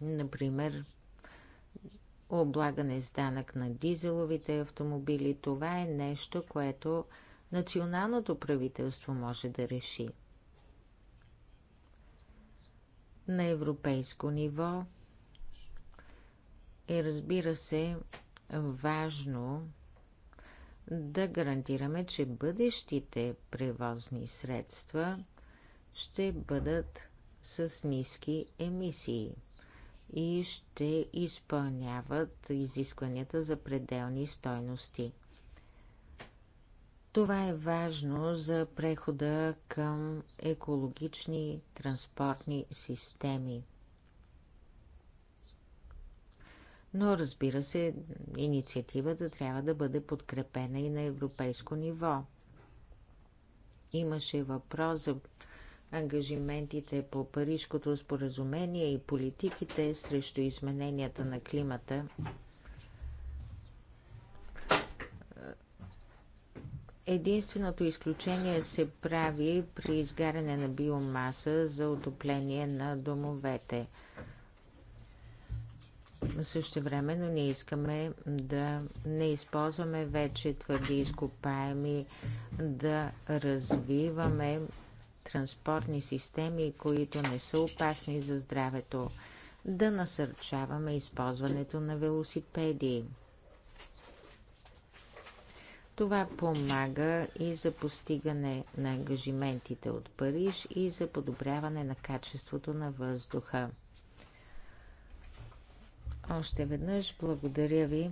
Например, облагане с данък на дизеловите автомобили. Това е нещо, което националното правителство може да реши. На европейско ниво е разбира се важно да гарантираме, че бъдещите превозни средства ще бъдат с ниски емисии и ще изпълняват изискванията за пределни стойности – това е важно за прехода към екологични транспортни системи. Но разбира се, инициативата трябва да бъде подкрепена и на европейско ниво. Имаше въпрос за ангажиментите по парижското споразумение и политиките срещу измененията на климата – Единственото изключение се прави при изгаряне на биомаса за отопление на домовете. Също времено не искаме да не използваме вече твърди изкопаеми, да развиваме транспортни системи, които не са опасни за здравето, да насърчаваме използването на велосипеди. Това помага и за постигане на ангажиментите от Париж и за подобряване на качеството на въздуха. Още веднъж благодаря ви.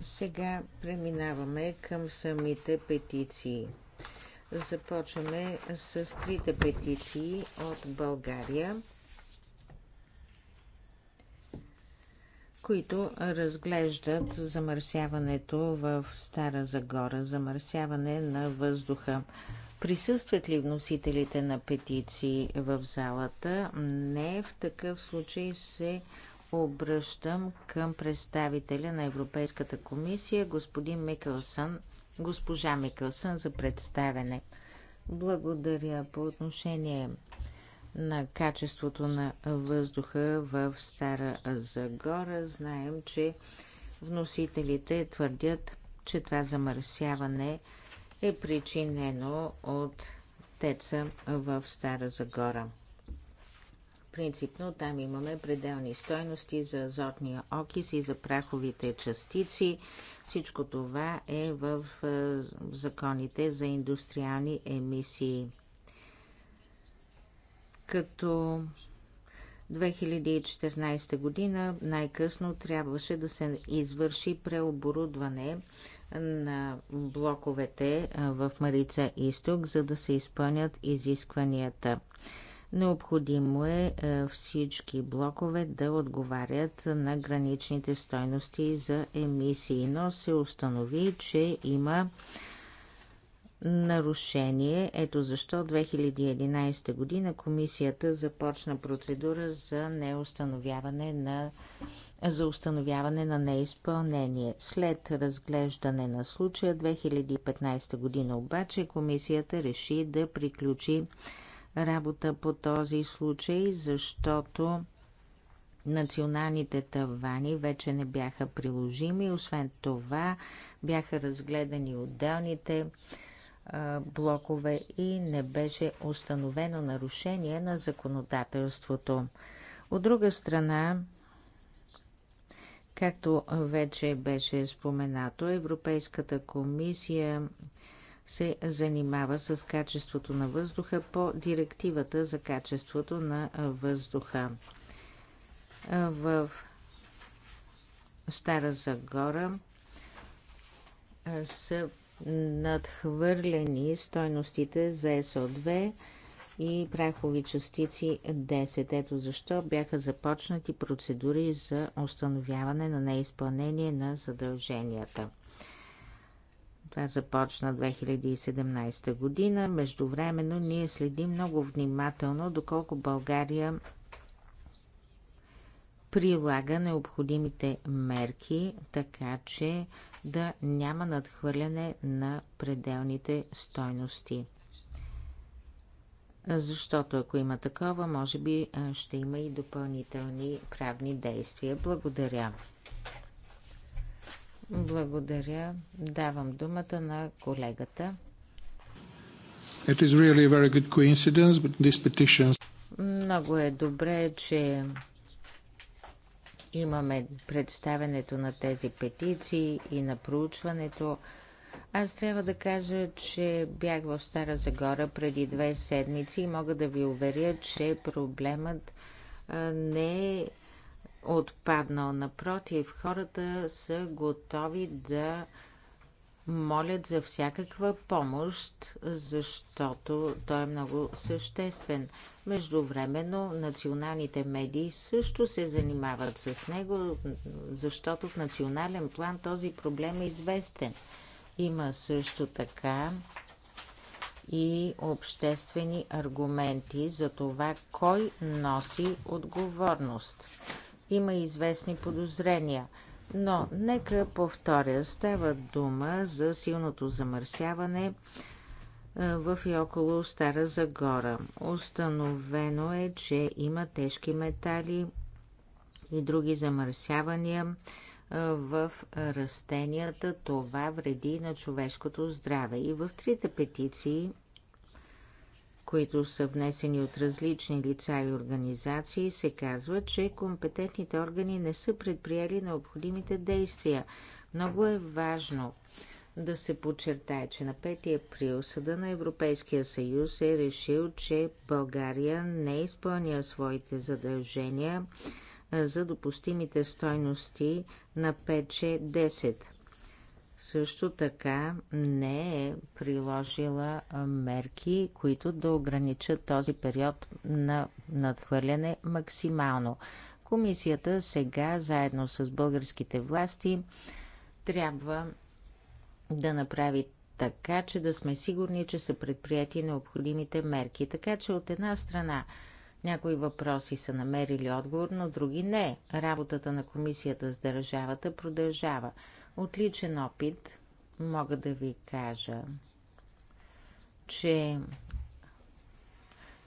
Сега преминаваме към самите петиции. Започваме с трите петиции от България, които разглеждат замърсяването в Стара Загора, замърсяване на въздуха. Присъстват ли вносителите на петиции в залата? Не, в такъв случай се обръщам към представителя на Европейската комисия, господин Микълсън госпожа Микълсън за представене. Благодаря по отношение на качеството на въздуха в Стара Загора. Знаем, че вносителите твърдят, че това замърсяване е причинено от теца в Стара Загора. Принципно там имаме пределни стойности за азотния окис и за праховите частици. Всичко това е в е, законите за индустриални емисии. Като 2014 година най-късно трябваше да се извърши преоборудване на блоковете е, в Марица Исток, за да се изпълнят изискванията. Необходимо е, е всички блокове да отговарят на граничните стойности за емисии, но се установи, че има нарушение. Ето защо 2011 година комисията започна процедура за неустановяване на за установяване на неизпълнение. След разглеждане на случая 2015 година обаче комисията реши да приключи работа по този случай, защото националните тавани вече не бяха приложими. Освен това, бяха разгледани отделните блокове и не беше установено нарушение на законодателството. От друга страна, както вече беше споменато, Европейската комисия се занимава с качеството на въздуха по директивата за качеството на въздуха. В Стара Загора са надхвърлени стойностите за СО2 и прахови частици 10. Ето защо бяха започнати процедури за установяване на неизпълнение на задълженията. Това започна 2017 година. Междувременно ние следим много внимателно доколко България прилага необходимите мерки, така че да няма надхвърляне на пределните стойности. Защото ако има такова, може би ще има и допълнителни правни действия. Благодаря. Благодаря. Давам думата на колегата. It is really a very good coincidence, but this petition... Много е добре, че имаме представенето на тези петиции и на проучването. Аз трябва да кажа, че бях в Стара Загора преди две седмици и мога да ви уверя, че проблемът не е отпаднал. Напротив, хората са готови да молят за всякаква помощ, защото той е много съществен. Междувременно националните медии също се занимават с него, защото в национален план този проблем е известен. Има също така и обществени аргументи за това кой носи отговорност има известни подозрения. Но нека повторя, става дума за силното замърсяване е, в и около Стара Загора. Установено е, че има тежки метали и други замърсявания е, в растенията. Това вреди на човешкото здраве. И в трите петиции които са внесени от различни лица и организации, се казва, че компетентните органи не са предприели необходимите действия. Много е важно да се подчертае, че на 5 април Съда на Европейския съюз е решил, че България не изпълня своите задължения за допустимите стойности на 5 10 също така не е приложила мерки, които да ограничат този период на надхвърляне максимално. Комисията сега, заедно с българските власти, трябва да направи така, че да сме сигурни, че са предприяти необходимите мерки. Така че от една страна някои въпроси са намерили отговор, но други не. Работата на комисията с държавата продължава отличен опит мога да ви кажа, че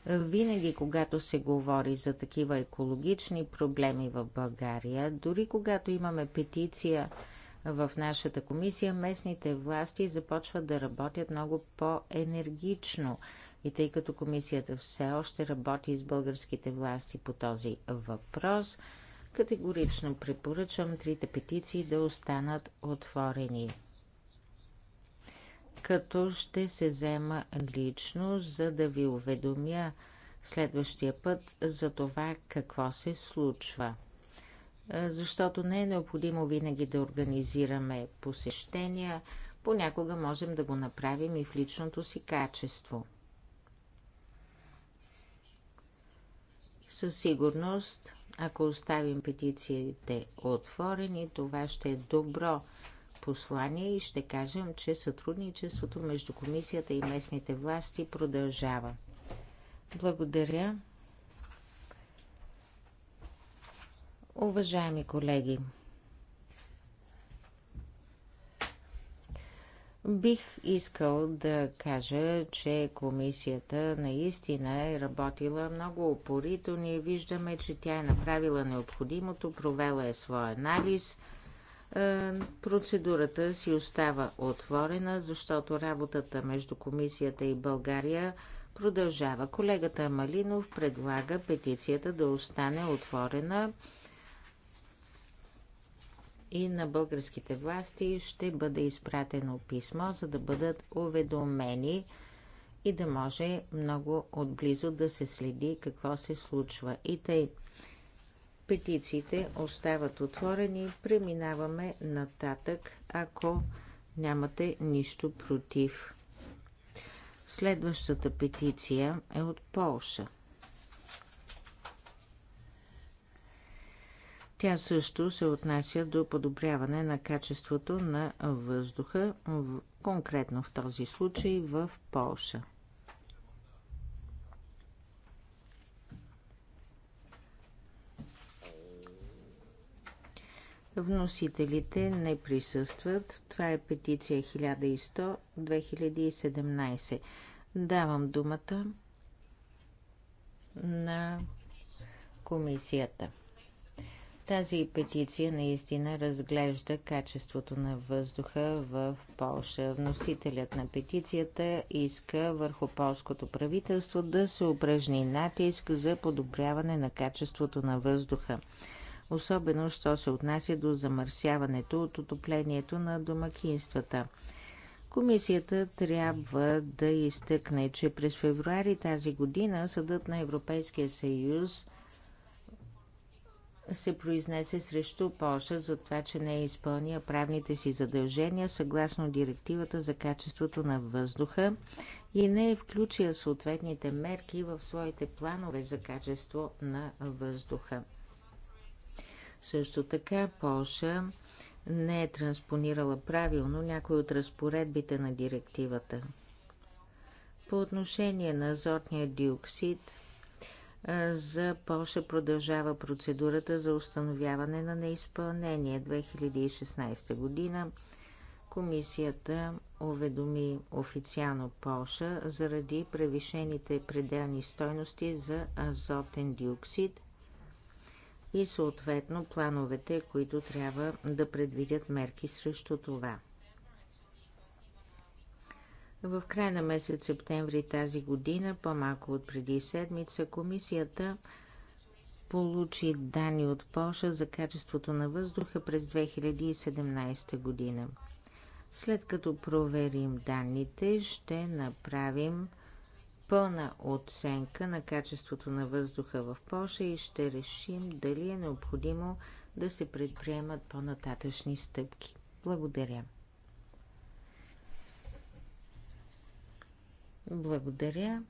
винаги, когато се говори за такива екологични проблеми в България, дори когато имаме петиция в нашата комисия, местните власти започват да работят много по-енергично. И тъй като комисията все още работи с българските власти по този въпрос, Категорично препоръчвам трите петиции да останат отворени. Като ще се взема лично, за да ви уведомя следващия път за това какво се случва. Е, защото не е необходимо винаги да организираме посещения, понякога можем да го направим и в личното си качество. Със сигурност ако оставим петициите отворени, това ще е добро послание и ще кажем, че сътрудничеството между комисията и местните власти продължава. Благодаря. Уважаеми колеги, Бих искал да кажа, че комисията наистина е работила много упорито. Ние виждаме, че тя е направила необходимото, провела е своя анализ. Е, процедурата си остава отворена, защото работата между комисията и България продължава. Колегата Малинов предлага петицията да остане отворена и на българските власти ще бъде изпратено писмо, за да бъдат уведомени и да може много отблизо да се следи какво се случва. И тъй петициите остават отворени. Преминаваме нататък, ако нямате нищо против. Следващата петиция е от Полша. Тя също се отнася до подобряване на качеството на въздуха, конкретно в този случай в Полша. Вносителите не присъстват. Това е петиция 1100-2017. Давам думата на комисията. Тази петиция наистина разглежда качеството на въздуха в Полша. Вносителят на петицията иска върху полското правителство да се упражни натиск за подобряване на качеството на въздуха. Особено, що се отнася до замърсяването от отоплението на домакинствата. Комисията трябва да изтъкне, че през февруари тази година Съдът на Европейския съюз – се произнесе срещу Польша за това, че не е изпълнила правните си задължения съгласно директивата за качеството на въздуха и не е включила съответните мерки в своите планове за качество на въздуха. Също така Польша не е транспонирала правилно някои от разпоредбите на директивата. По отношение на азотния диоксид – за Польша продължава процедурата за установяване на неизпълнение 2016 година. Комисията уведоми официално Полша заради превишените пределни стойности за азотен диоксид и съответно плановете, които трябва да предвидят мерки срещу това. В края на месец септември тази година, по-малко от преди седмица, комисията получи данни от Польша за качеството на въздуха през 2017 година. След като проверим данните, ще направим пълна оценка на качеството на въздуха в Польша и ще решим дали е необходимо да се предприемат по-нататъчни стъпки. Благодаря. Благодаря.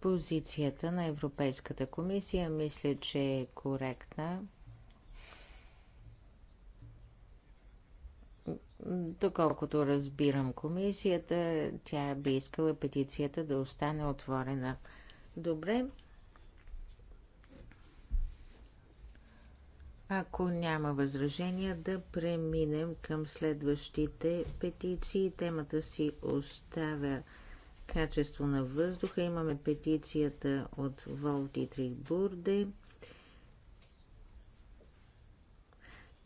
Позицията на Европейската комисия мисля, че е коректна. Доколкото разбирам комисията, тя би искала петицията да остане отворена. Добре, Ако няма възражения, да преминем към следващите петиции. Темата си оставя качество на въздуха. Имаме петицията от Волти Бурде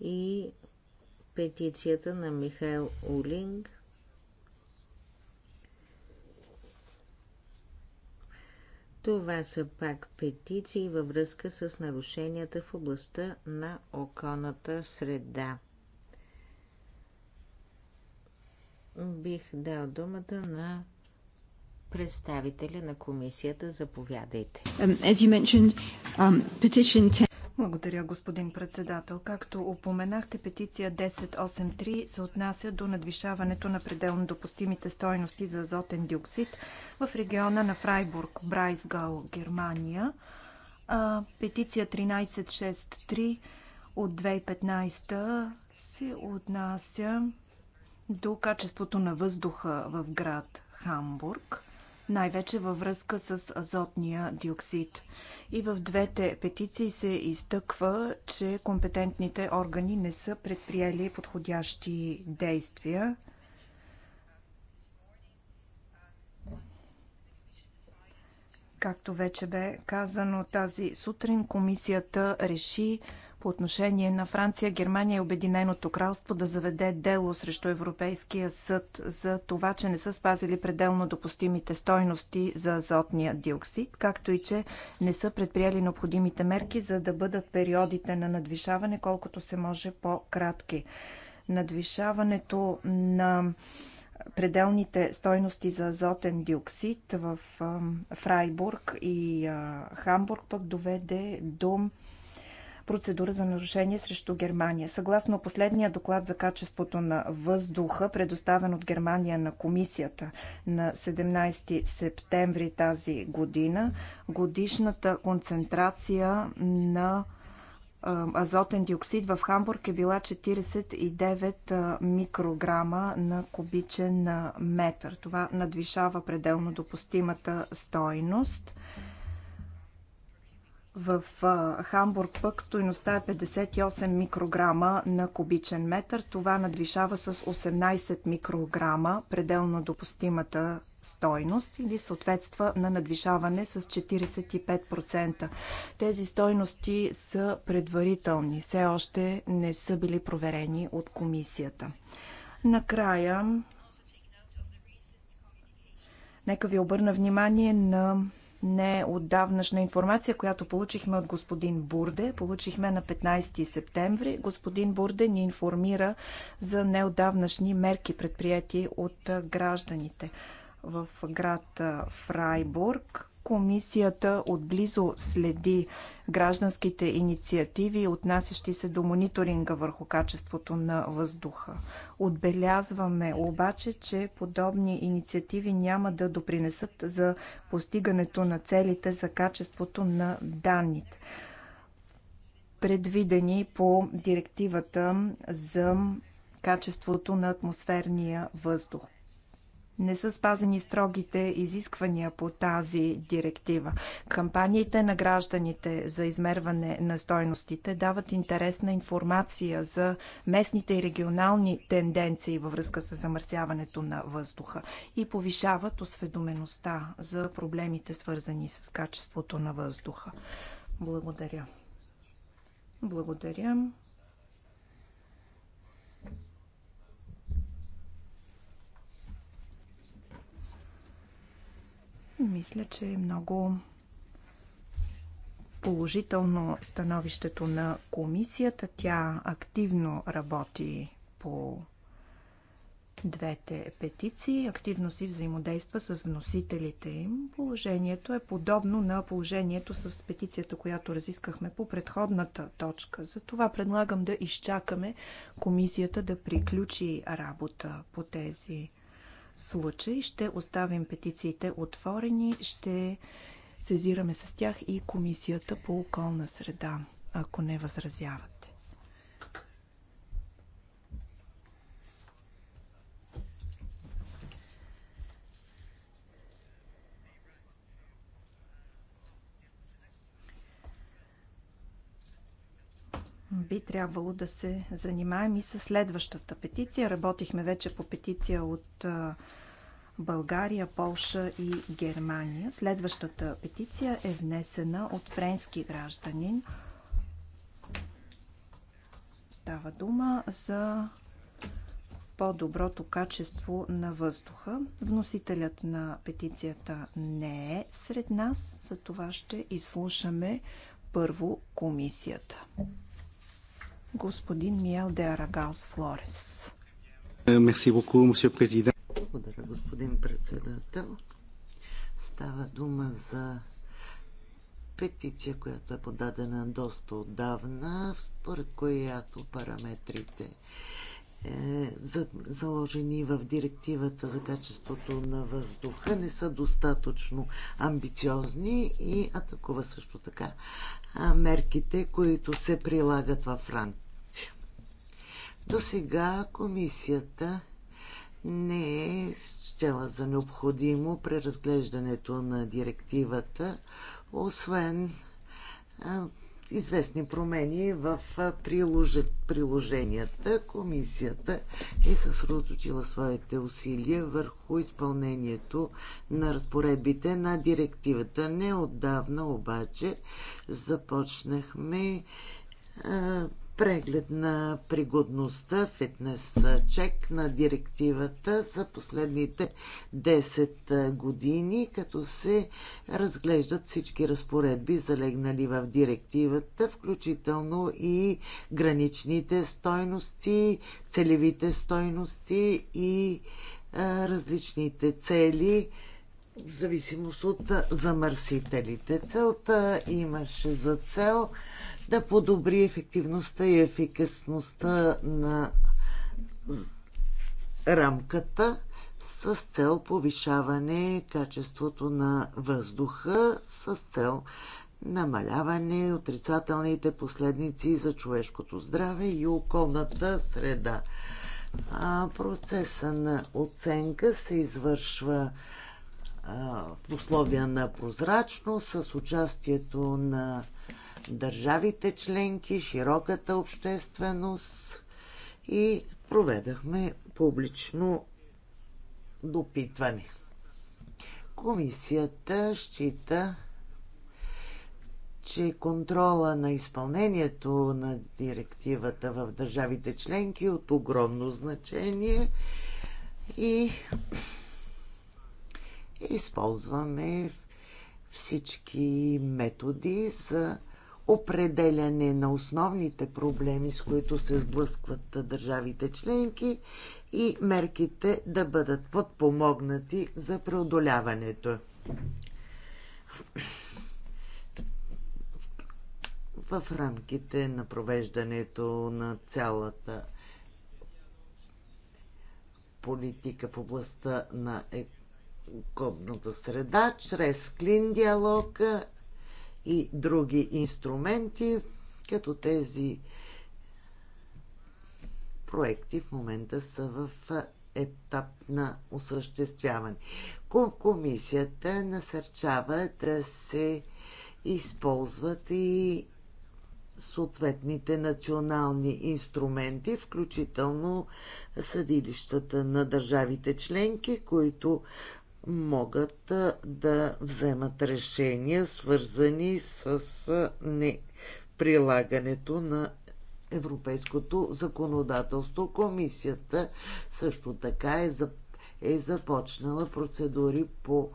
и петицията на Михаил Улинг – Това са пак петиции във връзка с нарушенията в областта на околната среда. Бих дал думата на представителя на комисията. Заповядайте. Um, as you mentioned, um, petition 10... Благодаря, господин председател. Както упоменахте, петиция 1083 се отнася до надвишаването на пределно допустимите стойности за азотен диоксид в региона на Фрайбург, Брайсгал, Германия. А, петиция 1363 от 2015 се отнася до качеството на въздуха в град Хамбург най-вече във връзка с азотния диоксид. И в двете петиции се изтъква, че компетентните органи не са предприели подходящи действия. Както вече бе казано тази сутрин, комисията реши по отношение на Франция, Германия и е Обединеното кралство да заведе дело срещу Европейския съд за това, че не са спазили пределно допустимите стойности за азотния диоксид, както и че не са предприели необходимите мерки, за да бъдат периодите на надвишаване колкото се може по-кратки. Надвишаването на пределните стойности за азотен диоксид в Фрайбург и Хамбург пък доведе до процедура за нарушение срещу Германия. Съгласно последния доклад за качеството на въздуха, предоставен от Германия на комисията на 17 септември тази година, годишната концентрация на азотен диоксид в Хамбург е била 49 микрограма на кубичен метър. Това надвишава пределно допустимата стойност. В Хамбург пък стоеността е 58 микрограма на кубичен метър. Това надвишава с 18 микрограма пределно допустимата стойност или съответства на надвишаване с 45%. Тези стойности са предварителни, все още не са били проверени от комисията. Накрая, нека ви обърна внимание на не отдавнашна информация, която получихме от господин Бурде. Получихме на 15 септември. Господин Бурде ни информира за неотдавнашни мерки предприяти от гражданите в град Фрайбург, Комисията отблизо следи гражданските инициативи, отнасящи се до мониторинга върху качеството на въздуха. Отбелязваме обаче, че подобни инициативи няма да допринесат за постигането на целите за качеството на данните предвидени по директивата за качеството на атмосферния въздух не са спазени строгите изисквания по тази директива. Кампаниите на гражданите за измерване на стойностите дават интересна информация за местните и регионални тенденции във връзка с замърсяването на въздуха и повишават осведомеността за проблемите, свързани с качеството на въздуха. Благодаря. Благодаря. Мисля, че е много положително становището на комисията. Тя активно работи по двете петиции, активно си взаимодейства с вносителите им. Положението е подобно на положението с петицията, която разискахме по предходната точка. Затова предлагам да изчакаме комисията да приключи работа по тези случай. Ще оставим петициите отворени, ще сезираме с тях и Комисията по околна среда, ако не възразяват. би трябвало да се занимаем и с следващата петиция. Работихме вече по петиция от България, Полша и Германия. Следващата петиция е внесена от френски гражданин. Става дума за по-доброто качество на въздуха. Вносителят на петицията не е сред нас, за това ще изслушаме първо комисията господин Миел де Арагаус Флорес. Е, мерси боку, президент. Благодаря, господин председател. Става дума за петиция, която е подадена доста отдавна, според която параметрите е, за, заложени в директивата за качеството на въздуха не са достатъчно амбициозни и атакува също така мерките, които се прилагат във Франция. До сега комисията не е счела за необходимо преразглеждането на директивата, освен известни промени в приложенията. Комисията е съсредоточила своите усилия върху изпълнението на разпоредбите на директивата. Неотдавна обаче започнахме а, преглед на пригодността, фитнес чек на директивата за последните 10 години, като се разглеждат всички разпоредби, залегнали в директивата, включително и граничните стойности, целевите стойности и а, различните цели, в зависимост от замърсителите. Целта имаше за цел да подобри ефективността и ефикасността на рамката с цел повишаване качеството на въздуха, с цел намаляване отрицателните последници за човешкото здраве и околната среда. А процеса на оценка се извършва в условия на прозрачност, с участието на държавите членки, широката общественост и проведахме публично допитване. Комисията счита, че контрола на изпълнението на директивата в държавите членки е от огромно значение и използваме всички методи за определяне на основните проблеми, с които се сблъскват държавите членки и мерките да бъдат подпомогнати за преодоляването. В рамките на провеждането на цялата политика в областта на екологията, кодната среда, чрез клин диалог и други инструменти, като тези проекти в момента са в етап на осъществяване. Комисията насърчава да се използват и съответните национални инструменти, включително съдилищата на държавите членки, които могат да вземат решения, свързани с неприлагането на европейското законодателство. Комисията също така е, е започнала процедури по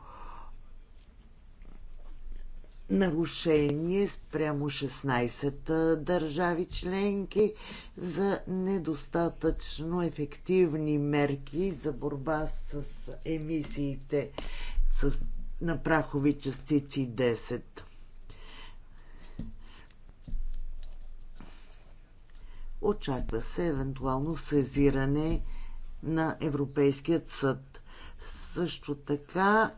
нарушение спрямо 16 държави членки за недостатъчно ефективни мерки за борба с емисиите с, на прахови частици 10. Очаква се евентуално сезиране на Европейският съд. Също така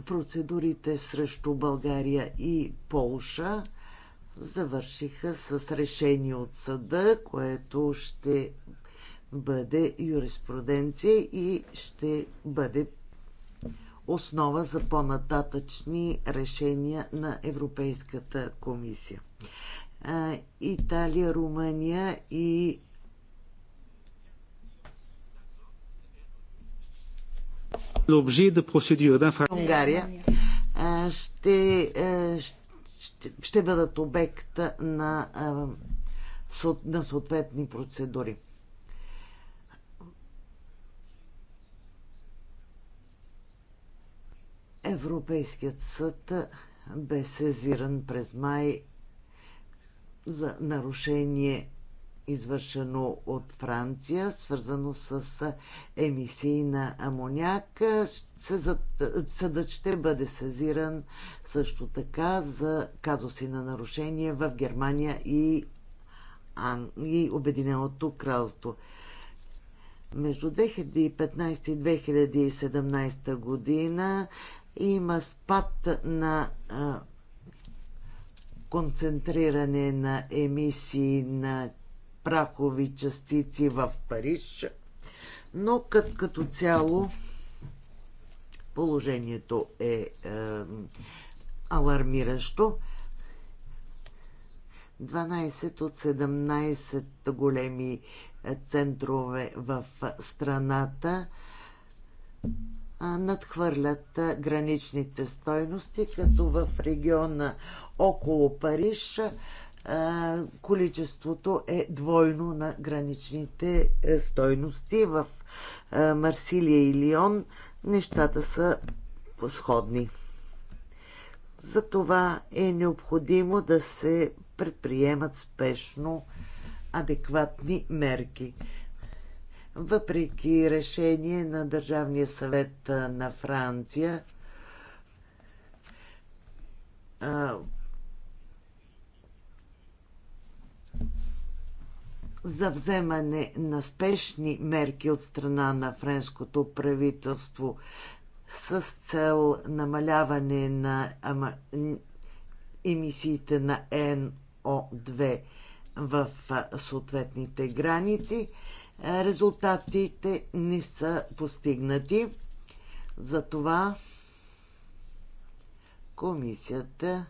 процедурите срещу България и Полша завършиха с решение от съда, което ще бъде юриспруденция и ще бъде основа за по-нататъчни решения на Европейската комисия. Италия, Румъния и Унгария ще, ще, ще бъдат обект на, на съответни процедури. Европейският съд бе сезиран през май за нарушение извършено от Франция, свързано с емисии на амоняк. Съдът ще бъде сезиран също така за казуси на нарушения в Германия и, Ан... и Обединеното кралство. Между 2015 и 2017 година има спад на концентриране на емисии на прахови частици в Париж, но като, като цяло положението е, е алармиращо. 12 от 17 големи центрове в е, страната надхвърлят е, граничните стойности, като в региона около Париж количеството е двойно на граничните е, стойности. В Марсилия и Лион нещата са сходни. Затова е необходимо да се предприемат спешно адекватни мерки. Въпреки решение на Държавния съвет на Франция, за вземане на спешни мерки от страна на френското правителство с цел намаляване на емисиите на НО2 в съответните граници. Е, резултатите не са постигнати. Затова комисията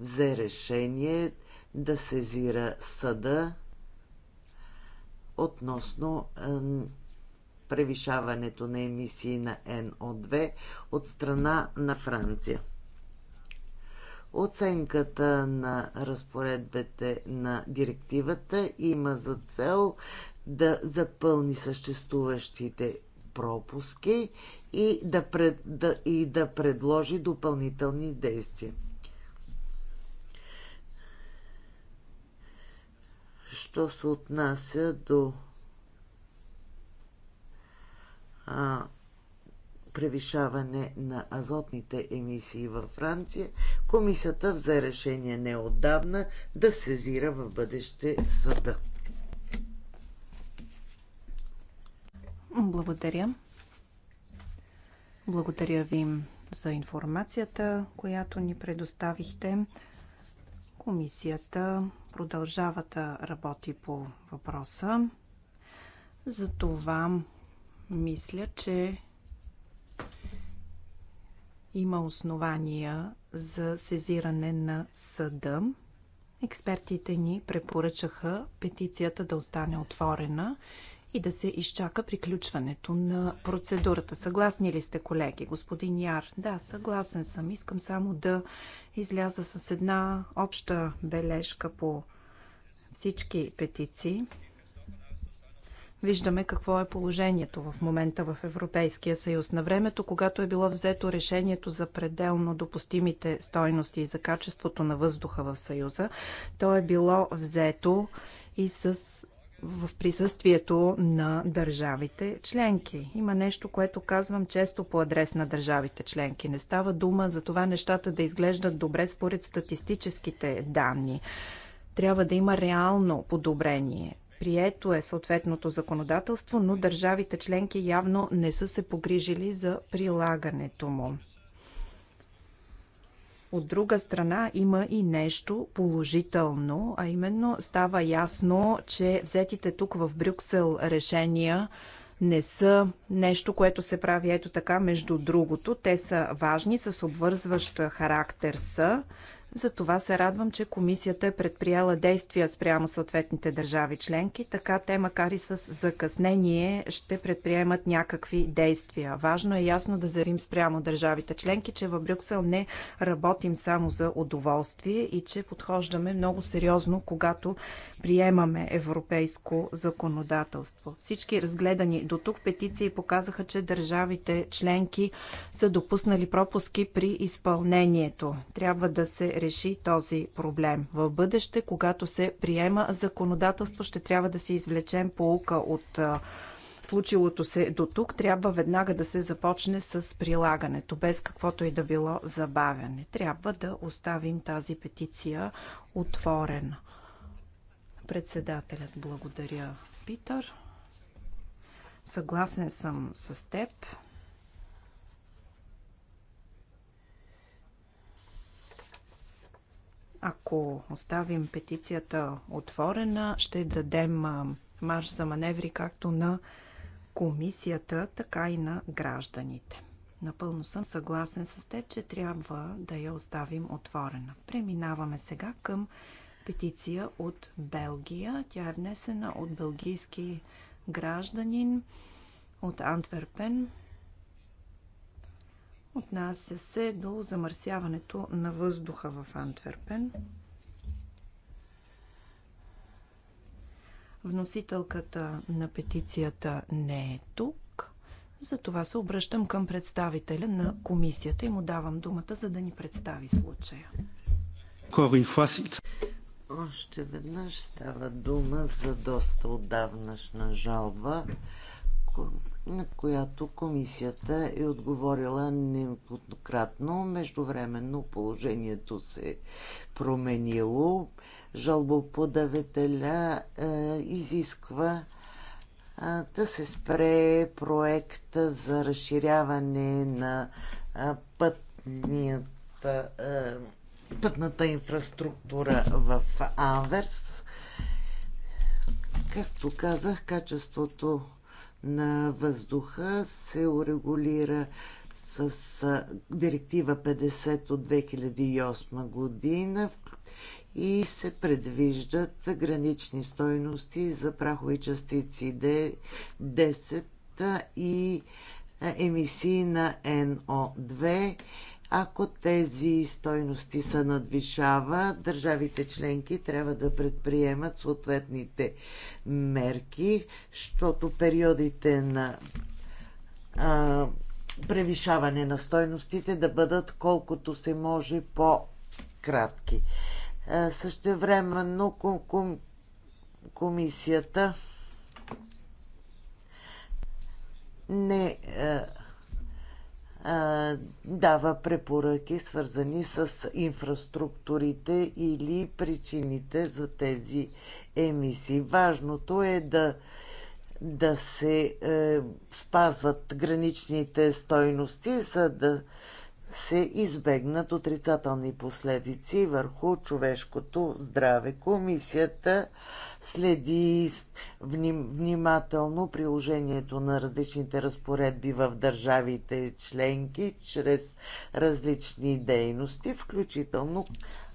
взе решение да сезира съда относно превишаването на емисии на НО2 от страна на Франция. Оценката на разпоредбите на директивата има за цел да запълни съществуващите пропуски и да, пред, да, и да предложи допълнителни действия. що се отнася до а, превишаване на азотните емисии във Франция, комисията взе решение неотдавна да сезира в бъдеще съда. Благодаря. Благодаря ви за информацията, която ни предоставихте. Комисията продължава да работи по въпроса. Затова мисля, че има основания за сезиране на съда. Експертите ни препоръчаха петицията да остане отворена и да се изчака приключването на процедурата. Съгласни ли сте, колеги? Господин Яр, да, съгласен съм. Искам само да изляза с една обща бележка по всички петиции. Виждаме какво е положението в момента в Европейския съюз. На времето, когато е било взето решението за пределно допустимите стойности и за качеството на въздуха в съюза, то е било взето и с в присъствието на държавите членки. Има нещо, което казвам често по адрес на държавите членки. Не става дума за това нещата да изглеждат добре според статистическите данни. Трябва да има реално подобрение. Прието е съответното законодателство, но държавите членки явно не са се погрижили за прилагането му. От друга страна има и нещо положително, а именно става ясно, че взетите тук в Брюксел решения не са нещо, което се прави ето така между другото. Те са важни, с обвързващ характер са. Затова се радвам, че комисията е предприела действия спрямо съответните държави членки, така те, макар и с закъснение, ще предприемат някакви действия. Важно е ясно да заявим спрямо държавите членки, че в Брюксел не работим само за удоволствие и че подхождаме много сериозно, когато приемаме европейско законодателство. Всички разгледани до тук петиции показаха, че държавите членки са допуснали пропуски при изпълнението. Трябва да се реши този проблем. В бъдеще, когато се приема законодателство, ще трябва да си извлечем полука от случилото се до тук, трябва веднага да се започне с прилагането, без каквото и да било забавяне. Трябва да оставим тази петиция отворена. Председателят благодаря, Питър. Съгласен съм с теб. Ако оставим петицията отворена, ще дадем марш за маневри както на комисията, така и на гражданите. Напълно съм съгласен с теб, че трябва да я оставим отворена. Преминаваме сега към петиция от Белгия. Тя е внесена от белгийски гражданин от Антверпен. Отнася се до замърсяването на въздуха в Антверпен. Вносителката на петицията не е тук. Затова се обръщам към представителя на комисията и му давам думата, за да ни представи случая. Още веднъж става дума за доста отдавнашна жалба, на която комисията е отговорила неоднократно. Междувременно положението се е променило. Жалбоподавителя е, изисква е, да се спре проекта за разширяване на е, пътнията, е, пътната инфраструктура в Анверс. Както казах, качеството на въздуха се урегулира с директива 50 от 2008 година и се предвиждат гранични стойности за прахови частици D10 и емисии на NO2 ако тези стойности са надвишава, държавите членки трябва да предприемат съответните мерки, защото периодите на а, превишаване на стойностите да бъдат колкото се може по-кратки. но ком, ком, комисията не а, дава препоръки, свързани с инфраструктурите или причините за тези емисии. Важното е да, да се е, спазват граничните стойности, за да се избегнат отрицателни последици върху човешкото здраве. Комисията следи внимателно приложението на различните разпоредби в държавите членки чрез различни дейности, включително,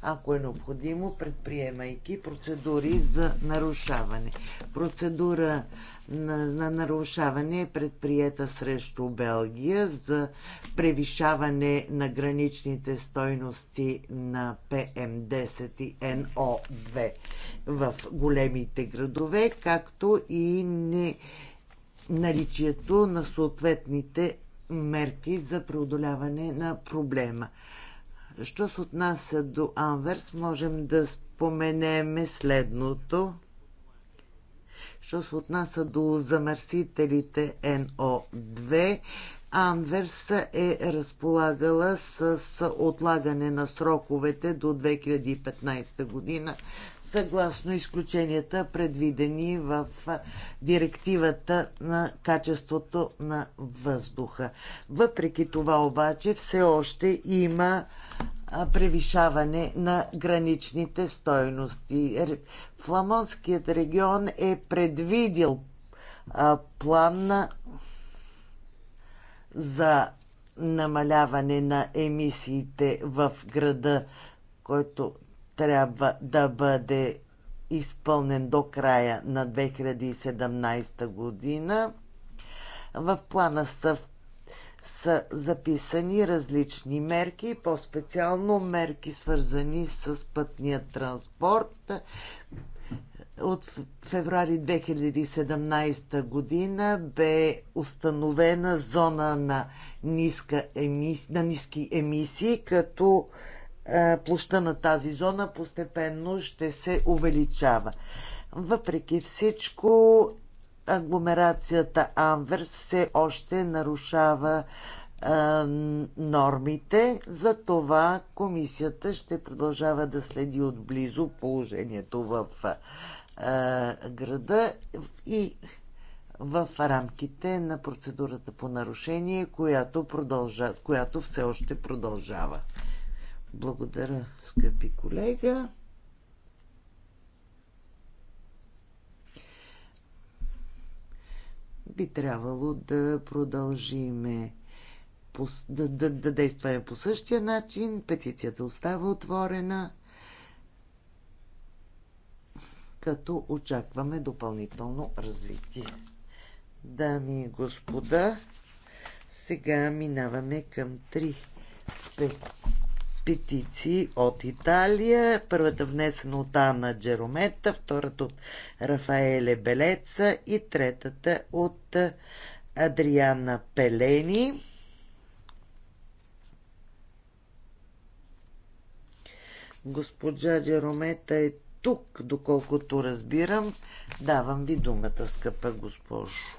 ако е необходимо, предприемайки процедури за нарушаване. Процедура на, на нарушаване е предприета срещу Белгия за превишаване на граничните стойности на ПМ10 и НО2 в големите градове, както и не наличието на съответните мерки за преодоляване на проблема. Що се отнася до Анверс, можем да споменеме следното. Що се отнася до замърсителите НО2, Анверс е разполагала с отлагане на сроковете до 2015 година съгласно изключенията, предвидени в директивата на качеството на въздуха. Въпреки това обаче все още има превишаване на граничните стойности. Фламонският регион е предвидил план за намаляване на емисиите в града, който трябва да бъде изпълнен до края на 2017 година. В плана са, са записани различни мерки, по-специално мерки свързани с пътния транспорт. От феврари 2017 година бе установена зона на, ниска емис... на ниски емисии, като е, площа на тази зона постепенно ще се увеличава. Въпреки всичко, агломерацията Анвер все още нарушава е, нормите. За това комисията ще продължава да следи отблизо положението в е, града и в рамките на процедурата по нарушение, която, продължа, която все още продължава. Благодаря, скъпи колега. Би трябвало да продължиме да, да, да действаме по същия начин. Петицията остава отворена, като очакваме допълнително развитие. Дами и господа, сега минаваме към 3 петиции от Италия. Първата внесена от Анна Джеромета, втората от Рафаеле Белеца и третата от Адриана Пелени. Госпожа Джеромета е тук, доколкото разбирам. Давам ви думата, скъпа госпожо.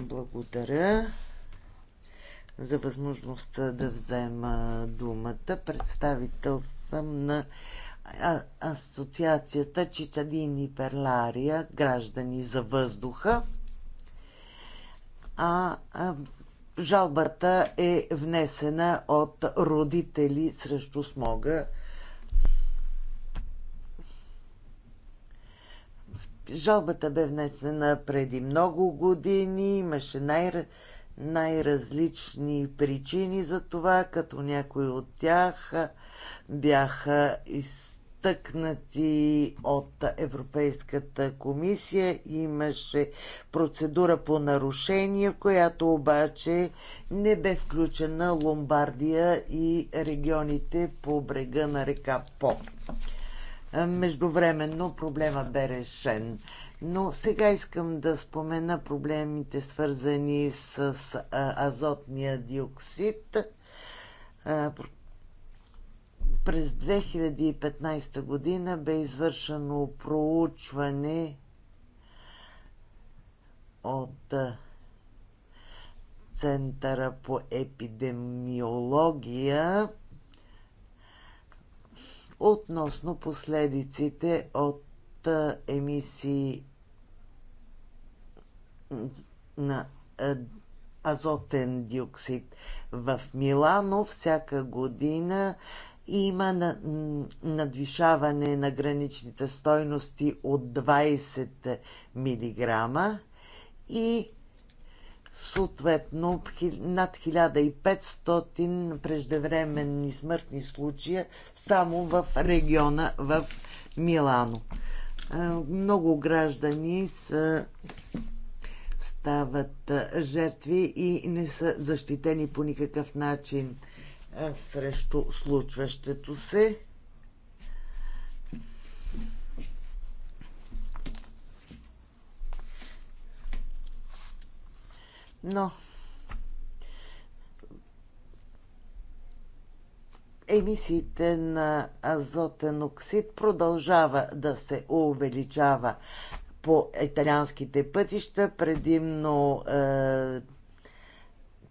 Благодаря за възможността да взема думата. Представител съм на Асоциацията Чичадини Перлария, граждани за въздуха. А, а жалбата е внесена от родители срещу смога. Жалбата бе внесена преди много години, имаше най- най-различни причини за това, като някои от тях бяха изтъкнати от Европейската комисия. Имаше процедура по нарушение, в която обаче не бе включена Ломбардия и регионите по брега на река По. Междувременно проблема бе решен. Но сега искам да спомена проблемите, свързани с азотния диоксид. През 2015 година бе извършено проучване от Центъра по епидемиология относно последиците от емисии на е, азотен диоксид. В Милано всяка година има надвишаване на граничните стойности от 20 мг и съответно над 1500 преждевременни смъртни случая само в региона в Милано. Е, много граждани са стават жертви и не са защитени по никакъв начин срещу случващето се. Но емисиите на азотен оксид продължава да се увеличава по италианските пътища, предимно е,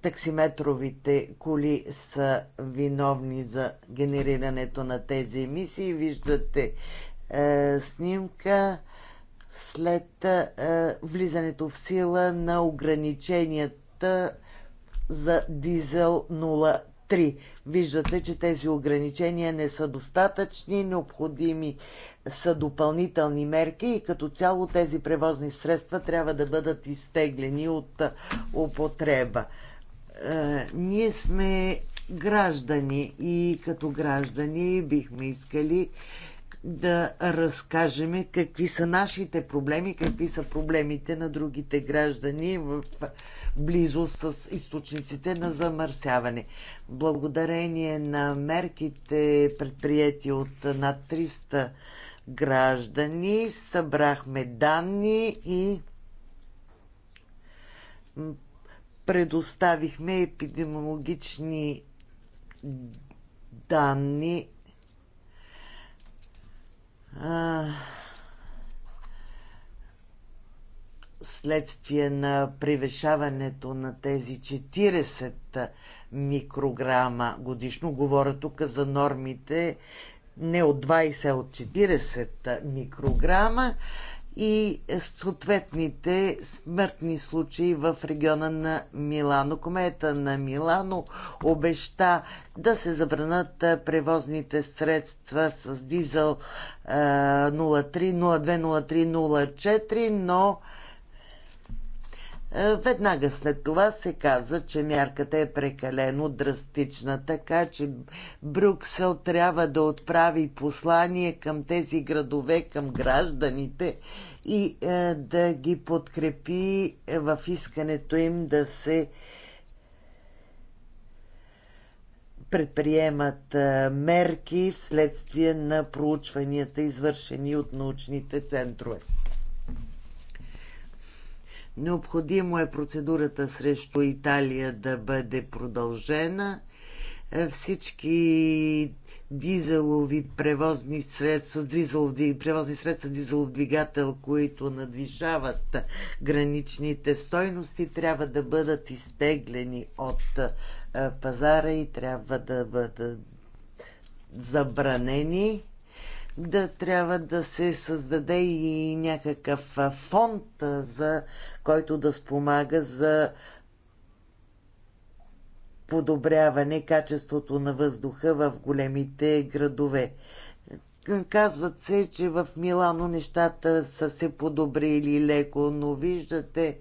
таксиметровите коли са виновни за генерирането на тези емисии. Виждате е, снимка след е, влизането в сила на ограниченията за дизел 0 3. Виждате, че тези ограничения не са достатъчни, необходими са допълнителни мерки и като цяло тези превозни средства трябва да бъдат изтеглени от употреба. Е, ние сме граждани и като граждани бихме искали да разкажем какви са нашите проблеми, какви са проблемите на другите граждани в близо с източниците на замърсяване. Благодарение на мерките, предприяти от над 300 граждани, събрахме данни и предоставихме епидемиологични данни следствие на превешаването на тези 40 микрограма годишно, говоря тук за нормите не от 20, а от 40 микрограма, и съответните смъртни случаи в региона на Милано. Комета на Милано обеща да се забранат превозните средства с дизел 03, 04 но е, веднага след това се каза, че мярката е прекалено драстична, така че Брюксел трябва да отправи послание към тези градове, към гражданите и е, да ги подкрепи в искането им да се предприемат е, мерки вследствие на проучванията, извършени от научните центрове. Необходимо е процедурата срещу Италия да бъде продължена. Е, всички дизелови превозни средства, дизелов, превозни средства дизелов двигател, които надвижават граничните стойности, трябва да бъдат изтеглени от е, пазара и трябва да бъдат забранени да трябва да се създаде и някакъв фонд, за който да спомага за подобряване качеството на въздуха в големите градове. Казват се, че в Милано нещата са се подобрили леко, но виждате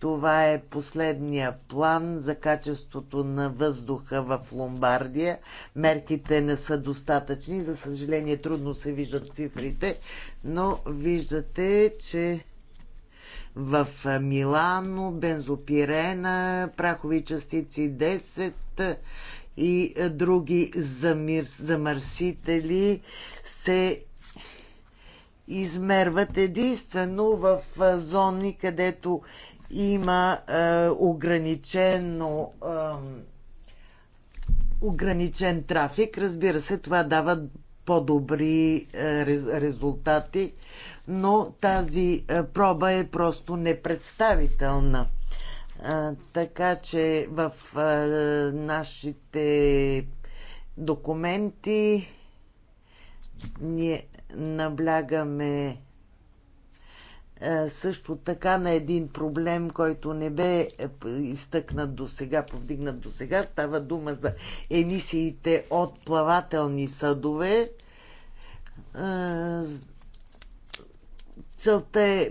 това е последния план за качеството на въздуха в Ломбардия. Мерките не са достатъчни. За съжаление, трудно се виждат цифрите, но виждате, че в Милано, бензопирена, прахови частици 10 и други замърсители се измерват единствено в зони, където има е, ограничено е, ограничен трафик. Разбира се, това дава по-добри е, резултати, но тази е, проба е просто непредставителна. Е, така че в е, нашите документи ние наблягаме е, също така на един проблем, който не бе е, изтъкнат до сега, повдигнат до сега. Става дума за емисиите от плавателни съдове. Е, целта е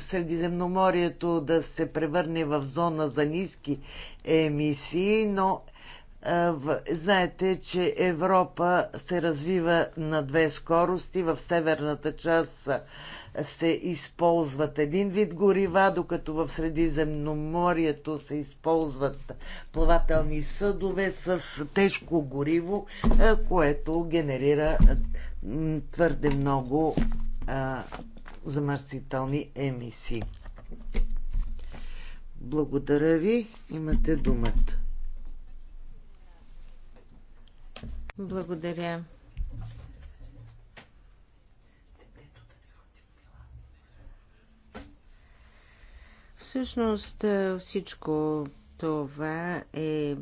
Средиземноморието да се превърне в зона за ниски емисии, но Знаете, че Европа се развива на две скорости. В северната част се използват един вид горива, докато в Средиземноморието се използват плавателни съдове с тежко гориво, е, което генерира е, твърде много е, замърсителни емисии. Благодаря ви. Имате думата. Благодаря. Всъщност е, всичко това е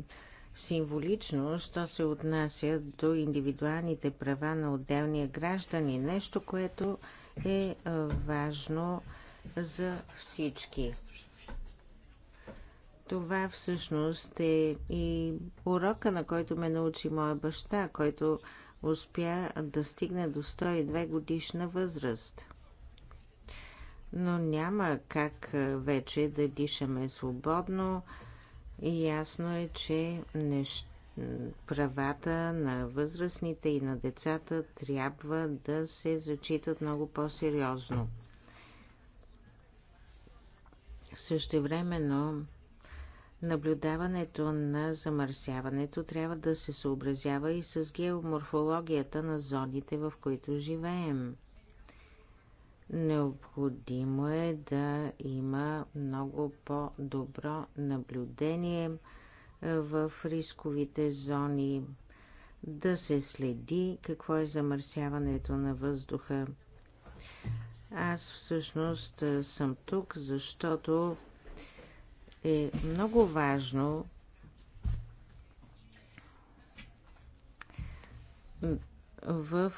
символично, що се отнася до индивидуалните права на отделния граждани. Нещо, което е, е важно за всички. Това всъщност е и урока, на който ме научи моя баща, който успя да стигне до 102 годишна възраст но няма как вече да дишаме свободно. И ясно е, че нещ... правата на възрастните и на децата трябва да се зачитат много по-сериозно. Същевременно наблюдаването на замърсяването трябва да се съобразява и с геоморфологията на зоните, в които живеем – Необходимо е да има много по-добро наблюдение е, в рисковите зони, да се следи какво е замърсяването на въздуха. Аз всъщност е, съм тук, защото е много важно в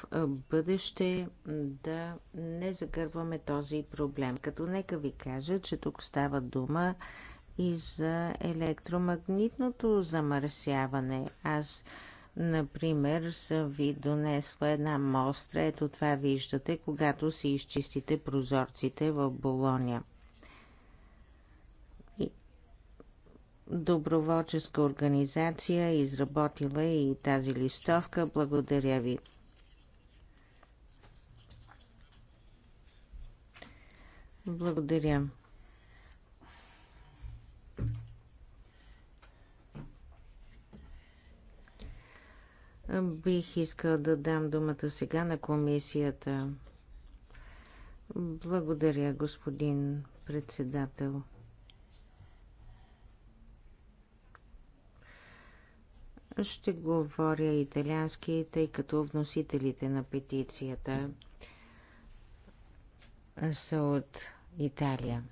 бъдеще да не загърбваме този проблем. Като нека ви кажа, че тук става дума и за електромагнитното замърсяване. Аз, например, съм ви донесла една мостра. Ето това виждате, когато си изчистите прозорците в Болония. доброволческа организация изработила е и тази листовка. Благодаря ви. Благодаря. Бих искал да дам думата сега на комисията. Благодаря, господин председател. Ще говоря италиански, тъй като вносителите на петицията са от Италия.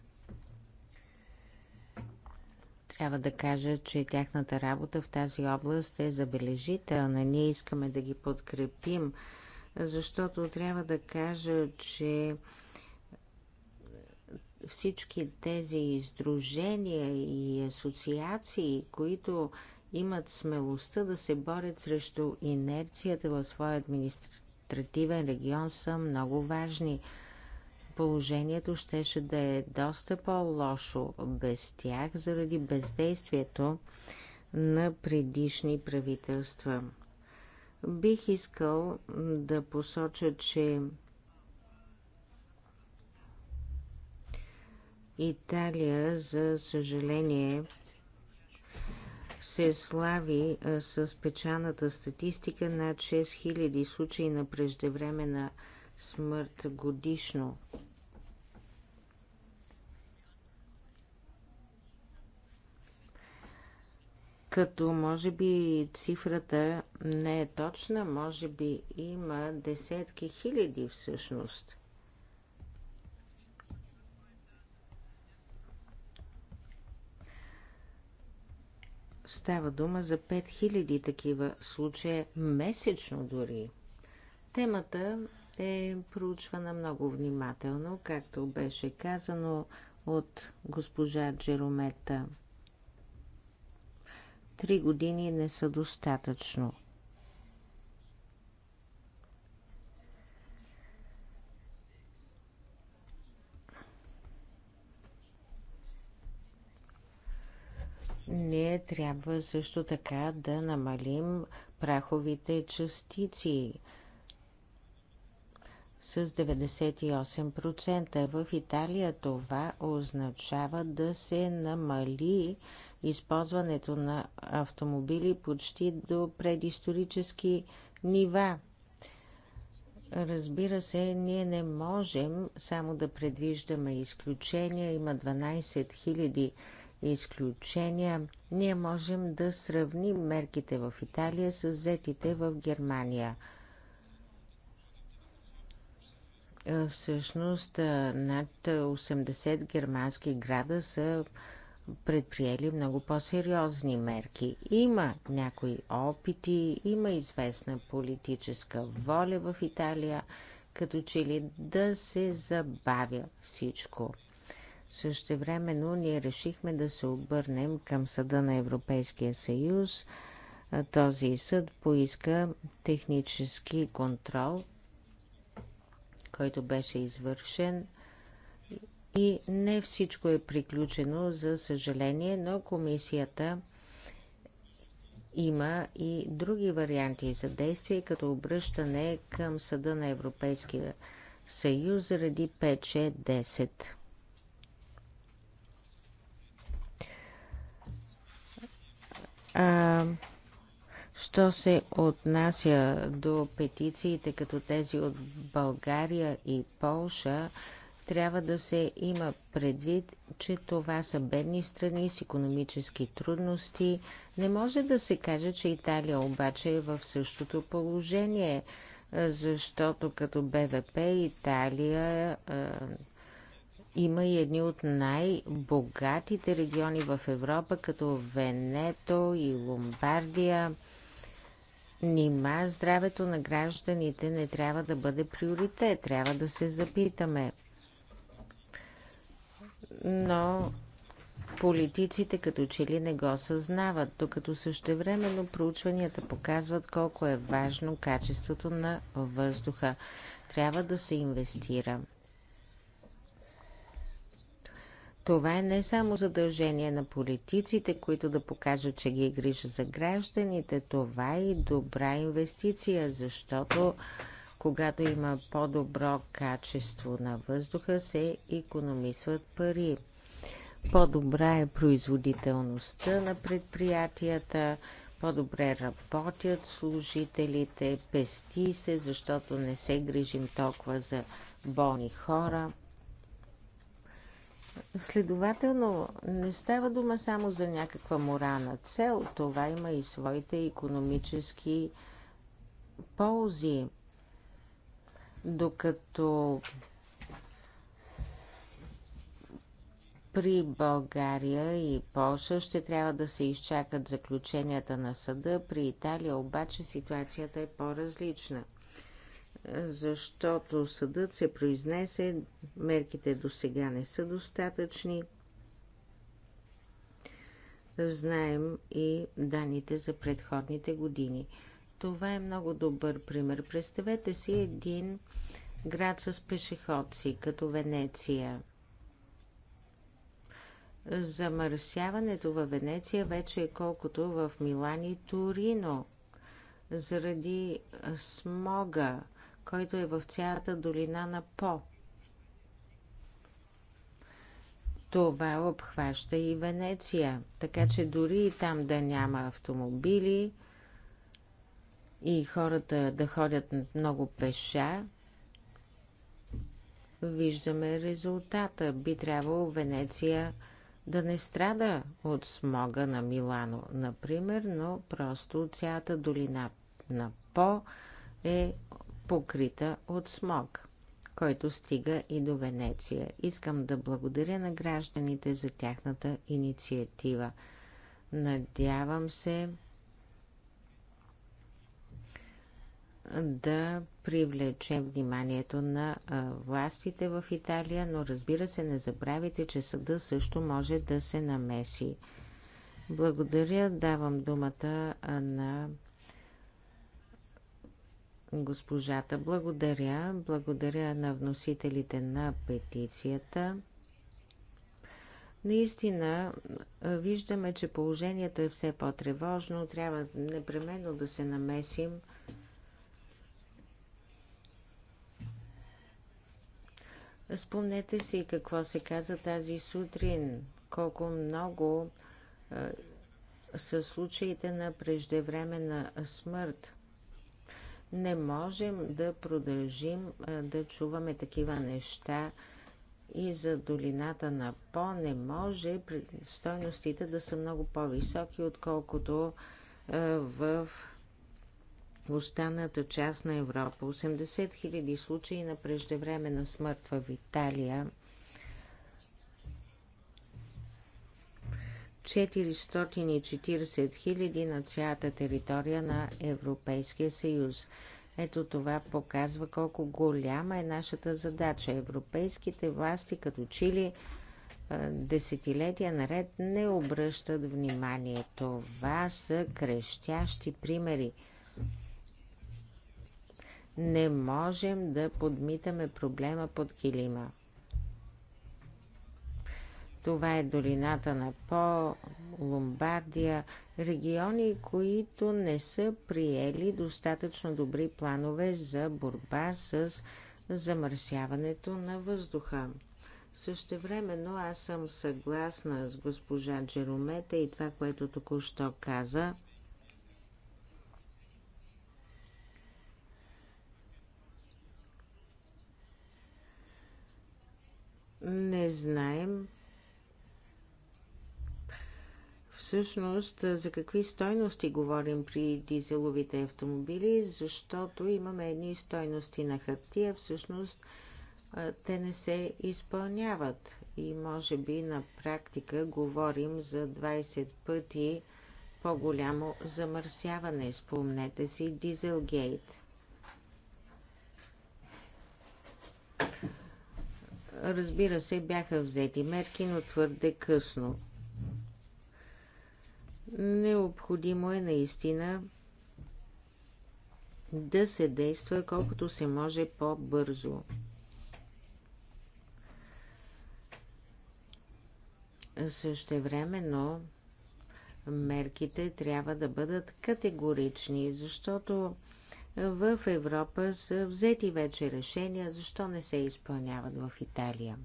Трябва да кажа, че тяхната работа в тази област е забележителна. Ние искаме да ги подкрепим, защото трябва да кажа, че всички тези издружения и асоциации, които имат смелостта да се борят срещу инерцията в своя административен регион, са много важни положението щеше да е доста по-лошо без тях, заради бездействието на предишни правителства. Бих искал да посоча, че Италия, за съжаление, се слави с печаната статистика над 6000 случаи на преждевременна смърт годишно като може би цифрата не е точна, може би има десетки хиляди всъщност. Става дума за 5000 такива случая месечно дори. Темата е проучвана много внимателно, както беше казано от госпожа Джеромета. Три години не са достатъчно. Ние трябва също така да намалим праховите частици с 98%. В Италия това означава да се намали използването на автомобили почти до предисторически нива. Разбира се, ние не можем само да предвиждаме изключения. Има 12 000 изключения. Ние можем да сравним мерките в Италия с взетите в Германия. Всъщност над 80 германски града са предприели много по-сериозни мерки. Има някои опити, има известна политическа воля в Италия, като че ли да се забавя всичко. Същевременно ние решихме да се обърнем към Съда на Европейския съюз. Този съд поиска технически контрол, който беше извършен – и не всичко е приключено, за съжаление, но комисията има и други варианти за действие, като обръщане към Съда на Европейския съюз заради 5-10. А, що се отнася до петициите като тези от България и Полша, трябва да се има предвид, че това са бедни страни с економически трудности. Не може да се каже, че Италия обаче е в същото положение, защото като БВП Италия е, има и едни от най-богатите региони в Европа, като Венето и Ломбардия. Нима здравето на гражданите не трябва да бъде приоритет. Трябва да се запитаме но политиците като че ли не го съзнават, докато същевременно проучванията показват колко е важно качеството на въздуха. Трябва да се инвестира. Това е не само задължение на политиците, които да покажат, че ги е грижа за гражданите, това е и добра инвестиция, защото когато има по-добро качество на въздуха, се економисват пари. По-добра е производителността на предприятията, по-добре работят служителите, пести се, защото не се грижим толкова за болни хора. Следователно, не става дума само за някаква морална цел, това има и своите економически ползи. Докато при България и Польша ще трябва да се изчакат заключенията на съда, при Италия обаче ситуацията е по-различна, защото съдът се произнесе, мерките до сега не са достатъчни. Знаем и данните за предходните години – това е много добър пример. Представете си един град с пешеходци, като Венеция. Замърсяването във Венеция вече е колкото в Милан и Торино, заради смога, който е в цялата долина на По. Това обхваща и Венеция, така че дори и там да няма автомобили – и хората да ходят много пеша, виждаме резултата. Би трябвало Венеция да не страда от смога на Милано, например, но просто цялата долина на По е покрита от смог, който стига и до Венеция. Искам да благодаря на гражданите за тяхната инициатива. Надявам се, да привлече вниманието на властите в Италия, но разбира се, не забравяйте, че съда също може да се намеси. Благодаря. Давам думата на госпожата. Благодаря. Благодаря на вносителите на петицията. Наистина, виждаме, че положението е все по-тревожно. Трябва непременно да се намесим Спомнете си какво се каза тази сутрин, колко много са случаите на преждевременна смърт. Не можем да продължим да чуваме такива неща и за долината на По не може стойностите да са много по-високи, отколкото в в останата част на Европа. 80 000 случаи на преждевременна смърт в Италия. 440 000 на цялата територия на Европейския съюз. Ето това показва колко голяма е нашата задача. Европейските власти като чили десетилетия наред не обръщат внимание. Това са крещящи примери не можем да подмитаме проблема под килима. Това е долината на По, Ломбардия, региони, които не са приели достатъчно добри планове за борба с замърсяването на въздуха. Същевременно аз съм съгласна с госпожа Джеромета и това, което току-що каза – не знаем всъщност за какви стойности говорим при дизеловите автомобили, защото имаме едни стойности на хартия, всъщност те не се изпълняват и може би на практика говорим за 20 пъти по-голямо замърсяване. Спомнете си Дизелгейт. Разбира се, бяха взети мерки, но твърде късно. Необходимо е наистина да се действа колкото се може по-бързо. Също но мерките трябва да бъдат категорични, защото в Европа са взети вече решения, защо не се изпълняват в Италия.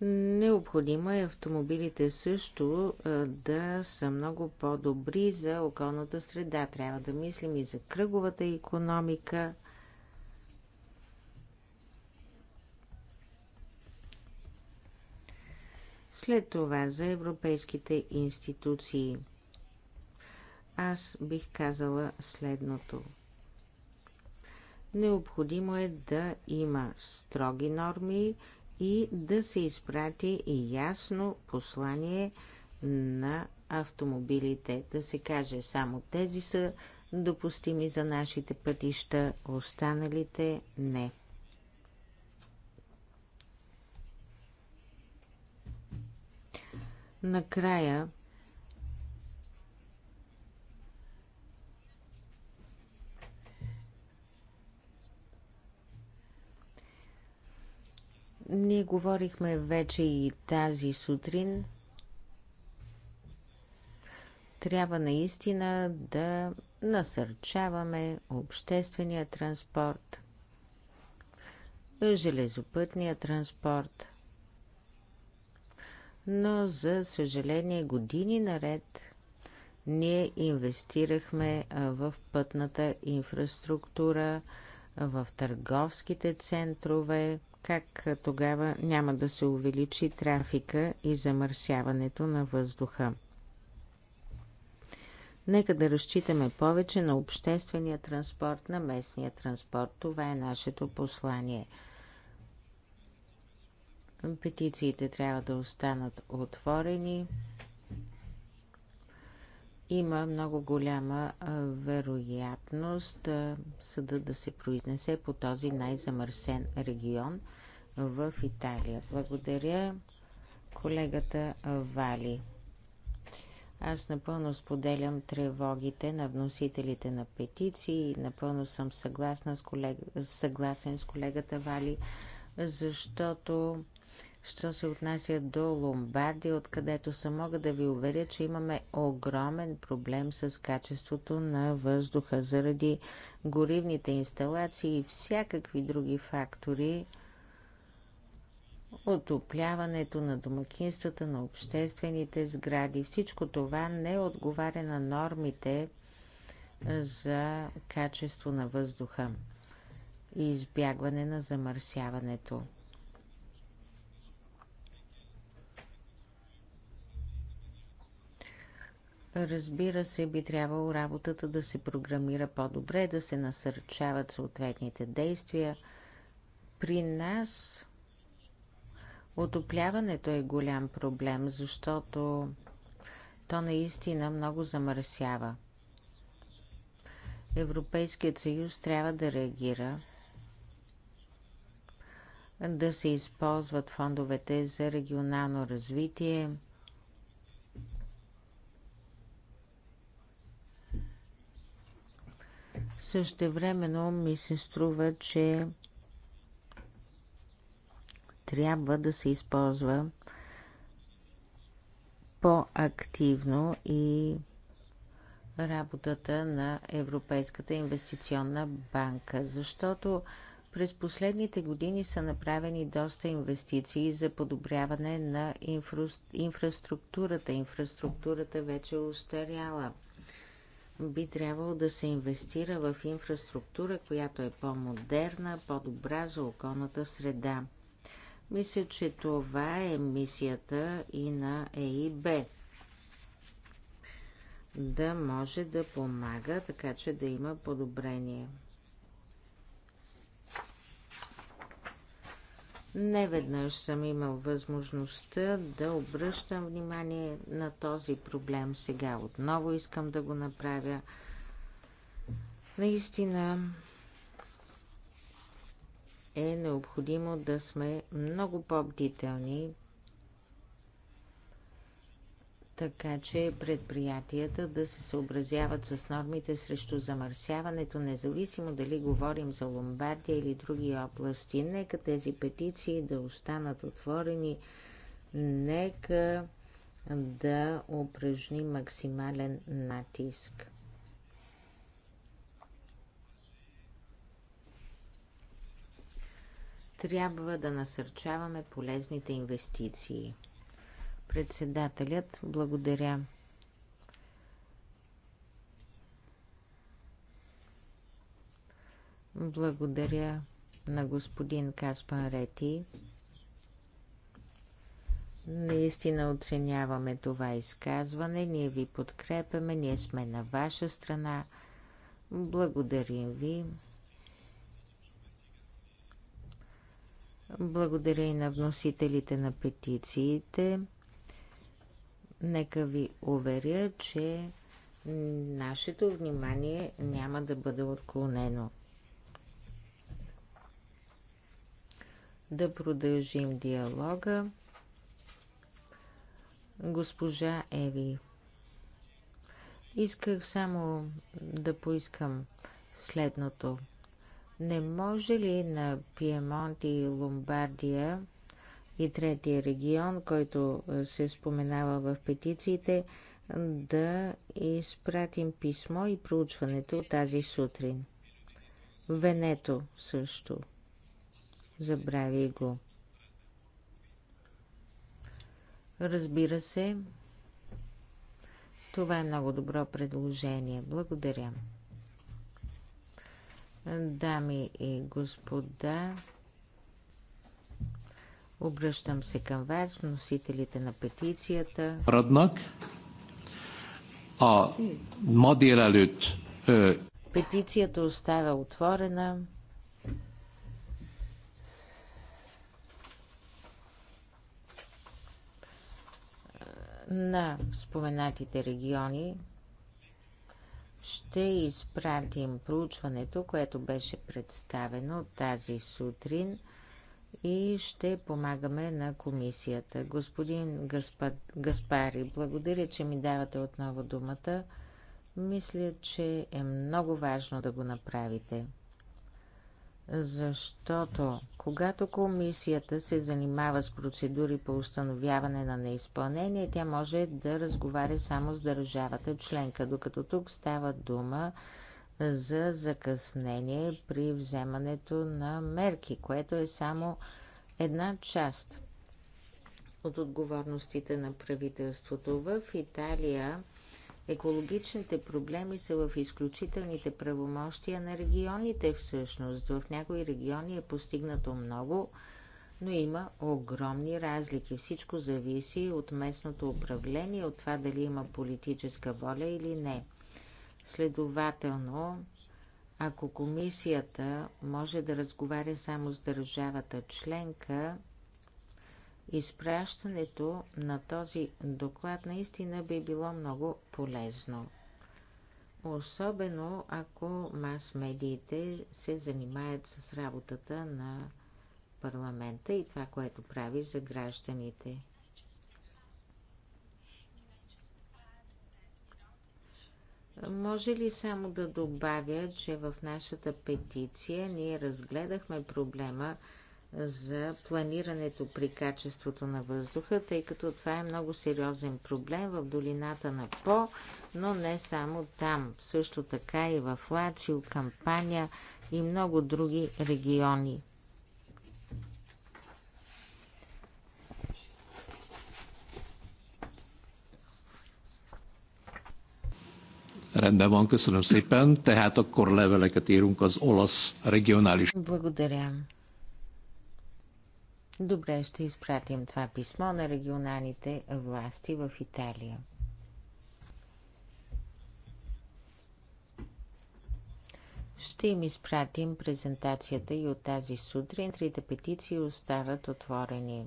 Необходимо е автомобилите също да са много по-добри за околната среда. Трябва да мислим и за кръговата економика. След това за европейските институции. Аз бих казала следното. Необходимо е да има строги норми и да се изпрати ясно послание на автомобилите. Да се каже само тези са допустими за нашите пътища, останалите не. Накрая Ние говорихме вече и тази сутрин. Трябва наистина да насърчаваме обществения транспорт, железопътния транспорт – но за съжаление години наред ние инвестирахме в пътната инфраструктура, в търговските центрове, как тогава няма да се увеличи трафика и замърсяването на въздуха. Нека да разчитаме повече на обществения транспорт, на местния транспорт. Това е нашето послание – Петициите трябва да останат отворени. Има много голяма вероятност съда да се произнесе по този най-замърсен регион в Италия. Благодаря колегата Вали. Аз напълно споделям тревогите на вносителите на петиции. Напълно съм съгласна с колег... съгласен с колегата Вали, защото Що се отнася до Ломбардия, откъдето съм мога да ви уверя, че имаме огромен проблем с качеството на въздуха заради горивните инсталации и всякакви други фактори, отопляването на домакинствата, на обществените сгради. Всичко това не отговаря на нормите за качество на въздуха и избягване на замърсяването. Разбира се, би трябвало работата да се програмира по-добре, да се насърчават съответните действия. При нас отопляването е голям проблем, защото то наистина много замърсява. Европейският съюз трябва да реагира, да се използват фондовете за регионално развитие – Същевременно ми се струва, че трябва да се използва по-активно и работата на Европейската инвестиционна банка, защото през последните години са направени доста инвестиции за подобряване на инфра... инфраструктурата. Инфраструктурата вече е устаряла би трябвало да се инвестира в инфраструктура, която е по-модерна, по-добра за околната среда. Мисля, че това е мисията и на ЕИБ. Да може да помага, така че да има подобрение. Неведнъж съм имал възможността да обръщам внимание на този проблем. Сега отново искам да го направя. Наистина е необходимо да сме много по-бдителни така че предприятията да се съобразяват с нормите срещу замърсяването, независимо дали говорим за Ломбардия или други области. Нека тези петиции да останат отворени, нека да упражни максимален натиск. Трябва да насърчаваме полезните инвестиции. Председателят, благодаря. Благодаря на господин Каспан Рети. Наистина оценяваме това изказване. Ние ви подкрепяме. Ние сме на ваша страна. Благодарим ви. Благодаря и на вносителите на петициите. Нека ви уверя, че нашето внимание няма да бъде отклонено. Да продължим диалога. Госпожа Еви, исках само да поискам следното. Не може ли на Пиемонт и Ломбардия и третия регион, който се споменава в петициите, да изпратим писмо и проучването тази сутрин. Венето също. Забрави го. Разбира се, това е много добро предложение. Благодаря. Дами и господа, Обръщам се към вас, вносителите на петицията. Раднак, а ма Петицията остава отворена. На споменатите региони ще изпратим проучването, което беше представено тази сутрин – и ще помагаме на комисията. Господин Гаспари, благодаря, че ми давате отново думата. Мисля, че е много важно да го направите. Защото, когато комисията се занимава с процедури по установяване на неизпълнение, тя може да разговаря само с държавата членка, докато тук става дума за закъснение при вземането на мерки, което е само една част от отговорностите на правителството. В Италия екологичните проблеми са в изключителните правомощия на регионите всъщност. В някои региони е постигнато много, но има огромни разлики. Всичко зависи от местното управление, от това дали има политическа воля или не. Следователно, ако комисията може да разговаря само с държавата членка, изпращането на този доклад наистина би било много полезно. Особено ако мас-медиите се занимаят с работата на парламента и това, което прави за гражданите. Може ли само да добавя, че в нашата петиция ние разгледахме проблема за планирането при качеството на въздуха, тъй като това е много сериозен проблем в долината на По, но не само там. Също така и в Лачио, Кампания и много други региони. Rendben van, köszönöm szépen. Tehát akkor leveleket írunk az olasz regionális. Благодаря. Добре, ще изпратим това писмо на регионалните власти в Италия. Ще им изпратим презентацията и от тази сутрин. Трите петиции остават отворени.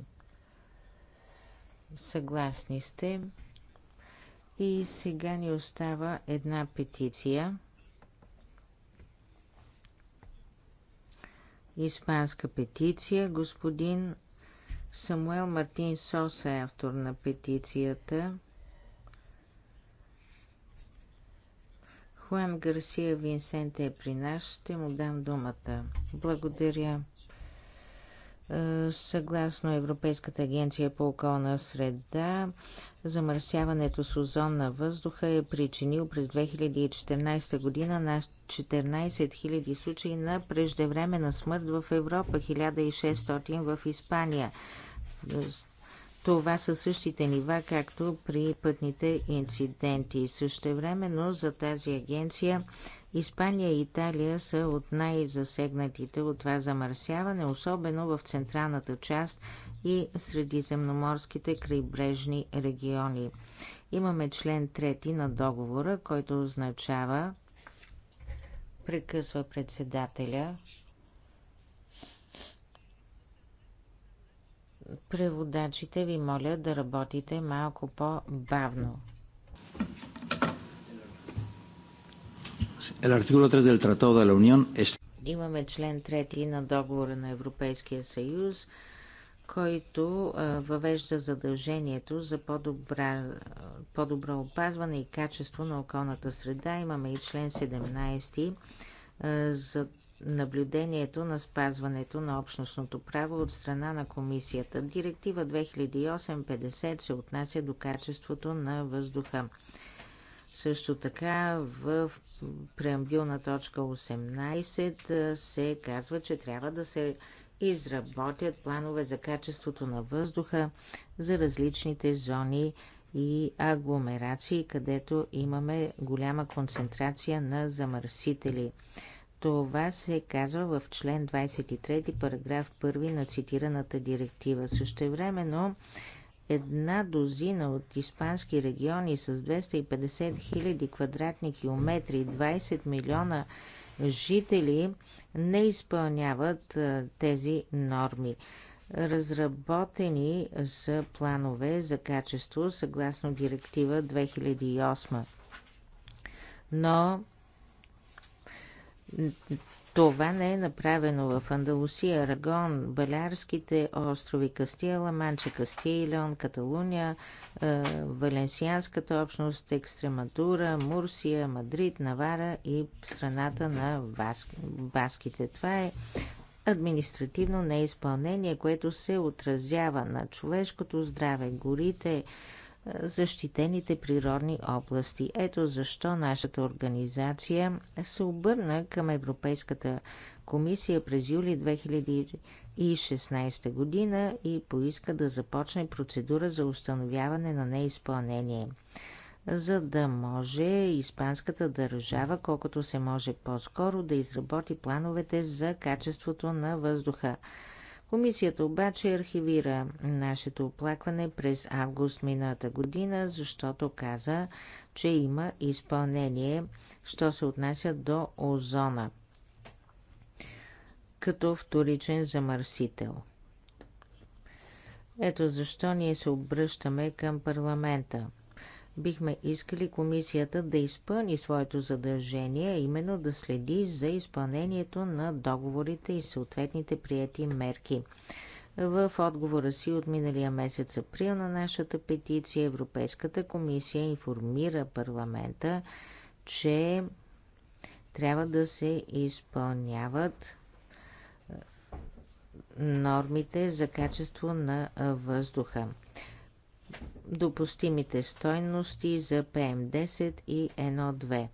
Съгласни сте? И сега ни остава една петиция. Испанска петиция. Господин Самуел Мартин Сос е автор на петицията. Хуан Гарсия Винсенте е при нас. Ще му дам думата. Благодаря. Е, съгласно Европейската агенция по околна среда, замърсяването с озон на въздуха е причинил през 2014 година на 14 000 случаи на преждевременна смърт в Европа, 1600 в Испания. Това са същите нива, както при пътните инциденти. Същевременно за тази агенция Испания и Италия са от най-засегнатите от това замърсяване, особено в централната част и средиземноморските крайбрежни региони. Имаме член 3 на договора, който означава прекъсва председателя преводачите ви моля да работите малко по-бавно. Имаме член 3 на договора на Европейския съюз, който въвежда задължението за по-добра, по-добро опазване и качество на околната среда. Имаме и член 17 за наблюдението на спазването на общностното право от страна на комисията. Директива 2008-50 се отнася до качеството на въздуха. Също така в преамбилна точка 18 се казва, че трябва да се изработят планове за качеството на въздуха за различните зони и агломерации, където имаме голяма концентрация на замърсители. Това се казва в член 23, параграф 1 на цитираната директива. времено една дозина от испански региони с 250 000 квадратни километри, 20 милиона жители не изпълняват тези норми. Разработени са планове за качество съгласно директива 2008. Но това не е направено в Андалусия, Арагон, Балярските острови, Кастия, Ламанче, Кастия и Леон, Каталуния, е, Валенсианската общност, Екстремадура, Мурсия, Мадрид, Навара и страната на Баските. Това е административно неизпълнение, което се отразява на човешкото здраве, горите, защитените природни области. Ето защо нашата организация се обърна към Европейската комисия през юли 2016 година и поиска да започне процедура за установяване на неизпълнение за да може испанската държава колкото се може по-скоро да изработи плановете за качеството на въздуха. Комисията обаче архивира нашето оплакване през август мината година, защото каза, че има изпълнение, що се отнася до озона като вторичен замърсител. Ето защо ние се обръщаме към парламента бихме искали комисията да изпълни своето задължение, именно да следи за изпълнението на договорите и съответните приети мерки. В отговора си от миналия месец април на нашата петиция Европейската комисия информира парламента, че трябва да се изпълняват нормите за качество на въздуха допустимите стойности за PM10 и НО2,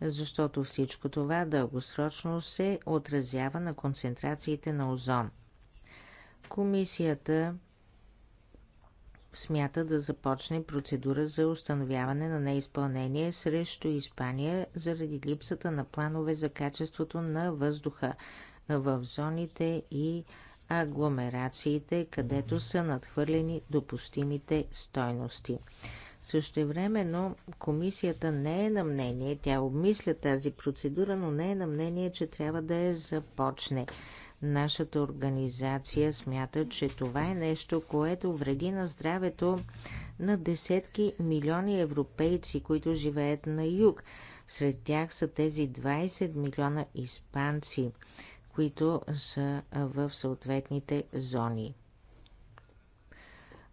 защото всичко това дългосрочно се отразява на концентрациите на озон. Комисията смята да започне процедура за установяване на неизпълнение срещу Испания заради липсата на планове за качеството на въздуха в зоните и агломерациите, където са надхвърлени допустимите стойности. Същевременно комисията не е на мнение, тя обмисля тази процедура, но не е на мнение, че трябва да я започне. Нашата организация смята, че това е нещо, което вреди на здравето на десетки милиони европейци, които живеят на юг. Сред тях са тези 20 милиона испанци които са в съответните зони.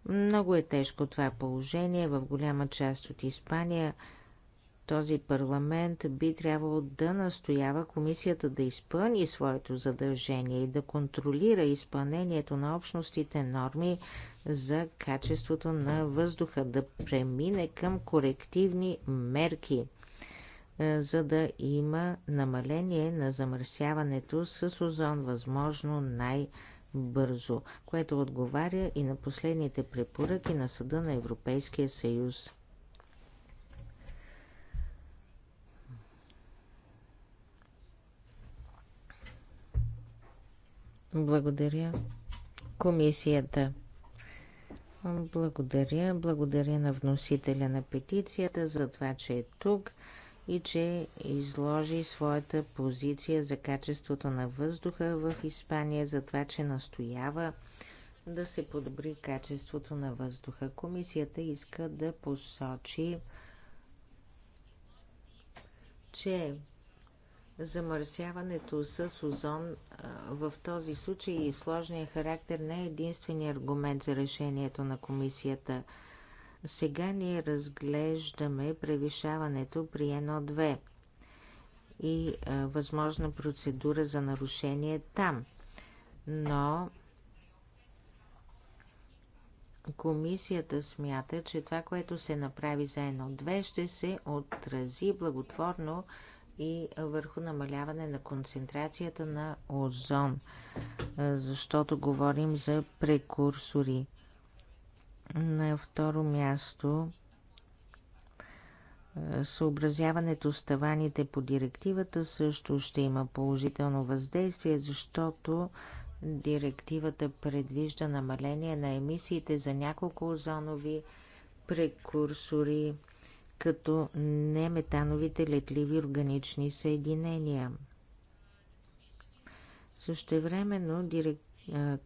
Много е тежко това положение. В голяма част от Испания този парламент би трябвало да настоява комисията да изпълни своето задължение и да контролира изпълнението на общностите норми за качеството на въздуха, да премине към корективни мерки – е, за да има намаление на замърсяването с озон възможно най-бързо, което отговаря и на последните препоръки на Съда на Европейския съюз. Благодаря. Комисията. Благодаря. Благодаря на вносителя на петицията за това, че е тук и че изложи своята позиция за качеството на въздуха в Испания, за това, че настоява да се подобри качеството на въздуха. Комисията иска да посочи, че замърсяването с озон в този случай и сложния характер не е единствения аргумент за решението на комисията – сега ние разглеждаме превишаването при 1-2 и а, възможна процедура за нарушение там. Но комисията смята, че това, което се направи за 1-2 ще се отрази благотворно и върху намаляване на концентрацията на озон, защото говорим за прекурсори. На второ място е, съобразяването с таваните по директивата също ще има положително въздействие, защото директивата предвижда намаление на емисиите за няколко озонови прекурсори, като неметановите летливи органични съединения. Същевременно директивата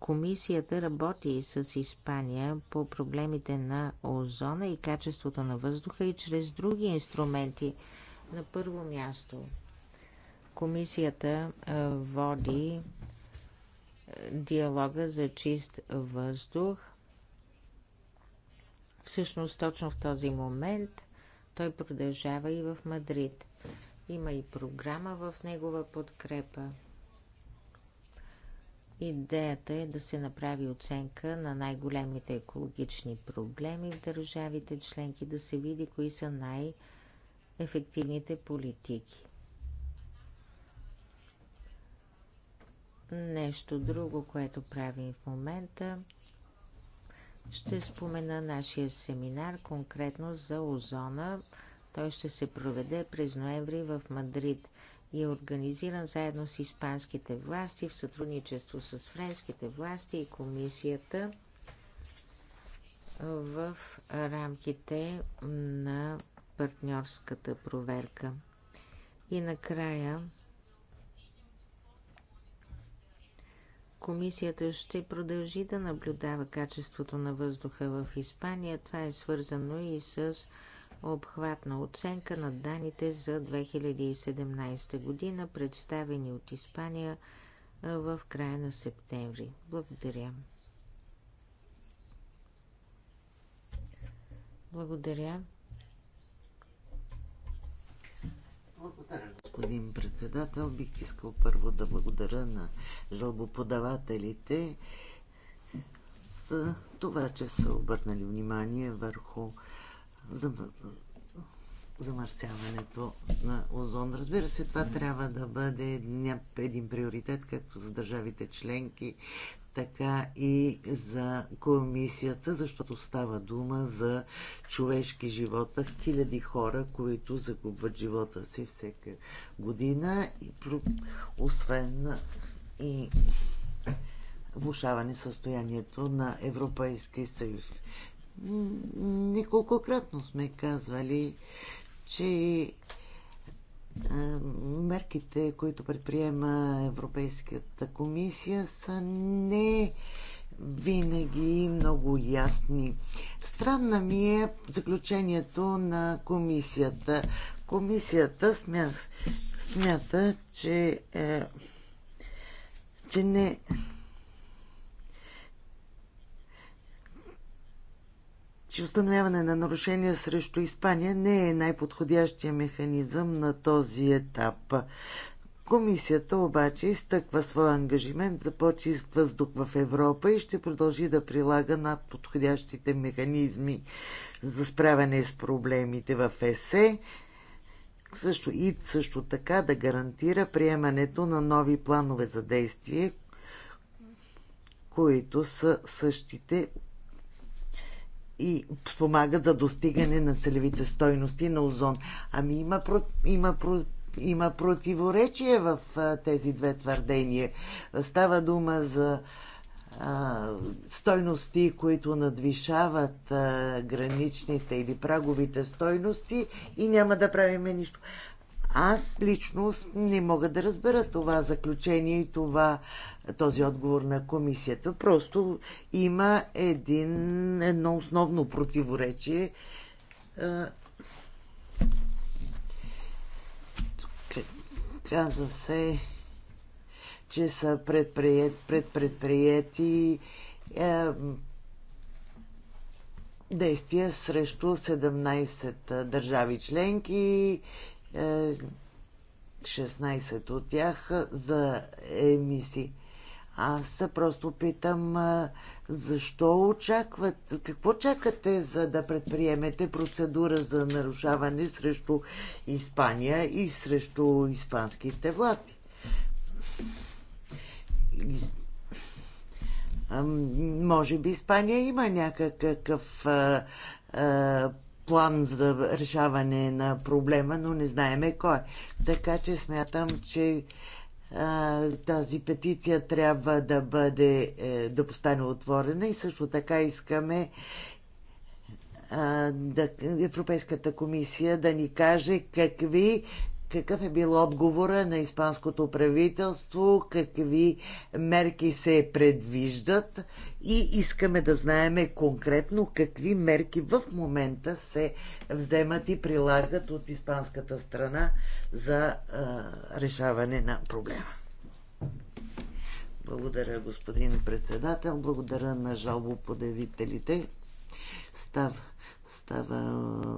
Комисията работи с Испания по проблемите на озона и качеството на въздуха и чрез други инструменти. На първо място, комисията води диалога за чист въздух. Всъщност, точно в този момент той продължава и в Мадрид. Има и програма в негова подкрепа. Идеята е да се направи оценка на най-големите екологични проблеми в държавите членки, да се види кои са най-ефективните политики. Нещо друго, което правим в момента, ще спомена нашия семинар конкретно за озона. Той ще се проведе през ноември в Мадрид и е организиран заедно с испанските власти в сътрудничество с френските власти и комисията в рамките на партньорската проверка. И накрая Комисията ще продължи да наблюдава качеството на въздуха в Испания. Това е свързано и с обхватна оценка на данните за 2017 година, представени от Испания в края на септември. Благодаря. Благодаря. Благодаря, господин председател. Бих искал първо да благодаря на жалбоподавателите за това, че са обърнали внимание върху замърсяването на озон. Разбира се, това трябва да бъде един приоритет, както за държавите членки, така и за комисията, защото става дума за човешки живота, хиляди хора, които загубват живота си всяка година и освен и влушаване състоянието на Европейския съюз. Неколкократно сме казвали, че мерките, които предприема Европейската комисия, са не винаги много ясни. Странна ми е заключението на комисията. Комисията смята, смята че, е, че не че установяване на нарушения срещу Испания не е най-подходящия механизъм на този етап. Комисията обаче изтъква своя ангажимент за по-чист въздух в Европа и ще продължи да прилага над подходящите механизми за справяне с проблемите в ЕСЕ, също и също така да гарантира приемането на нови планове за действие, които са същите и спомагат за достигане на целевите стойности на озон. Ами има, има, има противоречие в тези две твърдения. Става дума за стойности, които надвишават граничните или праговите стойности и няма да правиме нищо. Аз лично не мога да разбера това заключение и това този отговор на комисията. Просто има един, едно основно противоречие. Каза се, че са предприят, предприяти е, действия срещу 17 държави членки. Е, 16 от тях за емисии. Аз просто питам защо очакват, какво чакате за да предприемете процедура за нарушаване срещу Испания и срещу испанските власти? Може би Испания има някакъв а, а, план за решаване на проблема, но не знаеме кой. Така че смятам, че тази петиция трябва да бъде, е, да постане отворена и също така искаме да, Европейската комисия да ни каже какви какъв е бил отговора на испанското правителство, какви мерки се предвиждат и искаме да знаеме конкретно какви мерки в момента се вземат и прилагат от испанската страна за а, решаване на проблема. Благодаря, господин председател. Благодаря на жалбоподавителите. Става Става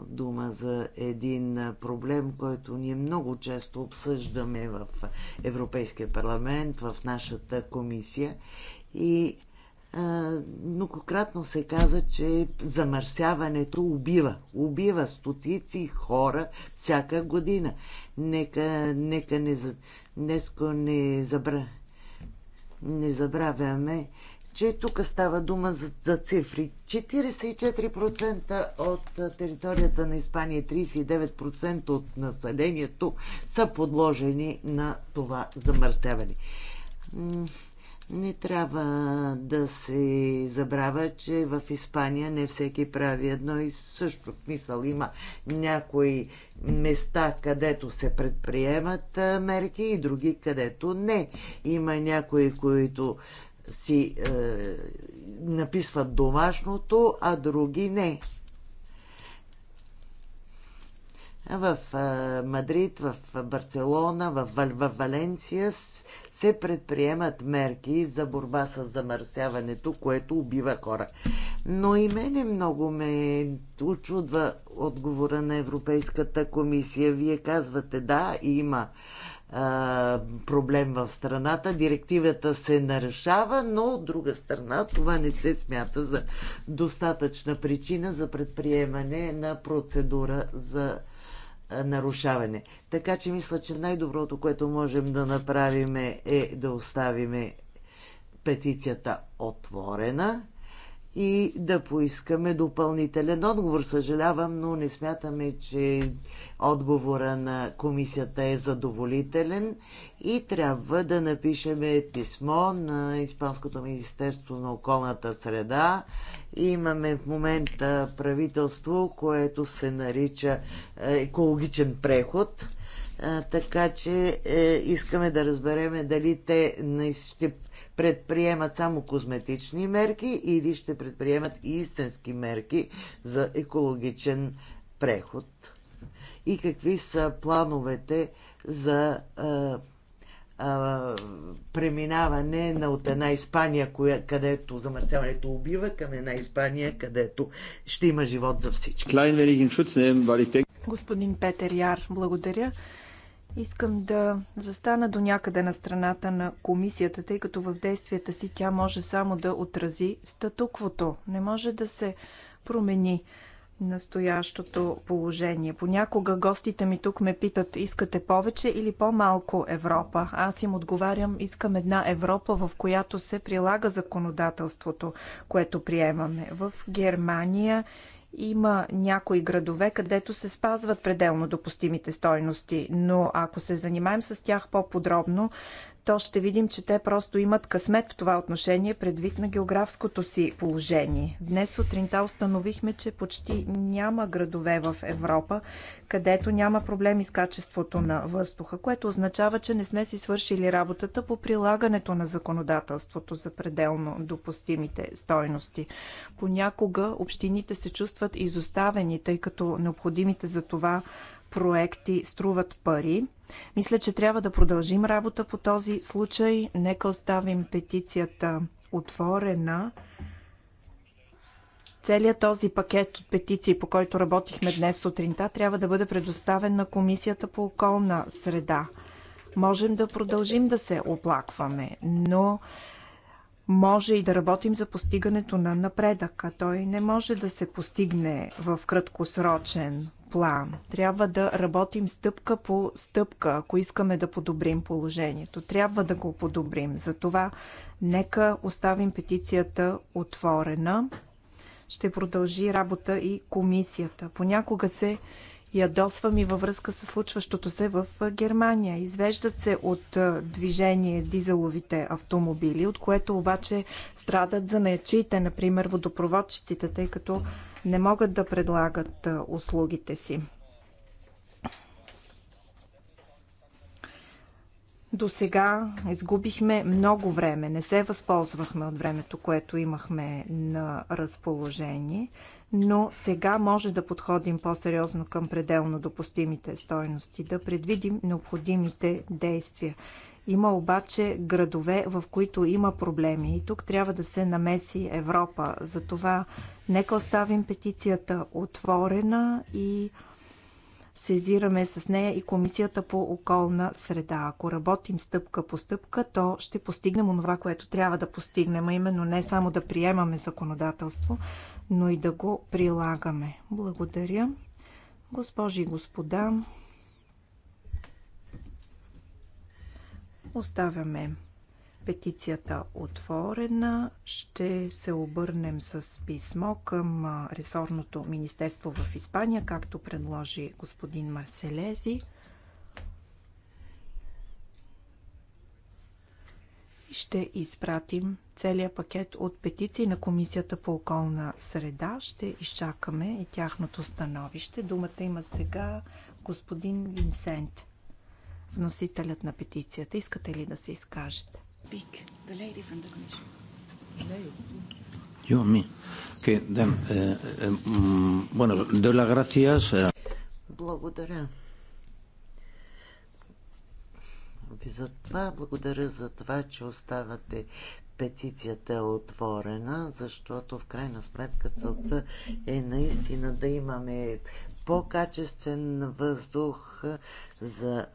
дума за един проблем, който ние много често обсъждаме в Европейския парламент, в нашата комисия и многократно се каза, че замърсяването убива. Убива стотици хора всяка година. Нека, нека не, днеско не, забра, не забравяме, че тук става дума за, за цифри. 44% от територията на Испания 39% от населението са подложени на това замърсяване. Не трябва да се забравя, че в Испания не всеки прави едно и също. Мисъл има някои места, където се предприемат мерки и други, където не. Има някои, които си е, написват домашното, а други не. В е, Мадрид, в Барселона, в, в, в Валенция се предприемат мерки за борба с замърсяването, което убива хора. Но и мене много ме очудва отговора на Европейската комисия. Вие казвате, да, има проблем в страната. Директивата се нарушава, но от друга страна това не се смята за достатъчна причина за предприемане на процедура за нарушаване. Така че мисля, че най-доброто, което можем да направим е да оставим петицията отворена и да поискаме допълнителен отговор. Съжалявам, но не смятаме, че отговора на комисията е задоволителен и трябва да напишеме писмо на Испанското Министерство на околната среда. Имаме в момента правителство, което се нарича е, екологичен преход. Така че е, искаме да разбереме дали те ще предприемат само козметични мерки или ще предприемат и истински мерки за екологичен преход? И какви са плановете за а, а, преминаване на от една Испания, коя, където замърсяването убива, към една Испания, където ще има живот за всички? Господин Петер Яр, благодаря. Искам да застана до някъде на страната на комисията, тъй като в действията си тя може само да отрази статуквото. Не може да се промени настоящото положение. Понякога гостите ми тук ме питат, искате повече или по-малко Европа? Аз им отговарям, искам една Европа, в която се прилага законодателството, което приемаме. В Германия има някои градове, където се спазват пределно допустимите стойности, но ако се занимаем с тях по-подробно, то ще видим, че те просто имат късмет в това отношение предвид на географското си положение. Днес сутринта установихме, че почти няма градове в Европа, където няма проблеми с качеството на въздуха, което означава, че не сме си свършили работата по прилагането на законодателството за пределно допустимите стойности. Понякога общините се чувстват изоставени, тъй като необходимите за това проекти струват пари. Мисля, че трябва да продължим работа по този случай. Нека оставим петицията отворена. Целият този пакет от петиции, по който работихме днес сутринта, трябва да бъде предоставен на Комисията по околна среда. Можем да продължим да се оплакваме, но може и да работим за постигането на напредък, а той не може да се постигне в краткосрочен план. Трябва да работим стъпка по стъпка, ако искаме да подобрим положението. Трябва да го подобрим. Затова нека оставим петицията отворена. Ще продължи работа и комисията. Понякога се ядосвам и във връзка с случващото се в Германия. Извеждат се от движение дизеловите автомобили, от което обаче страдат неячиите, например водопроводчиците, тъй като не могат да предлагат услугите си. До сега изгубихме много време, не се възползвахме от времето, което имахме на разположение но сега може да подходим по-сериозно към пределно допустимите стойности, да предвидим необходимите действия. Има обаче градове, в които има проблеми и тук трябва да се намеси Европа. Затова нека оставим петицията отворена и сезираме с нея и Комисията по околна среда. Ако работим стъпка по стъпка, то ще постигнем онова, което трябва да постигнем, а именно не само да приемаме законодателство, но и да го прилагаме. Благодаря. Госпожи и господа, оставяме петицията отворена. Ще се обърнем с писмо към ресорното министерство в Испания, както предложи господин Марселези. И ще изпратим целият пакет от петиции на Комисията по околна среда. Ще изчакаме и тяхното становище. Думата има сега господин Винсент, вносителят на петицията. Искате ли да се изкажете? speak, the lady from the commission. You and me. Okay, then, uh, eh, um, eh, mm, bueno, doy las gracias. Eh. Благодаря ви за това. Благодаря за това, че оставате петицията отворена, защото в крайна сметка целта е наистина да имаме по-качествен въздух за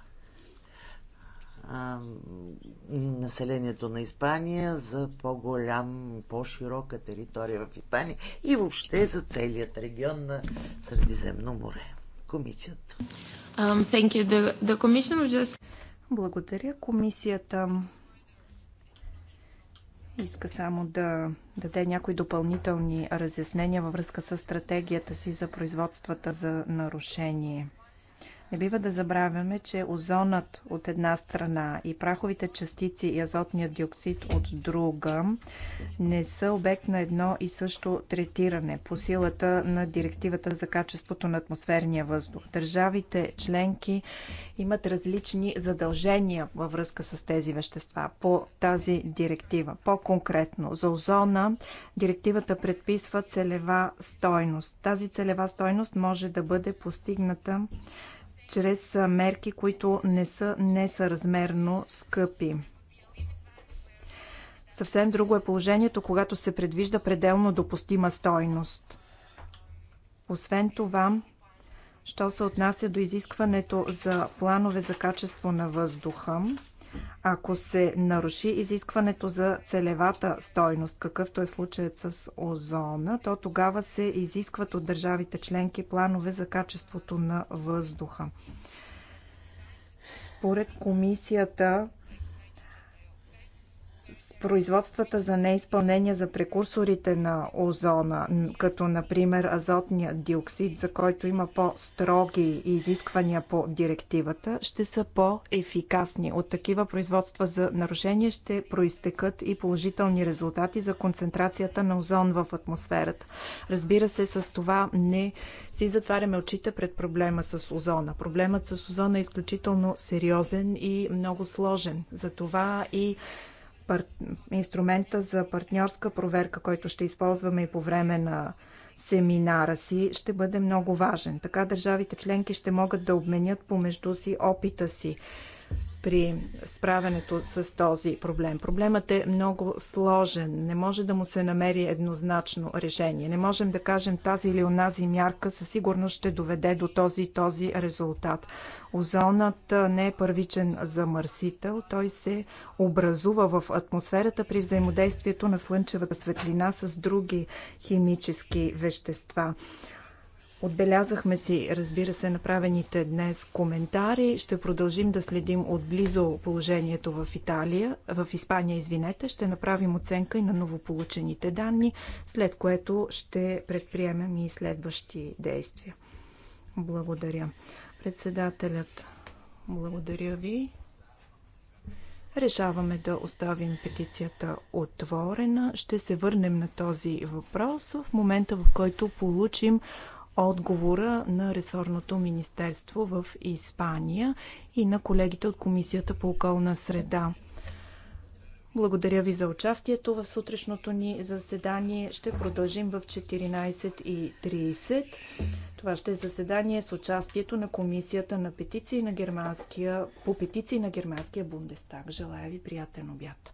населението на Испания за по-голям, по-широка територия в Испания и въобще за целият регион на Средиземно море. Комисията. Um, thank you. The, the commission just... Благодаря. Комисията иска само да даде някои допълнителни разяснения във връзка с стратегията си за производствата за нарушение. Не бива да забравяме, че озонът от една страна и праховите частици и азотния диоксид от друга не са обект на едно и също третиране по силата на директивата за качеството на атмосферния въздух. Държавите членки имат различни задължения във връзка с тези вещества по тази директива. По-конкретно, за озона директивата предписва целева стойност. Тази целева стойност може да бъде постигната чрез мерки, които не са несъразмерно скъпи. Съвсем друго е положението, когато се предвижда пределно допустима стойност. Освен това, що се отнася до изискването за планове за качество на въздуха, ако се наруши изискването за целевата стойност, какъвто е случаят с озона, то тогава се изискват от държавите членки планове за качеството на въздуха. Според комисията, производствата за неизпълнение за прекурсорите на озона, като например азотния диоксид, за който има по-строги изисквания по директивата, ще са по-ефикасни. От такива производства за нарушение ще проистекат и положителни резултати за концентрацията на озон в атмосферата. Разбира се, с това не си затваряме очите пред проблема с озона. Проблемът с озона е изключително сериозен и много сложен. Затова и пар... инструмента за партньорска проверка, който ще използваме и по време на семинара си, ще бъде много важен. Така държавите членки ще могат да обменят помежду си опита си при справянето с този проблем. Проблемът е много сложен. Не може да му се намери еднозначно решение. Не можем да кажем тази или онази мярка със сигурност ще доведе до този и този резултат. Озонът не е първичен замърсител. Той се образува в атмосферата при взаимодействието на слънчевата светлина с други химически вещества. Отбелязахме си, разбира се, направените днес коментари. Ще продължим да следим отблизо положението в Италия, в Испания, извинете. Ще направим оценка и на новополучените данни, след което ще предприемем и следващи действия. Благодаря. Председателят, благодаря ви. Решаваме да оставим петицията отворена. Ще се върнем на този въпрос в момента, в който получим отговора на ресорното министерство в Испания и на колегите от Комисията по околна среда. Благодаря ви за участието в сутрешното ни заседание. Ще продължим в 14.30. Това ще е заседание с участието на Комисията на петиции на германския, по петиции на германския Бундестаг. Желая ви приятен обяд.